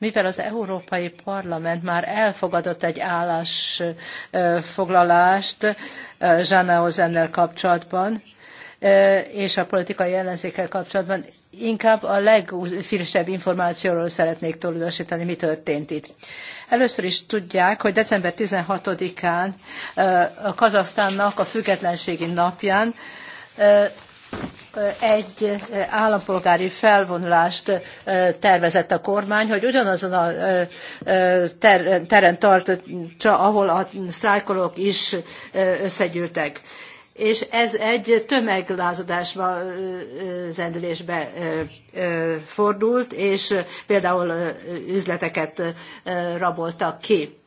Mivel az Európai Parlament már elfogadott egy állásfoglalást eh, Zsánához ennel kapcsolatban, eh, és a politikai ellenzékkel kapcsolatban inkább a legfrissebb információról szeretnék tudósítani, mi történt itt. Először is tudják, hogy december 16-án eh, a Kazasztánnak a függetlenségi napján egy állampolgári felvonulást tervezett a kormány, hogy ugyanazon a teren tartsa, ahol a sztrájkolók is összegyűltek. És ez egy tömeglázadásba, zendülésbe fordult, és például üzleteket raboltak ki.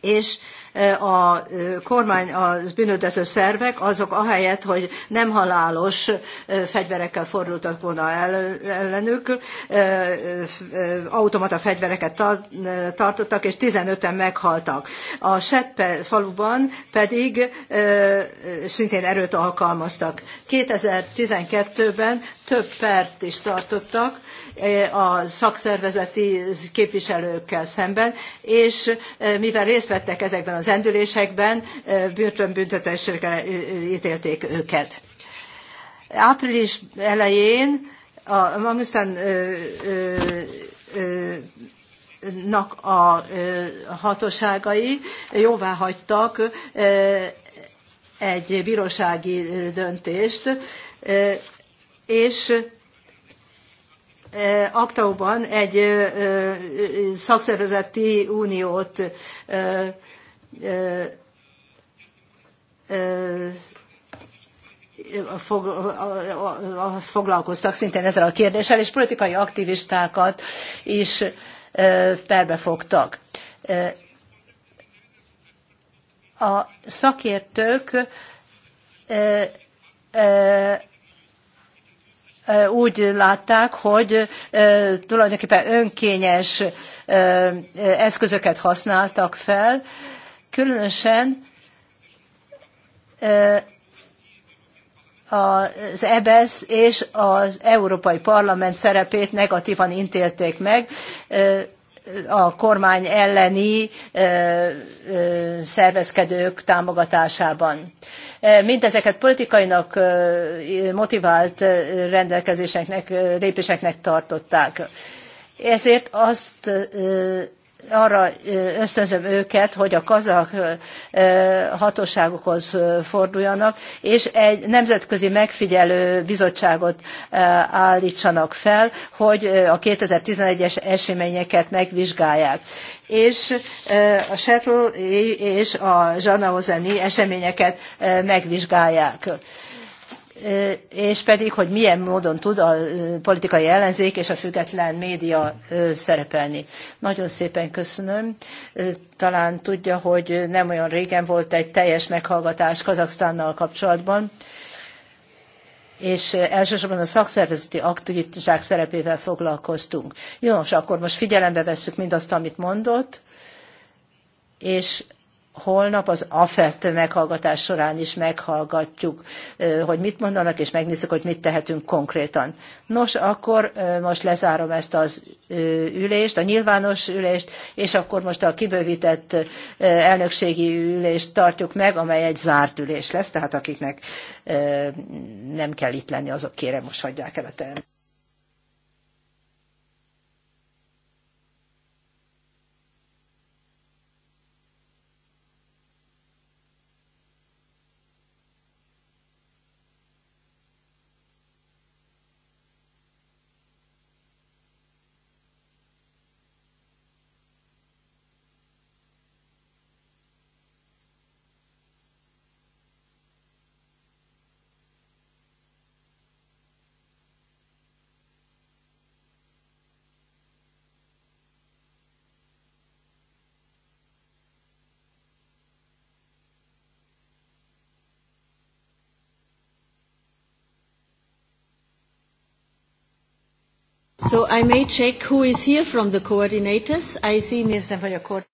És a kormány, az bűnöldöző szervek, azok ahelyett, hogy nem halálos fegyverekkel fordultak volna ellenük, automata fegyvereket tartottak, és 15-en meghaltak. A Seppe faluban pedig szintén erőt alkalmaztak. 2012-ben több pert is tartottak a szakszervezeti képviselőkkel szemben, és mivel részt vettek ezekben az zendülésekben börtönbüntetésre ítélték őket. Április elején a Mangusztán nak a hatóságai jóvá hagytak egy bírósági döntést, és Aktaóban egy szakszervezeti uniót foglalkoztak szintén ezzel a kérdéssel, és politikai aktivistákat is perbefogtak. A szakértők úgy látták, hogy tulajdonképpen önkényes eszközöket használtak fel, Különösen az EBSZ és az Európai Parlament szerepét negatívan intélték meg a kormány elleni szervezkedők támogatásában. Mindezeket politikainak motivált rendelkezéseknek, lépéseknek tartották. Ezért azt arra ösztönzöm őket, hogy a kazak hatóságokhoz forduljanak, és egy nemzetközi megfigyelő bizottságot állítsanak fel, hogy a 2011-es eseményeket megvizsgálják. És a Shetl és a Zsanahozeni eseményeket megvizsgálják és pedig, hogy milyen módon tud a politikai ellenzék és a független média szerepelni. Nagyon szépen köszönöm. Talán tudja, hogy nem olyan régen volt egy teljes meghallgatás Kazaksztánnal kapcsolatban, és elsősorban a szakszervezeti aktivitás szerepével foglalkoztunk. Jó, és akkor most figyelembe vesszük mindazt, amit mondott, és holnap az AFET meghallgatás során is meghallgatjuk, hogy mit mondanak, és megnézzük, hogy mit tehetünk konkrétan. Nos, akkor most lezárom ezt az ülést, a nyilvános ülést, és akkor most a kibővített elnökségi ülést tartjuk meg, amely egy zárt ülés lesz, tehát akiknek nem kell itt lenni, azok kérem most hagyják el a termet. So I may check who is here from the coordinators. I see Mr.